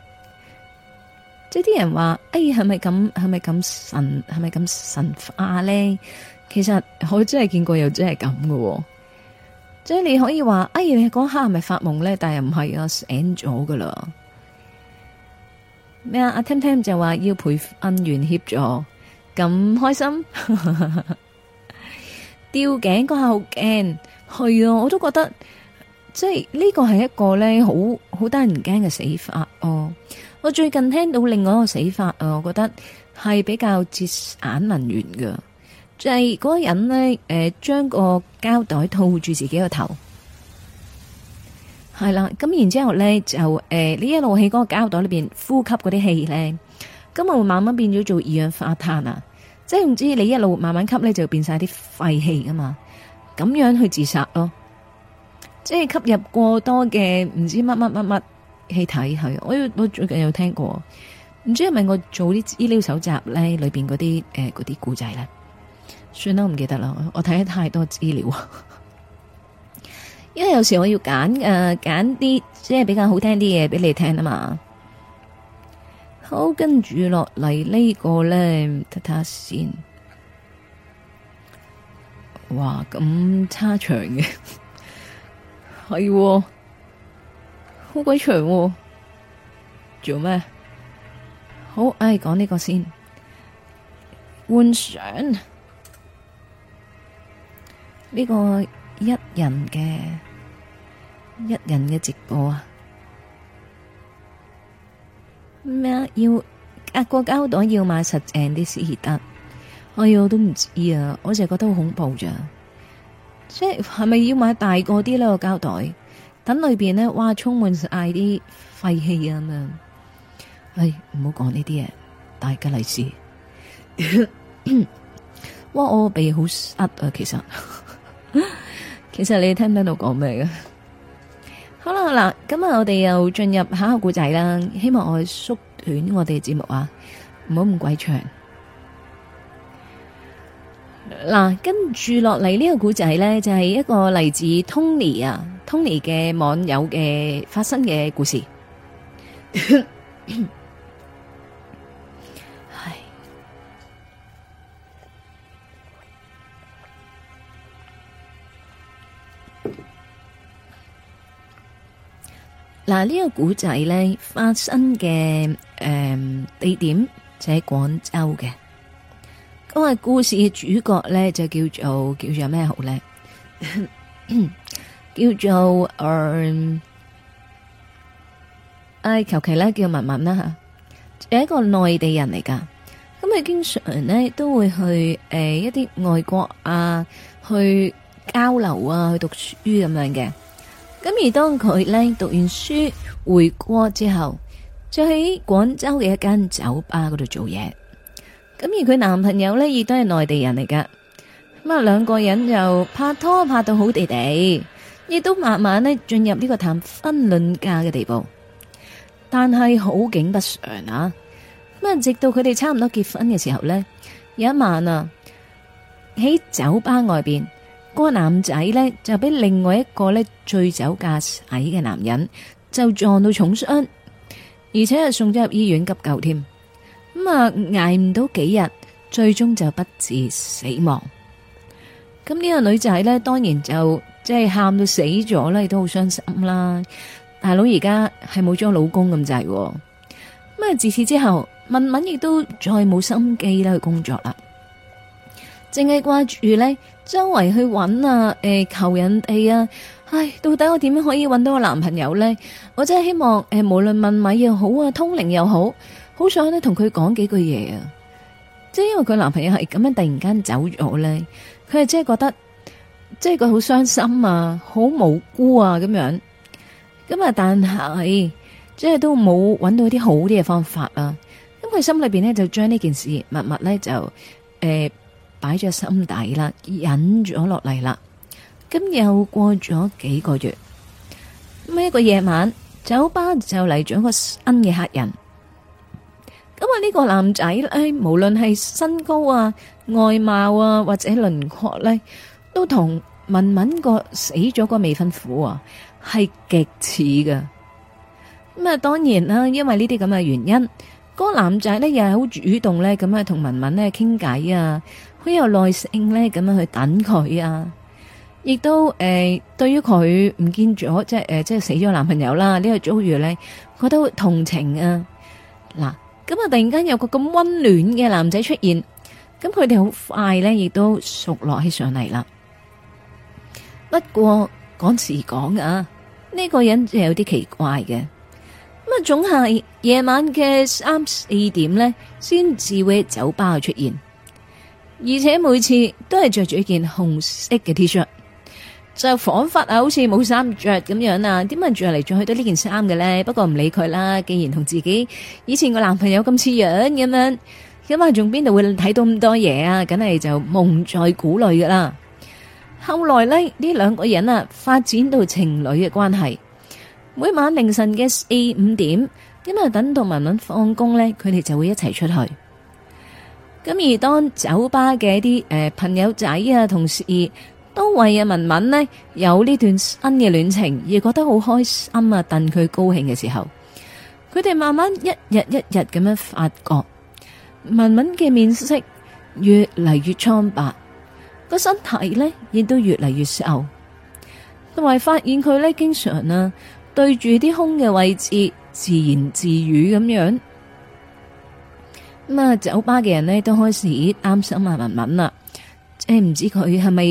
即係啲人話，誒，係咪咁，係咪咁神，係咪咁神化咧？其實我真係見過，又真係咁噶。即係你可以話，哎，呀，你嗰刻係咪發夢咧？但係唔係啊，醒咗噶啦。咩啊？阿 Temtem 就話要陪恩怨協助，咁開心？ 吊頸嗰刻好驚，係啊，我都覺得即係呢個係一個咧好好得人驚嘅死法哦。我最近聽到另外一個死法啊，我覺得係比較節省能源噶。就係嗰個人呢，誒、呃，將個膠袋套住自己個頭，係啦。咁然之後呢，就，誒、呃，你一路喺嗰個膠袋裏邊呼吸嗰啲氣呢，咁啊會慢慢變咗做二氧化碳啊，即係唔知你一路慢慢吸呢，就變晒啲廢氣噶嘛，咁樣去自殺咯，即係吸入過多嘅唔知乜乜乜乜氣體係，我我最近有聽過，唔知係咪我做啲醫療手集呢裏邊嗰啲，誒、呃，嗰啲故仔咧。算啦，唔記得啦，我睇咗太多資料啊， 因為有時候我要揀誒，揀啲即係比較好聽啲嘢畀你聽啊嘛。好，跟住落嚟呢個咧，睇睇先。哇，咁差長嘅，係， 好鬼長，做咩？好，唉、哎，講呢個先，換相。呢個一人嘅一人嘅直播啊？咩要壓個膠袋，要買實淨啲先得？哎呀，都唔知啊！我淨係覺得好恐怖咋、啊？即係係咪要買大個啲呢個膠袋？等裏邊呢，哇，充滿晒啲廢氣咁、啊、樣？係唔好講呢啲嘢，大吉利是。 哇，我個鼻好塞啊，其實。 其實你聽唔聽到我講咩嘅？好啦，好啦，今日我哋又進入下一個故仔啦，希望我哋縮短我哋嘅節目啊，唔好咁鬼長。嗱，跟住落嚟呢個故仔呢，就係、是、一個嚟自 Tony 啊，Tony 嘅網友嘅發生嘅故事。 嗱，呢個古仔咧發生嘅誒、呃、地點就喺廣州嘅。咁啊，故事嘅主角咧就叫做叫做咩好咧？叫做誒，求 其、呃啊、呢，叫文文啦吓，係一個內地人嚟噶。咁佢經常咧都會去誒、呃、一啲外國啊去交流啊，去讀書咁樣嘅。咁而當佢咧讀完書回國之後，就喺廣州嘅一間酒吧嗰度做嘢。咁而佢男朋友呢，亦都係內地人嚟㗎，咁啊兩個人又拍拖拍到好地地，亦都慢慢呢進入呢個談婚論嫁嘅地步。但係好景不常啊！咁啊直到佢哋差唔多結婚嘅時候呢，有一晚啊喺酒吧外邊。個男仔呢，就俾另外一個呢醉酒駕駛嘅男人就撞到重傷，而且係送咗入醫院急救添。咁啊，挨唔到幾日，最終就不治死亡。咁呢個女仔呢，當然就即係喊到死咗啦，亦都好傷心啦。大佬而家係冇咗老公咁滯。咁啊，自此之後，雯雯亦都再冇心機啦去工作啦。淨係掛住咧，周圍去揾啊，誒求人哋啊，唉，到底我點樣可以揾到個男朋友咧？我真係希望誒，無論問米又好啊，通靈又好，好想咧同佢講幾句嘢啊！即係因為佢男朋友係咁樣突然間走咗咧，佢係真係覺得，即係佢好傷心啊，好無辜啊咁樣。咁啊，但係即係都冇揾到啲好啲嘅方法啊。咁佢心裏邊咧就將呢件事默默咧就誒。擺咗心底啦，忍咗落嚟啦。咁又過咗幾個月，咁一個夜晚，酒吧就嚟咗個新嘅客人。咁啊，呢個男仔咧，無論係身高啊、外貌啊或者輪廓呢，都同文文個死咗個未婚夫啊係極似嘅。咁啊，當然啦，因為呢啲咁嘅原因，嗰個男仔呢又係好主動呢，咁啊同文文呢傾偈啊。佢有耐性咧咁樣去等佢啊，亦都誒、欸、對於佢唔見咗即係誒、呃、即係死咗男朋友啦呢、呢個遭遇呢覺得同情啊！嗱，咁啊突然間有個咁温暖嘅男仔出現，咁佢哋好快咧亦都熟絡起上嚟啦。不過講時講啊，呢、呢個人就有啲奇怪嘅，咁啊總係夜晚嘅三四點呢，先至會喺酒吧出現。而且每次都係着住一件紅色嘅 T 恤，shirt，就仿佛啊，好似冇衫着咁樣啊！點解着嚟着去都呢件衫嘅呢？不過唔理佢啦，既然同自己以前個男朋友咁似樣咁樣，咁啊，仲邊度會睇到咁多嘢啊？梗係就蒙在鼓裏噶啦。後來呢，呢兩個人啊發展到情侶嘅關係，每晚凌晨嘅四五點，咁啊等到文文放工呢，佢哋就會一齊出去。咁而當酒吧嘅啲誒朋友仔啊，同事都為呀文文呢，有呢段新嘅戀情而覺得好開心啊，等佢高興嘅時候，佢哋慢慢一日一日咁樣發覺文文嘅面色越嚟越蒼白，個身體呢，亦都越嚟越瘦，同埋發現佢呢，經常啊對住啲空嘅位置自言自語咁樣。咁啊，酒吧嘅人咧都開始擔心阿文文啦，即係唔知佢係咪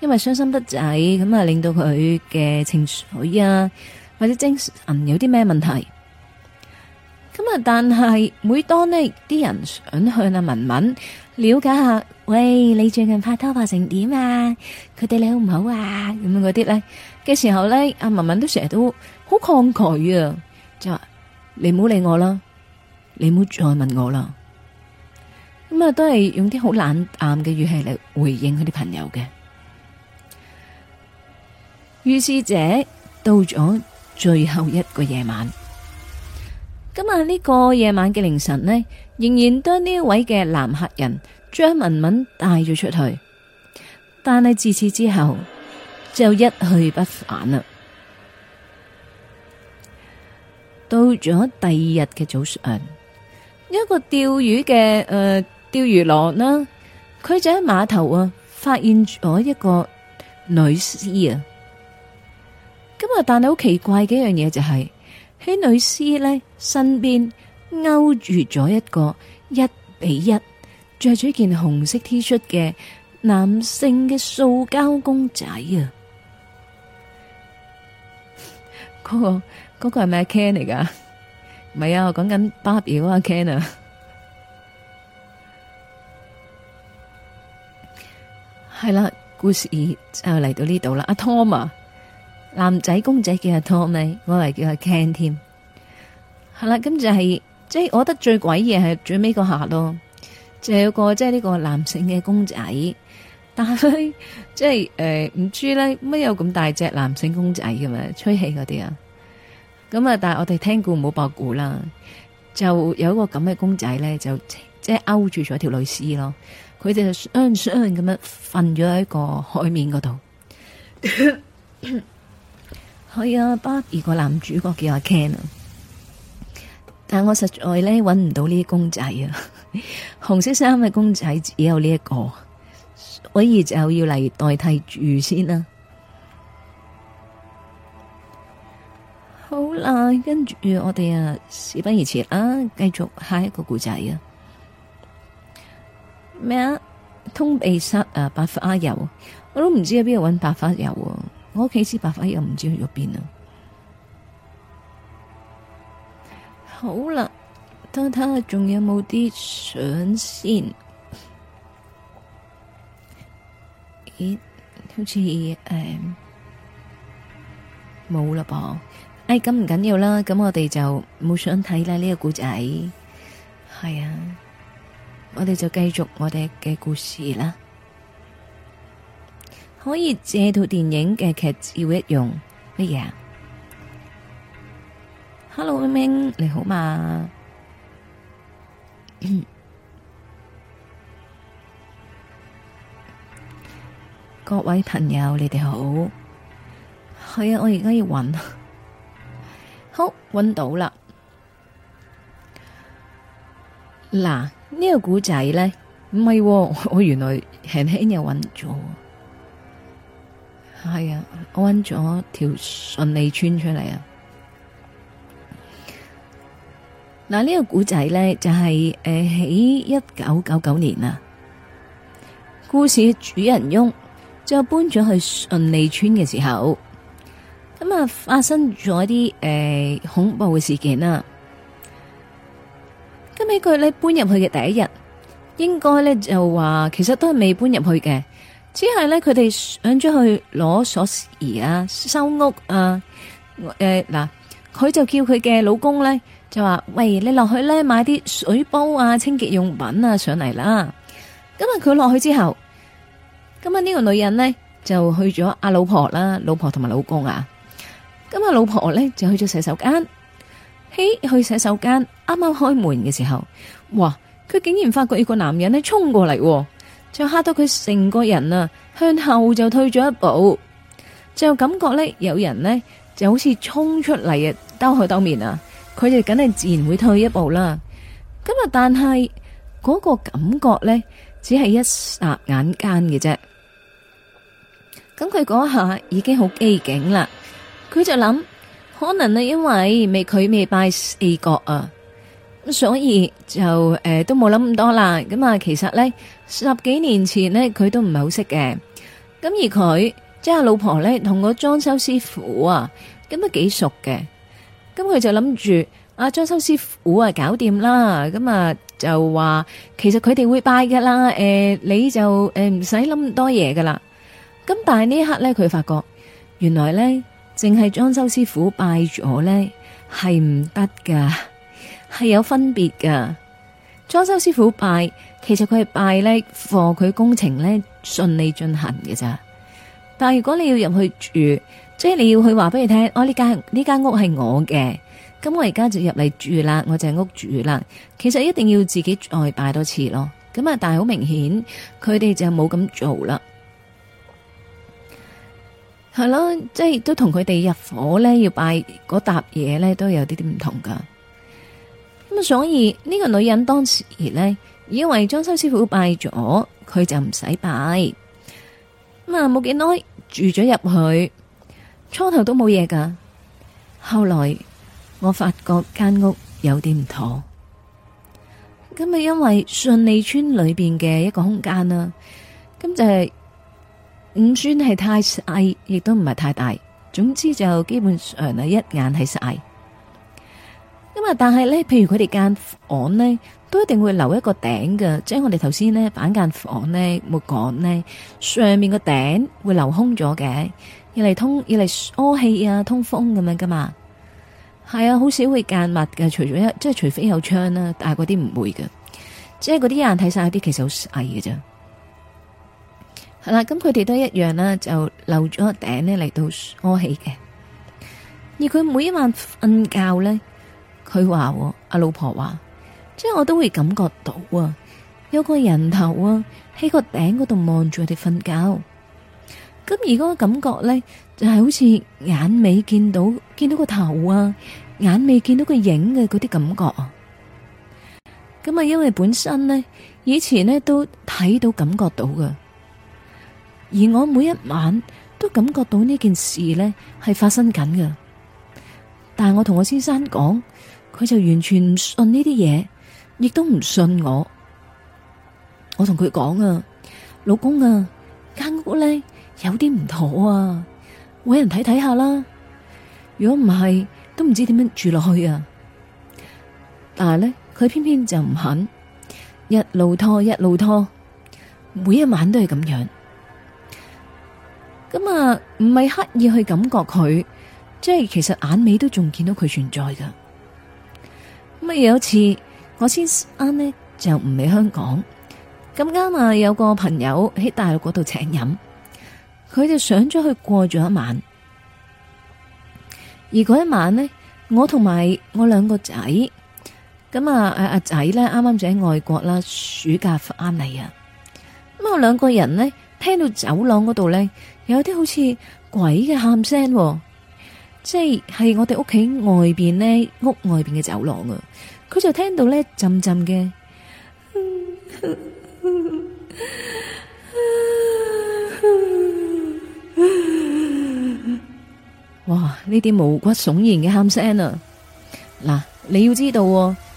因為傷心得滯，咁啊令到佢嘅情緒啊或者精神有啲咩問題？咁啊，但係每當咧啲人想向阿文文了解下，喂，你最近拍拖拍成點啊？佢哋你好唔好啊？咁樣嗰啲咧嘅時候咧，阿文文都成日都好抗拒啊，就話你唔好理我啦，你唔好再問我啦。咁啊，都係用啲好冷淡嘅語氣嚟回應佢啲朋友嘅。於是者到咗最後一個夜晚，咁啊呢個夜晚嘅凌晨呢，仍然將呢位嘅男客人張文文帶咗出去，但係自此之後就一去不返啦。到咗第二日嘅早上，一個釣魚嘅誒。呃釣魚郎啦，佢就喺碼頭啊，發現咗一個女屍啊。咁啊，但係好奇怪嘅一樣嘢就係、是，喺女屍咧身邊勾住咗一個一比一着住件紅色 T 恤嘅男性嘅塑膠公仔啊。嗰、那個嗰、那個係咩 Ken 嚟噶？唔係啊，我講緊 Barbie 嗰個啊 Ken 啊。係啦，故事就嚟到呢度啦。阿 Thomas 男仔公仔叫阿 Thomas 我嚟叫阿 Ken 添、啊。係啦，咁就係即係我覺得最鬼嘢係最尾個客咯，就有個即係呢個男性嘅公仔。但係即係誒唔知咧，乜有咁大隻男性公仔嘅咩？吹氣嗰啲啊，咁啊，但係我哋聽故唔好博故啦，就有一個咁嘅、就是、公仔咧，就即、是、係、呃就是、勾住咗條女絲咯。佢哋就雙雙咁樣瞓咗喺個海面嗰度。係 啊，Barbie 個男主角叫阿 Ken 啊。但我實在呢，揾唔到呢啲公仔啊， 紅色衫嘅公仔只有呢、這、一個，所以就要嚟代替住先啦、啊。好啦，跟住我哋啊，事不宜遲啊，繼續下一個故仔啊。咩啊？通鼻塞啊！白花油，我都唔知喺邊度搵白花油啊！我屋企支白花油唔知去咗邊啦。好啦，等睇下，仲有冇啲相先？咦，好似誒，冇啦噃。唉，咁唔緊要啦，咁我哋就冇想睇啦呢個故仔。係啊。我哋就繼續我哋嘅故事啦。可以借套電影嘅劇照一用乜嘢啊？Hello，Ming，你好嘛？ 各位朋友，你哋好。係啊，我而家要揾，好，揾到啦。嗱。呢個古仔呢，唔係、啊、我原來輕輕又揾咗，係啊，我揾咗條順利村出嚟啊！嗱，這個就是，呢個古仔呢，就係誒喺一九九九年啊，故事主人翁就搬咗去順利村嘅時候，咁啊發生咗啲誒恐怖嘅事件啊！今呢佢咧搬入去嘅第一日，應該咧就話其實都係未搬入去嘅，只係咧佢哋想咗去攞鎖匙啊、收屋啊，誒、呃、嗱，佢、呃、就叫佢嘅老公咧就話：喂，你落去咧買啲水煲啊、清潔用品啊上嚟啦。咁啊，佢落去之後，咁啊呢個女人呢，就去咗阿老婆啦，老婆同埋老公啊。咁啊，老婆咧就去咗洗手間。去洗手間，啱啱開門嘅時候，哇！佢竟然發覺一個男人呢衝過嚟，就嚇到佢成個人啊，向後就退咗一步。就感覺呢，有人呢就好似衝出嚟啊，兜口兜面啊，佢就梗係自然會退一步啦。咁啊，但係嗰個感覺呢，只係一霎眼間嘅啫。咁佢嗰下已經好機警啦，佢就諗。可能呢，因為未佢未拜四角啊，咁所以就誒、呃、都冇諗咁多啦。咁啊，其實呢十幾年前呢，佢都唔係好識嘅。咁而佢即係老婆呢，同個裝修師傅啊，咁都幾熟嘅。咁佢就諗住啊，裝修師傅啊，搞掂啦。咁啊就話，其實佢哋會拜嘅啦。誒、呃，你就誒唔使諗咁多嘢噶啦。咁但係呢一刻呢，佢發覺原來呢。淨係裝修師傅拜咗咧，係唔得噶，係有分別噶。裝修師傅拜，其實佢係拜咧，助佢工程咧順利進行嘅咋。但係如果你要入去住，即係你要去話俾你聽，哦、間間我呢間呢間屋係我嘅，咁我而家就入嚟住啦，我就喺屋住啦。其實一定要自己再拜多次咯。咁啊，但係好明顯，佢哋就冇咁做啦。係咯，即係都同佢哋入伙咧，要拜嗰笪嘢咧，都有啲啲唔同噶。咁啊，所以呢個女人當時咧，以為裝修師傅拜咗，佢就唔使拜。咁啊，冇幾耐住咗入去，初頭都冇嘢噶。後來我發覺間屋有啲唔妥，咁啊，因為順利村裏邊嘅一個空間啦，咁就係、是。唔、嗯、算係太細，亦都唔係太大，總之就基本上啊一眼睇晒。咁啊，但係咧，譬如佢哋間房咧，都一定會留一個頂㗎。即係我哋頭先咧板間房咧冇講呢，上面個頂會留空咗嘅，要嚟，通要嚟屙氣啊通風咁樣噶嘛。係啊，好少會間密嘅，除咗一即係除非有窗啦，但係嗰啲唔會嘅，即係嗰啲一眼睇晒嗰啲，其實好細嘅啫。係啦，咁佢哋都一樣啦，就留咗個頂咧嚟到屙起嘅。而佢每一晚瞓覺咧，佢話阿老婆話，即係我都會感覺到啊，有個人頭啊喺個頂嗰度望住佢哋瞓覺。咁而嗰個感覺咧，就係好似眼尾見到見到個頭啊，眼尾見到個影嘅嗰啲感覺啊。咁啊，因為本身咧，以前咧都睇到感覺到㗎。而我每一晚都感覺到呢件事呢係發生緊嘅，但係我同我先生講，佢就完全唔信呢啲嘢，亦都唔信我。我同佢講啊，老公啊，間屋咧有啲唔妥啊，搵人睇睇下啦。如果唔係，都唔知點樣住落去啊。但係呢，佢偏偏就唔肯，一路拖一路拖，每一晚都係咁樣。咁啊，唔係刻意去感覺佢，即係其實眼尾都仲見到佢存在噶。咁啊，有一次我先生呢，就唔喺香港，咁啱啊有個朋友喺大陸嗰度請飲，佢就上咗去過咗一晚。而嗰一晚呢，我同埋我兩個仔，咁啊阿仔咧啱啱就喺外國啦，暑假翻嚟啊。咁我兩個人呢，聽到走廊嗰度咧。有啲好似鬼嘅喊聲，即係我哋屋企外邊咧屋外邊嘅走廊啊！佢就聽到咧陣陣嘅，哇！呢啲毛骨悚然嘅喊聲啊！嗱，你要知道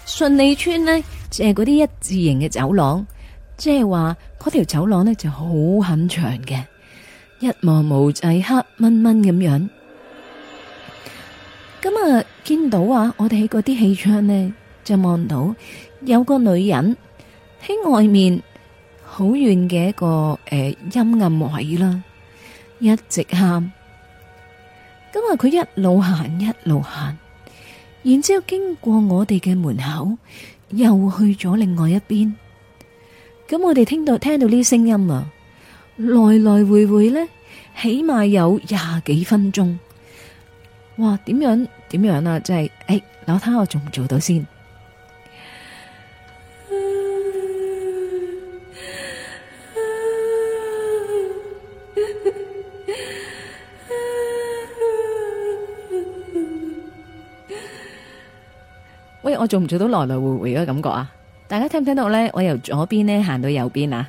順利村咧，就係嗰啲一字形嘅走廊，即係話嗰條走廊咧就好很長嘅。一望無際，黑蚊蚊咁樣，咁啊見到啊，我哋喺嗰啲氣窗呢就望到有個女人喺外面好遠嘅一個誒陰暗位啦，一直喊。咁啊佢一路行一路行，然之後經過我哋嘅門口，又去咗另外一邊。咁我哋聽到聽到呢啲聲音啊！來來回回呢，起碼有廿幾分鐘。哇，點樣點樣啊？即係，誒，扭，睇下我做唔做到先？喂，我做唔做到來來回回嘅感覺啊？大家聽唔聽到呢？我由左邊呢行到右邊啊！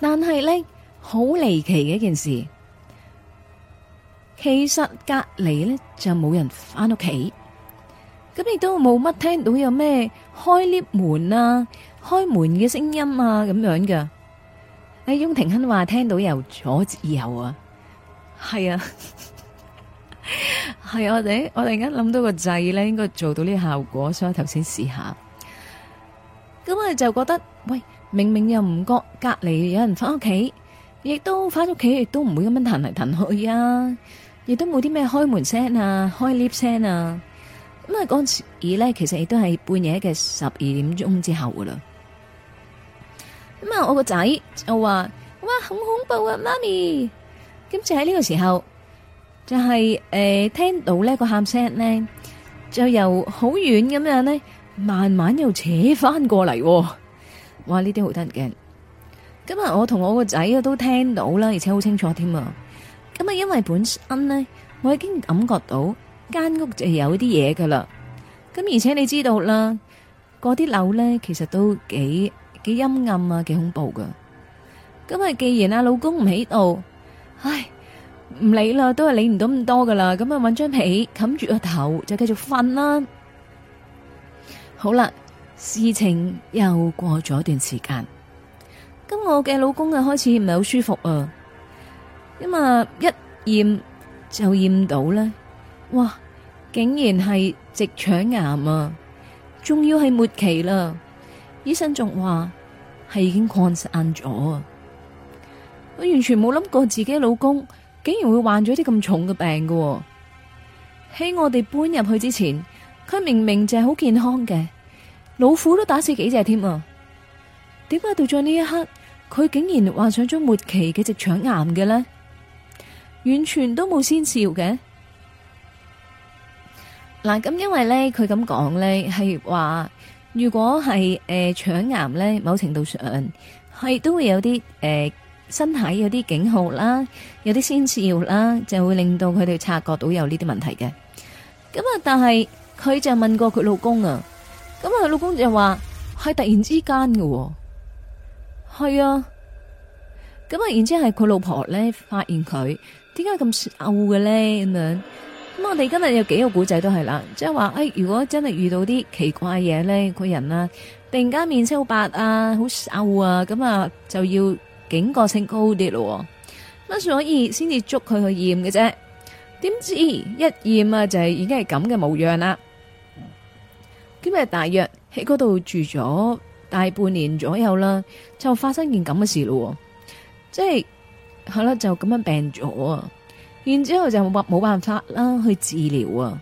但係咧，好離奇嘅一件事，其實隔籬咧就冇人翻屋企，咁亦都冇乜聽到有咩開 lift 門啊、開門嘅聲音啊咁樣嘅。阿雍庭亨話聽到由左至右啊，係啊，係啊，我哋我突然間諗到個掣咧，應該做到呢個效果，所以頭先試下，咁啊就覺得喂。明明又唔覺隔離有人翻屋企，亦都翻屋企，亦都唔會咁樣彈嚟彈去啊！亦都冇啲咩開門聲啊，開 lift 聲啊！咁啊，陣時咧，其實亦都係半夜嘅十二點鐘之後噶啦。咁啊，我個仔就話：哇，好恐怖啊！媽咪，今次喺呢個時候就係、是、誒、呃、聽到呢個喊聲呢，就由好遠咁樣呢，慢慢又扯翻過嚟。哇！呢啲好得人驚，今日我同我個仔都聽到啦，而且好清楚添啊！咁啊，因為本身咧，我已經感覺到間屋就係有啲嘢噶啦。咁而且你知道啦，嗰啲樓咧其實都幾幾陰暗啊，幾恐怖噶。咁啊，既然阿老公唔喺度，唉，唔理啦，都係理唔到咁多噶啦。咁啊，搵張被冚住個頭，就繼續瞓啦。好啦。事情又過咗一段時間，咁我嘅老公啊開始唔係好舒服啊，咁啊一驗就驗到呢，哇！竟然係直腸癌啊，仲要係末期啦。醫生仲話係已經擴散咗啊！我完全冇諗過自己老公竟然會患咗啲咁重嘅病噶，喺我哋搬入去之前，佢明明就係好健康嘅。老虎都打死幾隻添啊！點解到咗呢一刻，佢竟然患上咗末期嘅直腸癌嘅咧？完全都冇先兆嘅。嗱咁，因為咧佢咁講咧係話，如果係誒腸癌咧，某程度上係都會有啲誒、呃、身體有啲警號啦，有啲先兆啦，就會令到佢哋察覺到有呢啲問題嘅。咁啊，但係佢就問過佢老公啊。咁啊，佢老公就話係突然之間嘅、哦，係啊。咁啊，然之後係佢老婆咧發現佢點解咁醜嘅咧，咁樣。咁我哋今日有幾個古仔都係啦，即係話誒，如果真係遇到啲奇怪嘢咧，個人啊突然間面色好白啊，好醜啊，咁啊就要警覺性高啲咯。咁所以先至捉佢去驗嘅啫，點知一驗啊就係已經係咁嘅模樣啦。今日大約喺嗰度住咗大半年左右啦，就發生件咁嘅事咯，即係係啦，就咁樣病咗，然之後就冇辦法啦，去治療啊！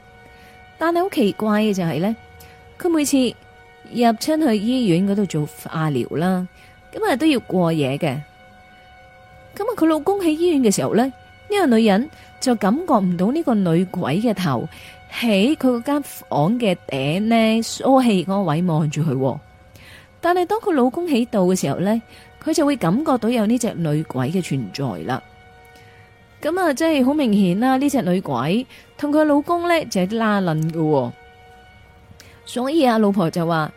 但係好奇怪嘅就係咧，佢每次入親去醫院嗰度做化療啦，咁啊都要過夜嘅。咁啊，佢老公喺醫院嘅時候咧，呢個女人就感覺唔到呢個女鬼嘅頭。喺佢嗰間房嘅頂呢，梳氣嗰個位望住佢。但係當佢老公喺度嘅時候呢，佢就會感覺到有呢隻女鬼嘅存在啦。咁啊，即係好明顯啦，呢隻女鬼同佢老公呢，就係拉楞噶。所以啊，老婆就話：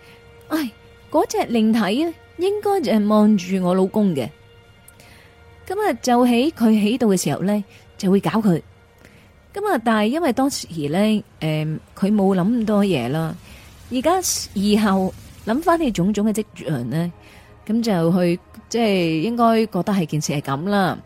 唉，嗰隻靈體應該就係望住我老公嘅。咁啊，就喺佢喺度嘅時候呢，就會搞佢。咁啊！但係因為當時咧，誒、呃，佢冇諗咁多嘢啦。而家以後諗翻你種種嘅跡象咧，咁就去即係應該覺得係件事係咁啦。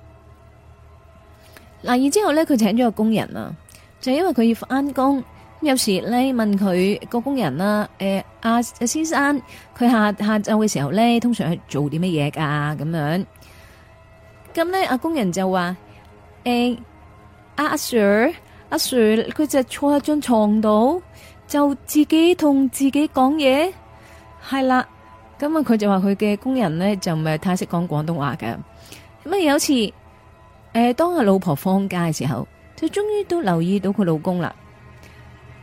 嗱，然之後咧，佢請咗個工人啊，就係、因為佢要翻工。有時咧問佢個工人啦，誒、呃，阿、啊、先生，佢下下晝嘅時候咧，通常去做啲乜嘢噶咁樣？咁咧，阿工人就話：誒、呃，阿、啊、Sir。阿 Sir，佢就坐喺張床度，就自己同自己講嘢，係啦。咁啊，佢就話佢嘅工人咧就唔係太識講廣東話嘅。咁啊，有次誒，當阿老婆放假嘅時候，就終於都留意到佢老公啦。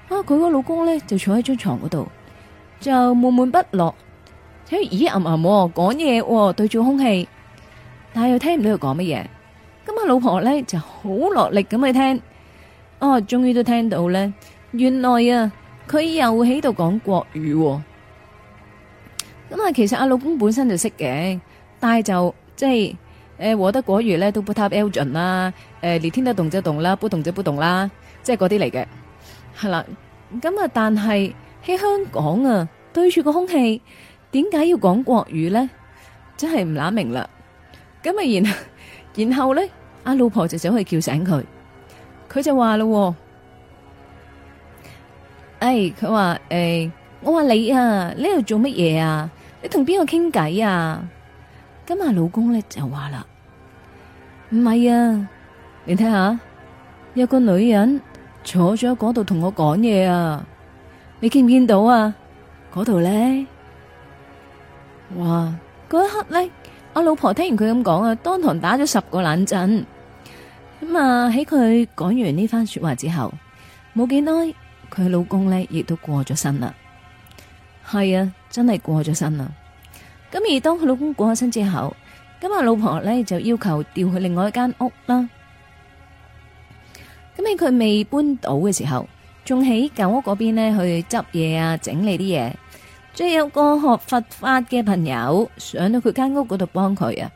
啊，佢個老公咧就坐喺張床嗰度，就悶悶不樂，喺咦吟吟講、哦、嘢、哦，對住空氣，但係又聽唔到佢講乜嘢。咁啊，老婆咧就好落力咁去聽。哦，終於都聽到咧，原來啊，佢又喺度講國語。咁啊，其實阿老公本身就識嘅，但係就即係誒，我得國語咧都不差。Elgin 啦，誒，你聽得動就動啦，不動就不動啦，即係嗰啲嚟嘅，係啦。咁啊，但係喺香港啊，對住個空氣，點解要講國語咧？真係唔乸明啦。咁啊，然後然後咧，阿老婆就想去叫醒佢。佢就話咯，哎，佢話，誒、欸，我話你啊，你喺度做乜嘢啊？你同邊個傾偈啊？咁啊，老公咧就話啦，唔係啊，你睇下，有個女人坐咗喺嗰度同我講嘢啊，你見唔見到啊？嗰度咧，哇，嗰一刻咧，我老婆聽完佢咁講啊，當堂打咗十個冷震。咁啊，喺佢講完呢番說話之後，冇幾耐，佢老公呢亦都過咗身啦。係啊，真係過咗身啦。咁而當佢老公過咗身之後，咁啊，老婆呢就要求調去另外一間屋啦。咁喺佢未搬到嘅時候，仲喺舊屋嗰邊呢去執嘢啊，整理啲嘢。再有個學佛法嘅朋友上到佢間屋嗰度幫佢啊。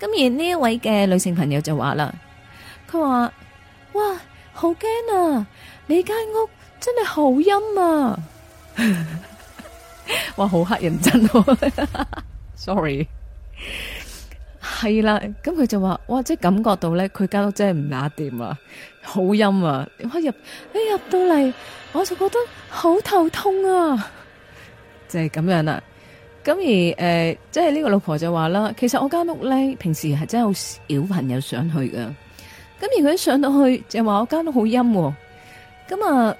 咁而呢一位嘅女性朋友就話啦。佢話：哇，好驚啊！你間屋真係好陰啊！ 哇，好黑人憎，sorry。係啦，咁佢就話：哇，即係感覺到咧，佢間屋真係唔雅掂啊，好陰啊！我入一入到嚟，我就覺得好頭痛啊，就係、是、咁樣啦。咁而誒、呃，即係呢個老婆就話啦，其實我間屋咧，平時係真係有小朋友上去噶。咁而佢一上到去就話我間屋好陰，咁啊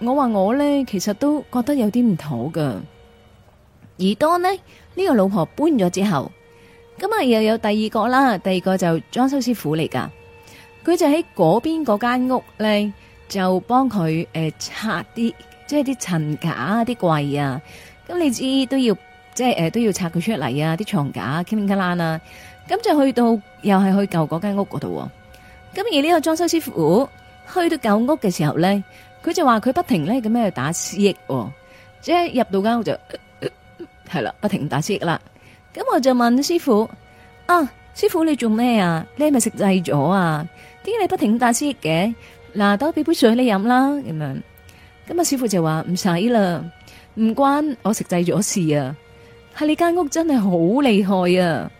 我話我咧其實都覺得有啲唔妥噶。而當呢，呢、呢個老婆搬咗之後，咁啊又有第二個啦，第二個就裝修師傅嚟噶，佢就喺嗰邊嗰間屋咧就幫佢誒拆啲即係啲層架啲櫃啊。咁你知都要即係誒都要拆佢出嚟啊，啲床架、k i n g a n 啊，咁就去到又係去舊嗰間屋嗰度。咁而呢個裝修師傅去到舊屋嘅時候咧，佢就話佢不停咧咁樣去打蜥蜴喎，即係入到間屋就係啦、呃呃，不停打蜥蜴啦。咁我就問師傅：啊，師傅你做咩啊？你係咪食滯咗啊？點解你不停打蜥蜴嘅？嗱，等俾杯水你飲啦咁樣。咁啊，師傅就話唔使啦，唔關我食滯咗事啊。喺你間屋真係好厲害啊！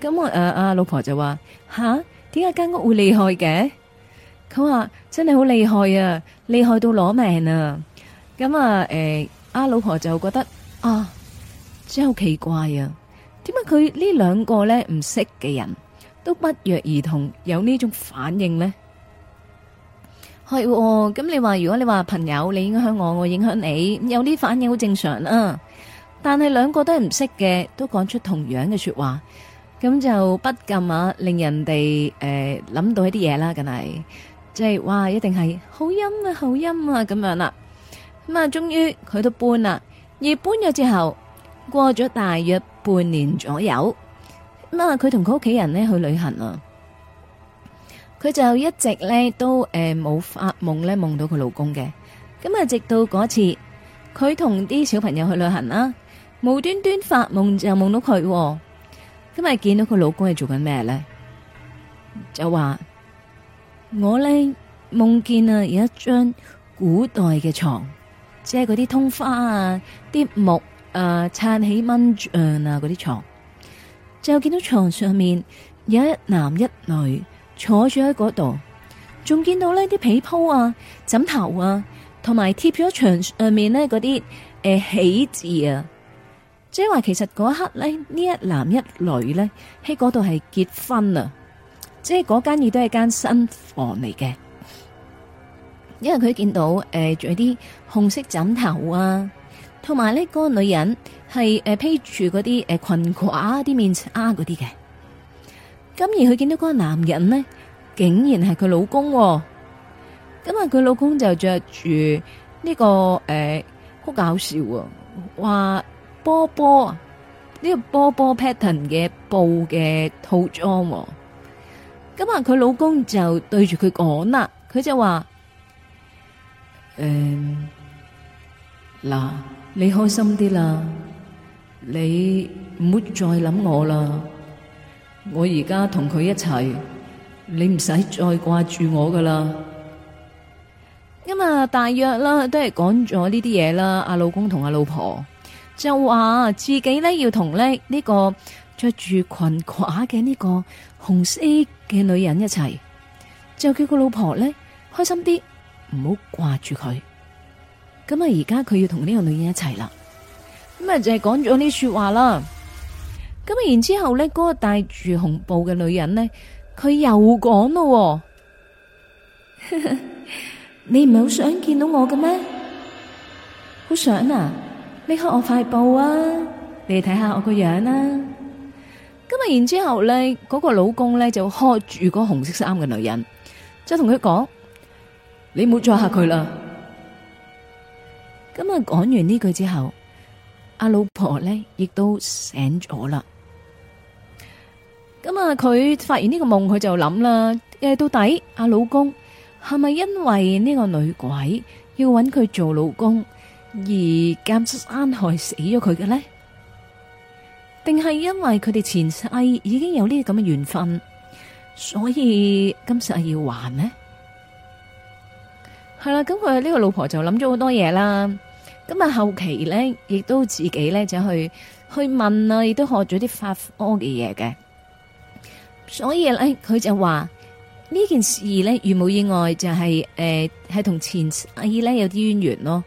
咁我誒阿老婆就話吓。啊點解間屋會厲害嘅？佢話真係好厲害啊，厲害到攞命啊！咁、嗯、啊，誒、呃，阿老婆就覺得啊，真係好奇怪啊！點解佢呢兩個呢唔識嘅人都不約而同有呢種反應呢？係咁、哦，你話如果你話朋友，你影響我，我影響你，有啲反應好正常啊。但係兩個都係唔識嘅，都講出同樣嘅說話。咁就不禁啊，令人哋誒諗到一啲嘢啦，梗係即係哇，一定係好陰啊，好陰啊，咁樣啦、啊。咁、嗯、啊，終於佢都搬啦，而搬咗之後，過咗大約半年左右，咁、嗯、啊，佢同佢屋企人呢去旅行啦、啊。佢就一直咧都誒冇、呃、發夢咧夢到佢老公嘅。咁、嗯、啊，直到嗰次佢同啲小朋友去旅行啦、啊，無端端發夢就夢到佢、啊。今日見到佢老公係做緊咩咧？就話我咧夢見啊，有一張古代嘅床，即係嗰啲通花啊、啲木啊、撐起蚊帳啊嗰啲床，就見到床上面有一男一女坐住喺嗰度，仲見到呢啲被鋪啊、枕頭啊，同埋貼咗牆上面咧嗰啲誒喜字啊。即係話，其實嗰一刻咧，呢一男一女咧喺嗰度係結婚啊！即係嗰間亦都係間新房嚟嘅，因為佢見到誒、呃、仲有啲紅色枕頭啊，同埋呢、嗰個女人係誒、呃、披住嗰啲誒裙褂啲面啊嗰啲嘅。咁而佢見到嗰個男人呢，竟然係佢老公、啊，咁啊佢老公就着住呢個誒好、呃、搞笑啊，話。波波啊！呢、這個波波 pattern 嘅布嘅套裝，哦，咁啊佢老公就對住佢講啦，佢就話：誒、嗯，嗱，你開心啲啦，你唔好再諗我啦，我而家同佢一齊，你唔使再掛住我噶啦。咁啊、嗯嗯，大約啦，都係講咗呢啲嘢啦。阿老公同阿老婆，就話自己咧要同咧呢個着住裙褂嘅呢個紅色嘅女人一齊，就叫個老婆咧開心啲，唔好掛住佢。咁啊，而家佢要同呢個女人一齊啦。咁啊，就係講咗呢說話啦。咁啊，然之後咧，嗰個戴住紅布嘅女人咧，佢又講咯， 你唔係好想見到我嘅咩？好想啊！你開我塊布啊！你睇下我個樣啦，啊。咁啊，然之後咧，嗰、那個老公咧就開住個紅色衫嘅女人，就同佢講：你唔好再吓佢啦。咁啊講完呢句之後，阿老婆咧亦都醒咗啦。咁啊，佢發現呢個夢，佢就諗啦：誒，到底阿老公係咪因為呢個女鬼要搵佢做老公？而監山害死咗佢嘅呢，定係因為佢哋前世已經有呢啲咁嘅緣分，所以今世要還呢？係啦，咁佢呢個老婆就諗咗好多嘢啦。咁啊，後期咧亦都自己咧就去去問啊，亦都學咗啲法科嘅嘢嘅。所以咧，佢就話呢件事呢，如冇意外就係誒係同前世咧有啲淵源咯。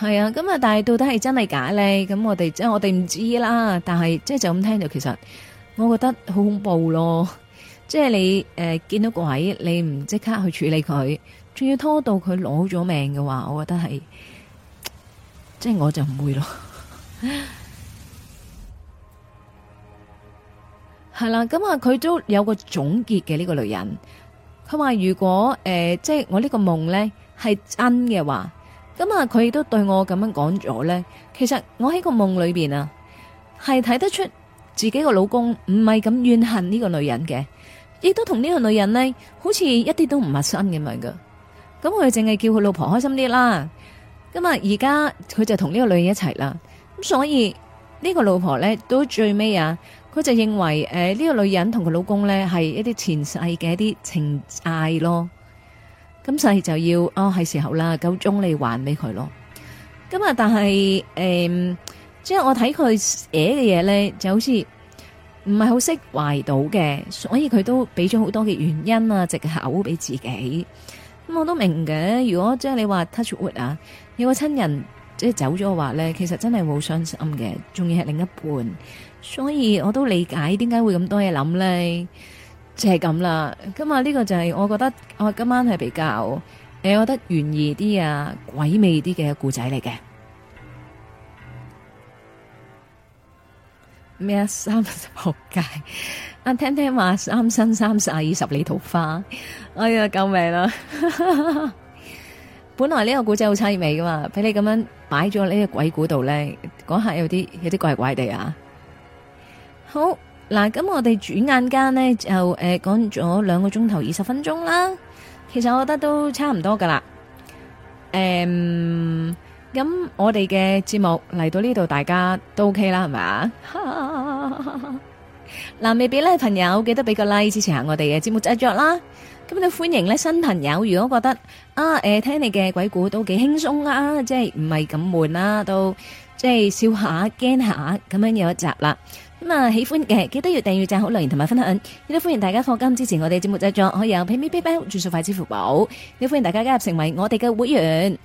係啊，咁啊，但係到底係真係假咧？咁我哋即係我哋唔知啦。但係即係就咁聽到，其實我覺得好恐怖咯。即 係 你誒、呃、見到鬼，你唔即刻去處理佢，仲要拖到佢攞咗命嘅話，我覺得係，即係、就是、我就唔會咯。係啦，咁 啊，佢、嗯嗯、都有個總結嘅呢、這個女人，佢話如果誒，即、呃、係、就是、我呢個夢呢，係真嘅話。咁啊！佢亦都對我咁樣講咗呢。其實我喺個夢裏邊啊，係睇得出自己個老公唔係咁怨恨，呢個女人嘅，亦都同呢個女人呢好似一啲都唔陌生咁樣噶。咁佢淨係叫佢老婆開心啲啦。咁、嗯、啊，而家佢就同呢個女人一齊啦。咁所以呢個老婆呢，到最尾啊，佢就認為誒呢、呃呢個女人同佢老公呢係一啲前世嘅一啲情債咯。今世就要哦，係時候啦，夠鐘你還俾佢咯。咁啊，但係誒、嗯，即係我睇佢寫嘅嘢咧，就好似唔係好識懷到嘅，所以佢都俾咗好多嘅原因啊，藉口俾自己。咁、嗯、我都明嘅。如果即係你 wood, 即話 touch wood 啊，有個親人即係走咗嘅話咧，其實真係好傷心嘅，仲要係另一半，所以我都理解點解會咁多嘢諗咧。就係咁啦，今日呢個就係我覺得我今晚係比較誒，我覺得懸疑啲啊，鬼味啲嘅故仔嚟嘅咩啊？三十六界啊，聽聽話三生三世十里桃花，哎呀，救命啦！ 本來呢個古仔好淒美噶嘛，俾你咁樣擺咗喺呢個鬼古度咧，嗰下有啲有啲怪怪地啊！好。嗱，咁我哋轉眼間呢，就誒講咗兩個鐘頭二十分鐘啦，其實我覺得都差唔多噶啦。誒、嗯，咁我哋嘅節目嚟到呢度，大家都 OK 啦，係咪？嗱，未必咧，朋友記得俾個 like 支持下我哋嘅節目製作啦。咁都歡迎呢新朋友，如果覺得啊，誒、呃、聽你嘅鬼故都幾輕鬆啊，即係唔係咁悶啦，都即係笑下驚下，咁樣有一集啦。咁啊，喜歡嘅記得要訂閱、讚好留言同埋分享，亦都歡迎大家課金支持我哋節目製作，可以有 PayMe、轉數快、支付寶，亦歡迎大家加入成為我哋嘅會員，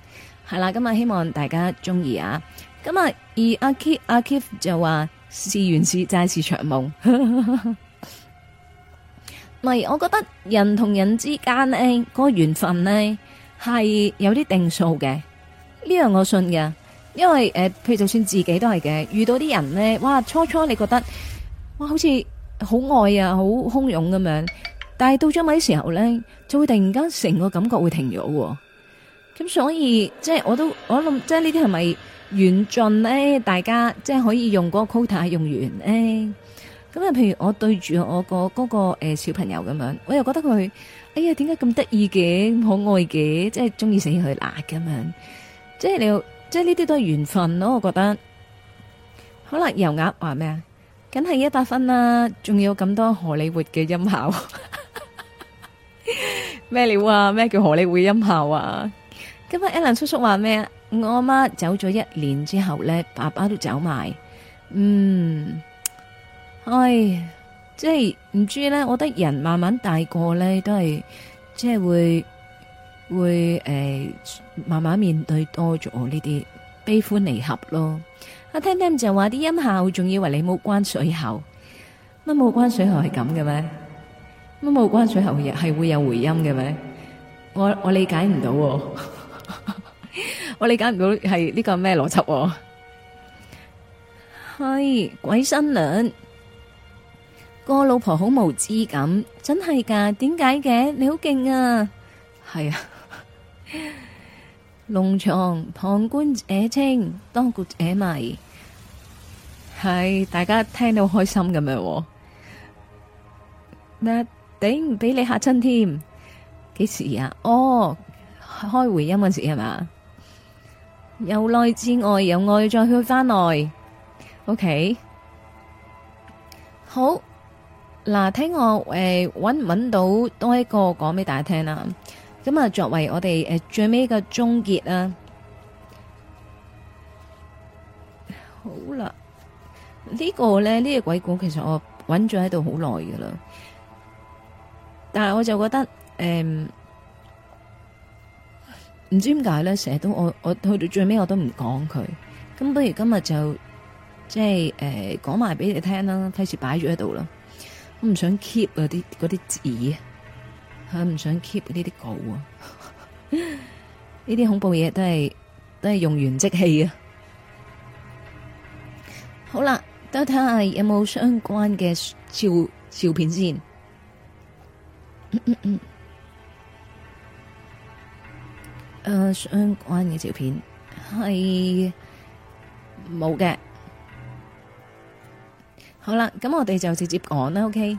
係啦，咁啊希望大家中意啊，咁啊，而阿 Key 阿 Key 就話是 緣是債是場夢，唔係，我覺得人同人之間呢嗰個緣分呢係有啲定數嘅，呢樣我信嘅。因為誒、呃，譬如就算自己都係嘅，遇到啲人咧，哇，初初你覺得，哇，好似好愛啊，好洶湧咁樣，但係到咗某啲時候咧，就會突然間成個感覺會停咗啊。咁、嗯、所以即係我都我諗，即係呢啲係咪緣盡咧？大家即係可以用嗰個 quota 用完咧。咁、嗯、啊，譬如我對住我、那個嗰、那個誒、那個、小朋友咁樣，我又覺得佢，哎呀，點解咁得意嘅，好可愛嘅，即係中意死佢啦咁樣。即係你要即係呢啲都係緣分咯，我覺得。好啦，油鴨話咩啊？梗係一百分啦，仲有咁多荷里活嘅音效。咩料啊？咩叫荷里活音效啊？今日 Alan 叔叔話咩啊？我阿媽走咗一年之後咧，爸爸都走埋。嗯，唉，即係唔知咧，我覺得人慢慢大個咧，都係即係會會誒。呃慢慢面對多咗呢啲悲歡離合咯。啊，聽聽就話啲音效，仲以為你冇關水喉。乜冇關水喉係咁嘅咩？乜冇關水喉亦係會有回音嘅咩？我我理解唔到，我理解唔到係呢個咩邏輯，啊？係、哎、鬼新娘個老婆好無知咁，真係噶？點解嘅？你好勁啊！係是啊。 弄藏旁觀者清，當局者迷。係大家聽到開心咁樣咩？頂俾你嚇親添，幾時啊？哦，開回音嗰時係嘛？由內至外，由外再去翻內。OK，好。嗱，聽我誒，揾唔揾到多一個講俾大家聽啦。咁啊，作為我哋誒、呃、最尾嘅終結啦、啊，好啦，這個、呢個咧呢個鬼故，其實我揾咗喺度好耐噶啦，但係我就覺得誒，唔、呃、知點解咧，成日都我我去到最尾我都唔講佢，咁不如今日就即係誒講埋俾你聽啦，費事擺咗喺度啦，我唔想 keep 嗰啲嗰啲字。佢唔想 keep 呢啲稿啊，呢 啲恐怖嘢都係都係用完即棄啊，好看看有有 啊！好啦，都睇下有冇相關嘅照照片先。誒，相關嘅照片係冇嘅。好啦，咁我哋就直接講啦，OK。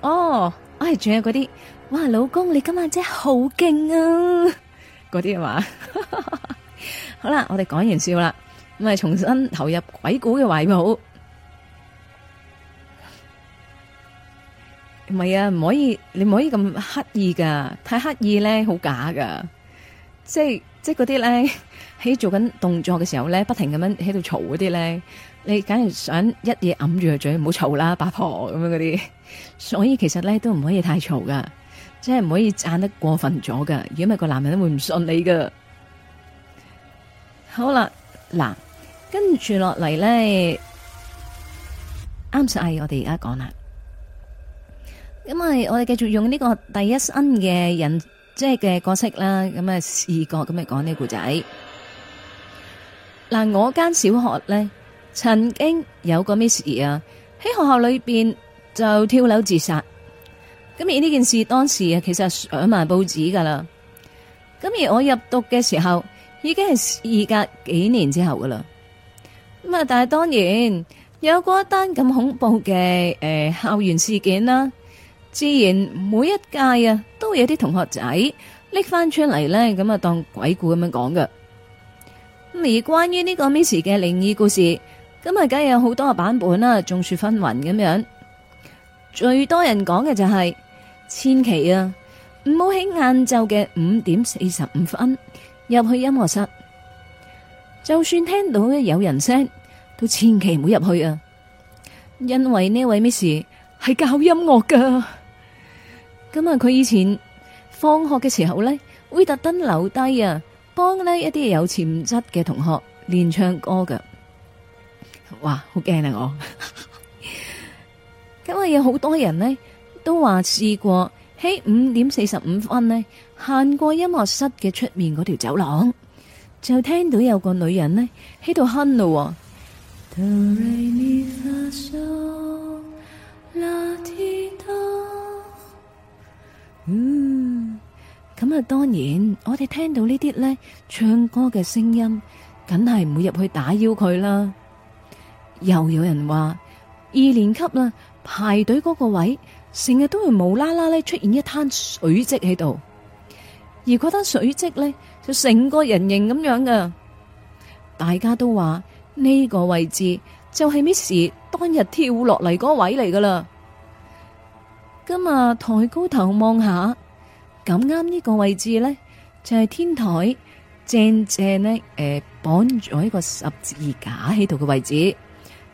哦，哎，仲有嗰啲，哇，老公你今晚真係好勁啊！嗰啲係嘛？ 好啦，我哋講完笑啦，咁咪重新投入鬼故嘅懷抱。唔係啊，唔可以，你唔可以咁刻意噶，太刻意咧，好假噶。即係即係嗰啲咧，喺做緊動作嘅時候咧，不停咁樣喺度嘈嗰啲咧，你梗係想一嘢揞住個嘴，唔好嘈啦，八婆咁樣嗰啲。所以其實咧都唔可以太嘈噶，即係唔可以讚得過分咗噶。如果唔係個男人會唔信你噶。好啦，嗱，跟住落嚟咧啱晒，我哋而家講啦。咁咪我哋繼續用呢個第一身嘅人，即係嘅角色啦，咁啊視角咁啊講呢個故仔。嗱，我間小學咧曾經有個 Miss 啊，喺學校裏邊，就跳樓自殺。咁而呢件事當時其實是上埋報紙噶啦。咁而我入讀嘅時候已經係事隔幾年之後噶啦。咁啊，但係當然有過一單咁恐怖嘅誒、呃、校園事件啦。自然每一屆啊都有啲同學仔拎翻出嚟呢，咁啊當鬼故咁樣講噶。咁而關於呢個 Miss 嘅靈異故事，咁咪梗係有好多個版本啦，眾說紛紜咁樣。最多人講嘅就係，千祈啊，唔好喺晏晝嘅五點四十五分入去音樂室，就算聽到有人聲，都千祈唔好入去啊！因為呢位 Miss 係教音樂噶，咁啊，佢以前放學嘅時候呢，會特登留低啊，幫呢一啲有潛質嘅同學練唱歌噶。哇，好驚啊我！因為有好多人呢，都話試過喺五點四十五分呢，行過音樂室嘅出面嗰條走廊，就聽到有個女人呢，喺度哼咯。Show, 嗯，咁啊，當然我哋聽到呢啲呢唱歌嘅聲音，梗係唔會入去打擾佢啦。又有人話二年級啦。排隊嗰個位，成日都會無啦啦咧出現一灘水跡喺度，而嗰灘水跡咧就成個人形咁樣㗎。大家都話呢、呢個位置就係 Miss 當日跳落嚟嗰位嚟噶啦。咁啊，抬高頭望下，咁啱呢個位置咧就係、是、天台正正呢，誒綁咗一個十字架喺度嘅位置，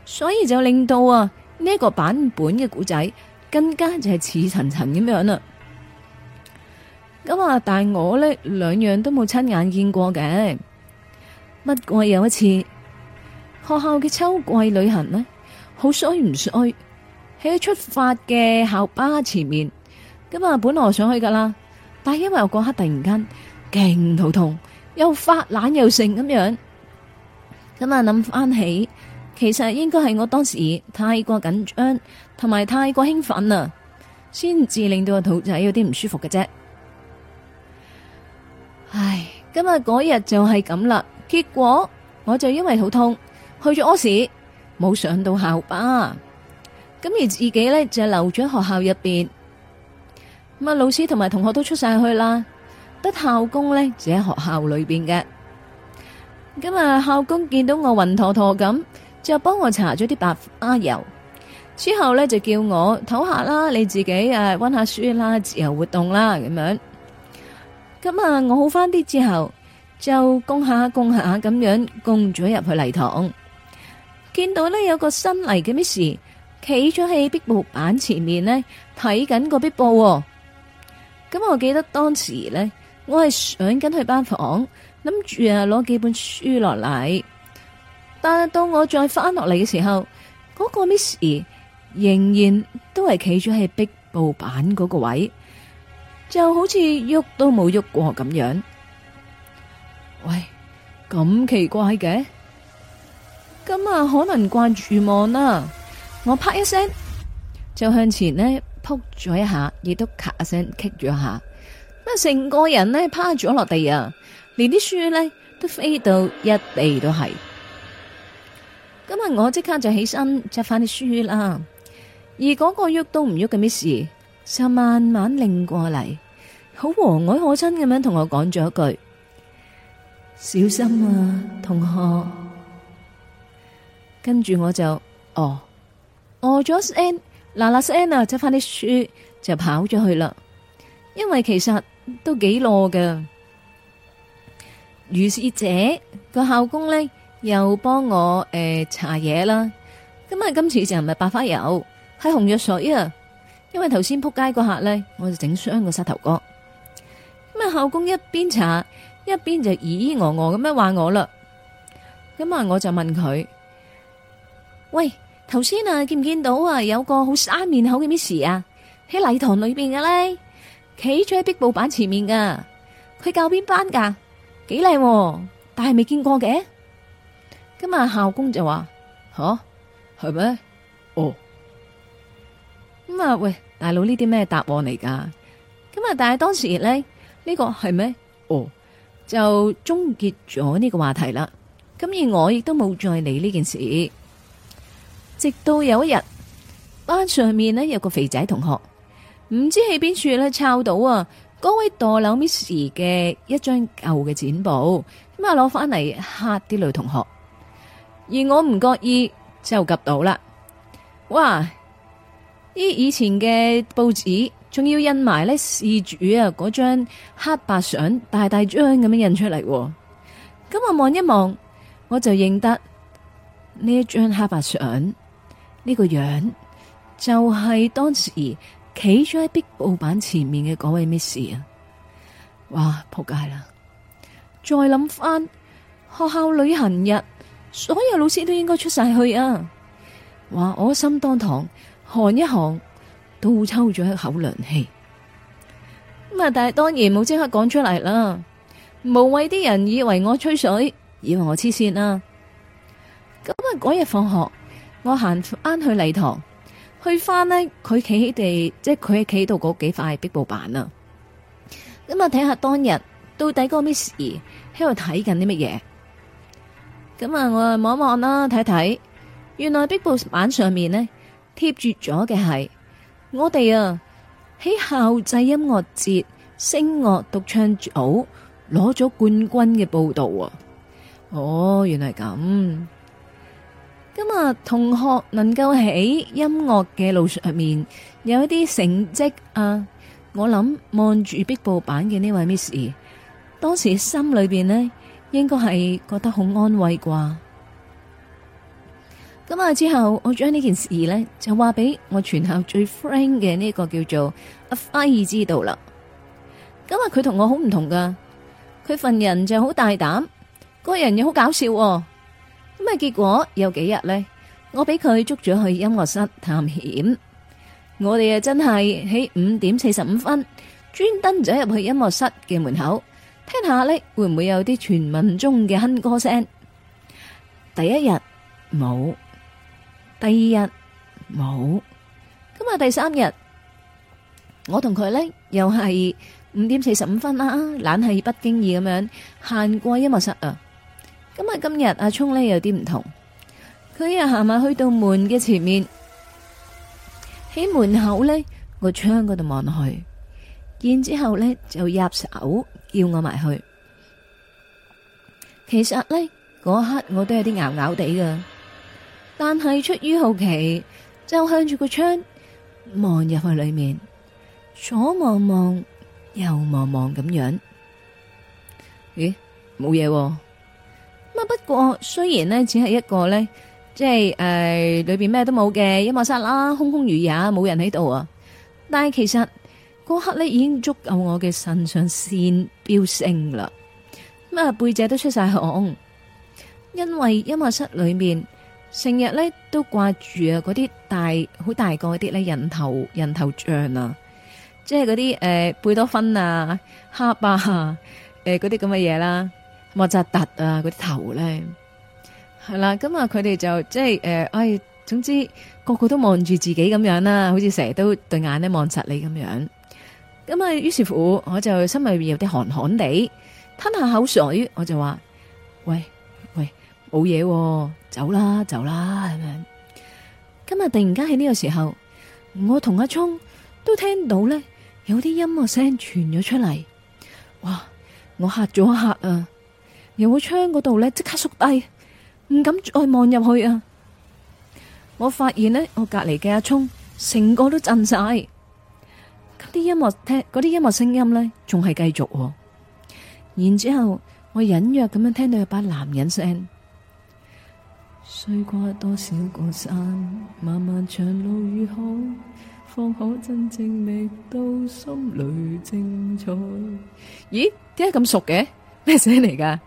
所以就令到啊。呢一個版本嘅古仔更加就係似層層咁樣啦。咁啊，但係我呢兩樣都冇親眼見過嘅。不過有一次學校嘅秋季旅行呢，好衰唔衰？喺出發嘅校巴前面，咁啊本來我想去噶啦，但係因為我嗰刻突然間勁肚痛，又發冷又盛咁樣，咁啊諗翻起。其實應該係我當時太過緊張同埋太過興奮啦，先至令到個肚仔有啲唔舒服嘅啫。唉，今日嗰日就係咁啦，結果我就因為肚痛去咗屙屎，冇上到校巴。咁而自己咧就留咗喺學校入邊。咁啊，老師同埋同學都出晒去啦，得校工咧就喺學校裏邊嘅。今日校工見到我暈陀陀咁，就幫我搽咗啲白花油，之後呢就叫我唞下啦，你自己溫溫下書啦，自由活動啦咁樣。咁啊，我好翻啲之後，就供下供下咁樣，供咗入去禮堂，見到呢有個新嚟嘅 miss，企咗喺壁布板前面呢，睇緊個壁布，哦。咁我記得當時呢，我係上緊去班房，諗住啊攞幾本書落嚟。但係我再翻落嚟嘅時候，嗰、那個 m i s s i 仍然都係企咗喺壁布板嗰個位，就好似喐都冇喐過咁樣。喂，咁奇怪嘅，咁啊可能掛住望啦。我拍一聲就向前呢撲咗一下，亦都咔一聲棘咗下，咁成個人呢趴咗落地啊，連啲書呢都飛到一地都係。因為我即刻就起身執翻啲書啦，而嗰個喐都唔喐嘅 Miss 就慢慢擰過嚟，好和藹可親咁樣同我講咗一句：小心啊，同學。 跟住我就哦，哦咗聲嗱嗱聲啊，執翻啲書就跑咗去啦。因為其實都幾耐㗎，如是者、嗰個校工呢。又幫我誒、欸、搽嘢啦。咁啊，今次就唔係白花油，係紅藥水啊。因為頭先撲街嗰客咧，我就整傷個膝頭哥。咁啊，校工一邊搽一邊就咦咦我我咁樣話我啦。咁啊，我就問佢：喂，頭先啊見唔見到啊有個好生面口嘅 miss 啊？喺禮堂裏邊嘅咧，企喺壁布板前面噶。佢教邊班噶？幾靚、啊，但係未見過嘅。咁啊，校工就話，吓係咩？哦，咁啊，喂，大佬呢啲咩答案嚟噶？咁啊，但係當時咧，呢、這個係咩？哦，就終結咗呢個話題啦。咁而我亦都冇再理呢件事。直到有一日，班上面呢有個肥仔同學，唔知喺邊處咧抄到啊，嗰位墮樓 miss 嘅一張舊嘅剪報，咁啊攞翻嚟吓啲女同學。而我唔覺意就及到啦，哇！依以前嘅報紙仲要印埋呢事主啊嗰張黑白相大大張咁樣印出嚟。咁我望一望，我就認得呢一張黑白相呢、呢個樣就係、是、當時企咗喺壁報板前面嘅嗰位 Miss 啊，哇仆街啦！再諗翻學校旅行日。所有老師都應該出晒去啊！話我心當堂寒一寒，都抽咗一口涼氣。咁啊，但係當然冇即刻講出嚟啦。無謂啲人以為我吹水，以為我黐線啊！咁啊，嗰日放學，我行翻去禮堂，去翻呢。佢企喺地，即係佢企喺度嗰幾塊壁布板啊。咁啊，睇下當日到底嗰個 Miss 喺度睇緊啲乜嘢。咁啊，我望一望啦，睇睇，原來壁報板上面呢貼住咗嘅係我哋啊喺校際音樂節聲樂獨唱組攞咗冠軍嘅報道啊！哦，原來咁。咁啊，同學能夠喺音樂嘅路上面有一啲成績啊，我諗，望住壁報板嘅呢位 Miss，當時心裏邊呢。應該係覺得好安慰啩。咁啊，之後，我將呢件事呢就話俾我全校最 friend 嘅呢個叫做阿輝知道啦。咁啊，佢同我好唔同噶佢份人就好大膽，個人又好搞笑。咁啊，結果有幾日呢，我俾佢捉咗去音樂室探險。我哋啊真係喺五點四十五分專登走入去音樂室嘅門口。聽下咧，會唔會有啲傳聞中嘅哼歌聲？第一日冇，第二日冇，今日第三日，我同佢咧，又係五點四十五分啦，懶係不經意咁樣行過音樂室啊。今日今日阿聰咧有啲唔同，佢啊行埋去到門嘅前面，喺門口咧個窗嗰度望落去，然之後咧就入手。叫我埋去，其實咧嗰刻我都有啲拗拗地嘅，但係出於好奇，就向住個窗望入去裏面，左望望，右望望咁樣，咦，冇嘢咁啊！不過雖然咧只係一個咧，即係誒裏邊咩都冇嘅，音樂室啦，空空如也，冇人喺度啊！但係其實。嗰刻咧已經足夠我嘅腎上腺飆升啦，咁啊背脊都出晒汗，因為音樂室裏面成日咧都掛住啊嗰啲大好大個啲咧人頭人頭像啊，即係嗰啲誒貝多芬啊、巴哈啊、誒嗰啲咁嘅嘢啦，莫扎特啊嗰啲頭咧係啦，咁啊佢哋就即係誒，唉、呃、總之個個都望住自己咁樣啦，好似成日都對眼咧望實你咁樣。咁啊，於是乎我就心裏邊有啲寒寒地，吞下口水，我就話：喂喂，冇嘢喎，走啦，走啦，咁樣。今日突然間喺呢個時候，我同阿聰都聽到呢，有啲音樂聲傳咗出嚟，哇！我嚇咗一嚇啊！又個窗嗰度呢，即刻縮低，唔敢再望入去啊！我發現呢，我隔離嘅阿聰成個都震晒。啲音樂聽嗰啲音樂聲音咧，仲係繼續。然之後我隱約咁樣聽到有把男人聲。須過多少個山，漫漫長路如何，方可真正覓到心裏精彩？咦，點解咁熟嘅？咩聲嚟噶？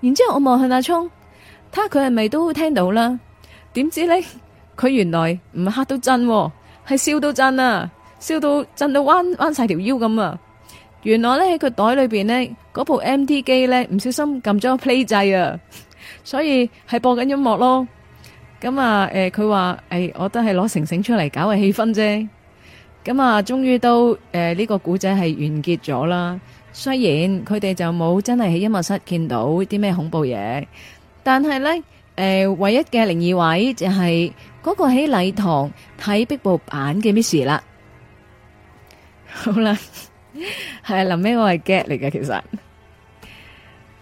然之後我望向阿聰，睇下佢係咪都聽到啦？點知咧，佢原來唔係嚇到震，係笑到震啊！笑到震到彎彎晒條腰咁啊！原來咧，喺佢袋裏邊咧，嗰部 MT 機咧唔小心撳咗個 play 掣啊，所以係播緊音樂咯。咁啊，誒，佢話誒，我都係攞成成出嚟搞個氣氛啫。咁啊，終於都誒呢個古仔係完結咗啦。雖然佢哋就冇真係喺音樂室見到啲咩恐怖嘢，但係咧誒，唯一嘅靈異位就係嗰個喺禮堂睇壁報板嘅 Miss 啦。好啦，係啊，臨尾我係 get 嚟嘅，其實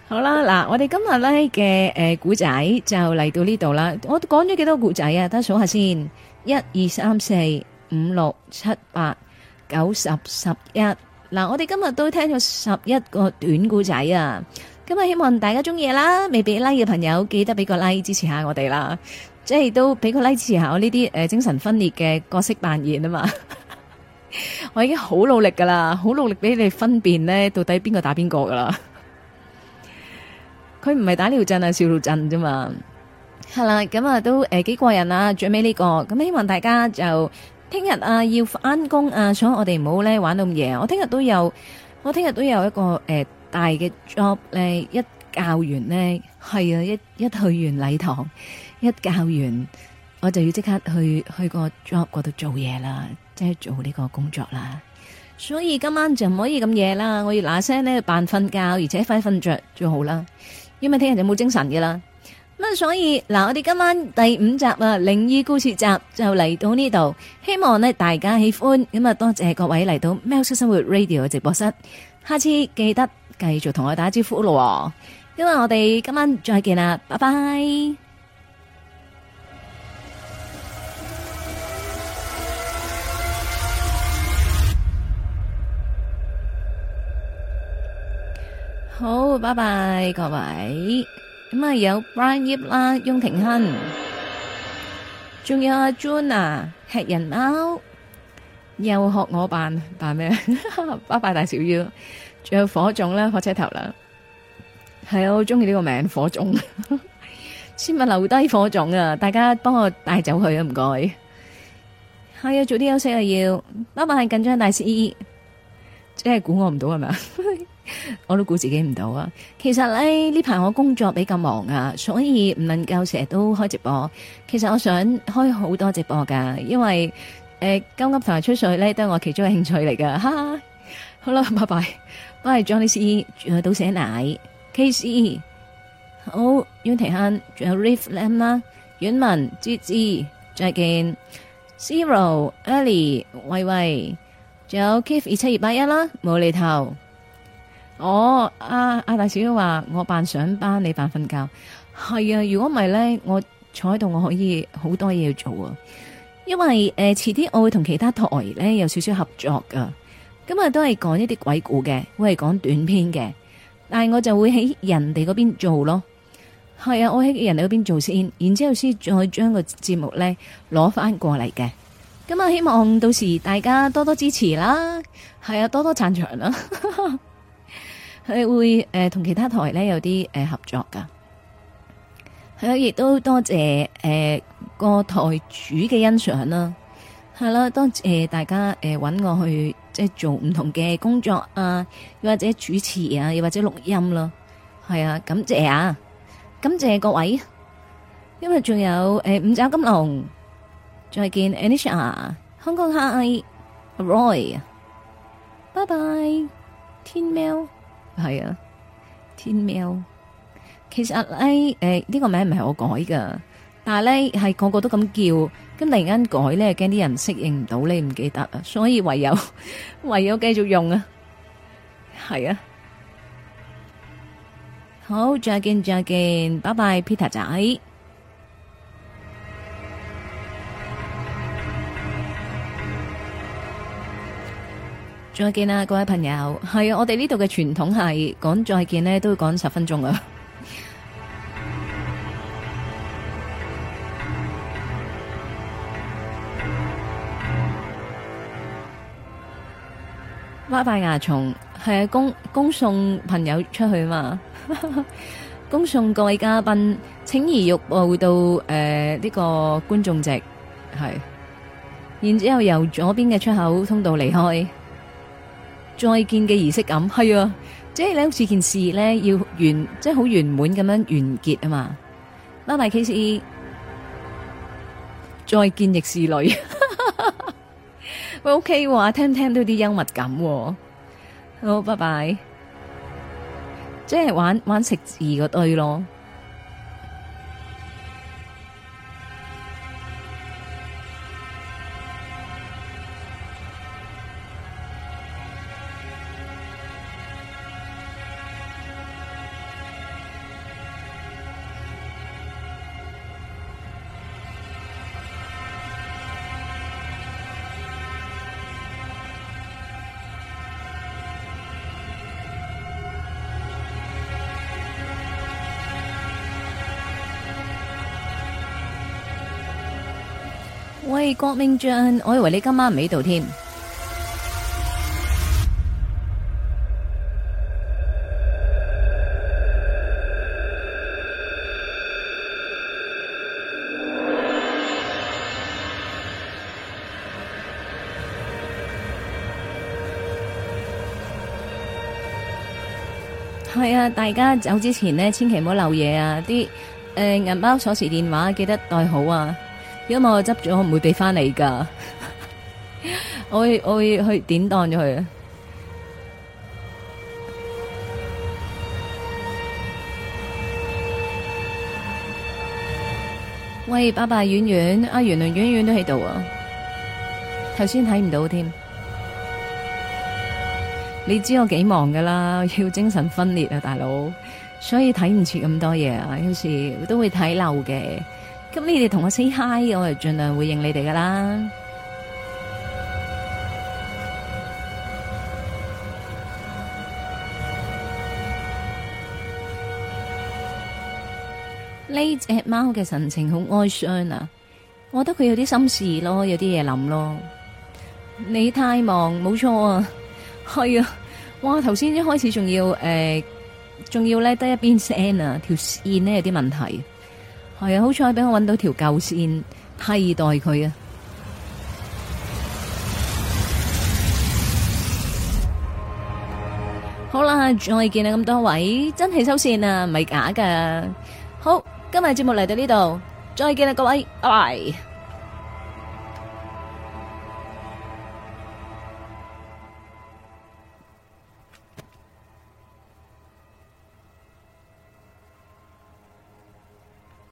好啦。嗱，我哋今日咧嘅誒古仔就嚟到呢度啦。我講咗幾多古仔啊？大家數下先，一二三四五六七八九十十一。嗱，我哋今日都聽咗十一個短古仔啊。咁啊，希望大家中意啦。未俾 like 嘅朋友，記得俾個 like 支持下我哋啦。即係都俾個 like 支持下我呢啲誒精神分裂嘅角色扮演啊嘛。我已經好努力噶啦，好努力俾你哋分辨咧，到底邊個打邊個噶啦？佢唔係打尿震啊，笑尿震啫嘛。係啦，咁啊都誒幾過癮啊！最尾呢個咁，希望大家就聽日啊要翻工啊，所以我哋唔好咧玩到咁夜。我聽日都有，我聽日都有一個誒大嘅 job 咧，一教完咧係啊一一去完禮堂，一教完我就要即刻去去個 job 嗰度做嘢啦。做呢個工作啦，所以今晚就唔可以咁夜啦，我要嗱聲呢扮瞓覺，而且快瞓着最好啦，因為聽日就冇精神嘅啦。咁所以嗱，我哋今晚第五集啊《靈異故事集》就嚟到呢度，希望呢大家喜歡，咁啊多謝各位嚟到喵式生活 Radio 嘅直播室，下次記得繼續同我打招呼咯。咁啊，我哋今晚再見啦，拜拜。好，拜拜各位。咁啊，有 Brian Yip 啦，雍廷亨，仲有阿 Joanna 吃人貓，又學我扮扮咩？ 拜拜大小 U，仲有火種啦，火車頭啦，係我好中意呢個名火種， 先咪留低火種啊！大家幫我帶走佢啊，唔該。係啊，早啲休息啊要，拜拜係緊張大 C，即係估我唔到係咪啊？ 我都估自己唔到啊！其實咧呢排我工作比較忙啊，所以唔能夠成日都開直播。其實我想開好多直播噶，因為誒金吸同埋吹水咧都係我其中嘅興趣嚟噶。哈，哈，好啦，拜拜，拜拜 Johnny C，倒寫奶，KC，好，袁霆亨，仲有 Riff Lam 啦，阮文，J Z，再見，Zero，Ellie，喂喂，仲有 Kif 二七二八一啦，冇厘頭。我阿阿大小姐話我扮上班，你扮瞓覺，係啊！如果唔係呢，我坐喺度我可以好多嘢做啊！因為誒，遲、呃、啲我會同其他台呢有少少合作噶，咁啊都係講一啲鬼故嘅，我係講短篇嘅，但係我就會喺人哋嗰邊做咯。係啊，我喺人哋嗰邊做先，然之後先再將個節目呢攞翻過嚟嘅。咁啊、嗯，希望到時大家多多支持啦，係啊，多多撐場啦。 佢會誒同其他台咧有啲誒合作噶，係啦，亦都多謝誒個台主嘅欣賞啦，係啦，多謝大家誒搵我去即係做唔同嘅工作啊，又或者主持啊，又或者錄音咯，係啊，感謝啊，感謝各位，因為仲有誒五爪金龍，再見 Anisha，香港 Hi 阿 Roy，拜拜，天喵。係啊，天喵！其實咧，誒呢個名唔係我改噶，但係咧係個個都咁叫，咁突然間改咧，驚啲人適應唔到你，唔記得啊，所以唯有唯有繼續用啊，係啊，好，再見再見，拜拜，Peter 仔。再見啦，各位朋友。係，我哋呢度嘅傳統係講再見呢都要講十分鐘啊！拉大 牙蟲係啊，恭恭送朋友出去嘛，恭 送各位嘉賓，請而欲步到誒呢、呃這個觀眾席，係。然之後由左邊嘅出口通道離開。再見嘅儀式感係啊，即係你好似件事咧要完，即係好圓滿咁樣完結啊嘛。拉埋 K 是再見亦是淚，喂 OK，喎聽聽到啲幽默感。好，拜拜。即係玩玩食字嗰堆咯。郭明俊，我以為你今晚唔喺度添。係啊，大家走之前呢，千祈唔好漏嘢啊！啲誒銀包、鎖匙、電話，記得帶好啊！因為我執咗，我唔會俾翻你噶，我會我會去典當咗佢。喂，爸爸，婉婉，啊原來，婉婉都喺度啊，頭先睇唔到添。你知我幾忙噶啦，要精神分裂啊，大佬，所以睇唔切咁多嘢啊，有時都會睇漏嘅。咁你哋同我 say hi，我係盡量回應你哋噶啦。呢隻貓嘅神情好哀傷啊，我覺得佢有啲心事咯，有啲嘢諗咯。你太忙，冇錯啊，係 啊，哇！頭先一開始仲要誒，仲、呃、要咧得一邊聲啊，條線呢有啲問題。係啊，好彩俾我搵到條舊線替代佢啊！好啦，再見啦！咁多位真係收線啊，唔係假噶。好，今日節目嚟到呢度，再見啦，各位拜拜。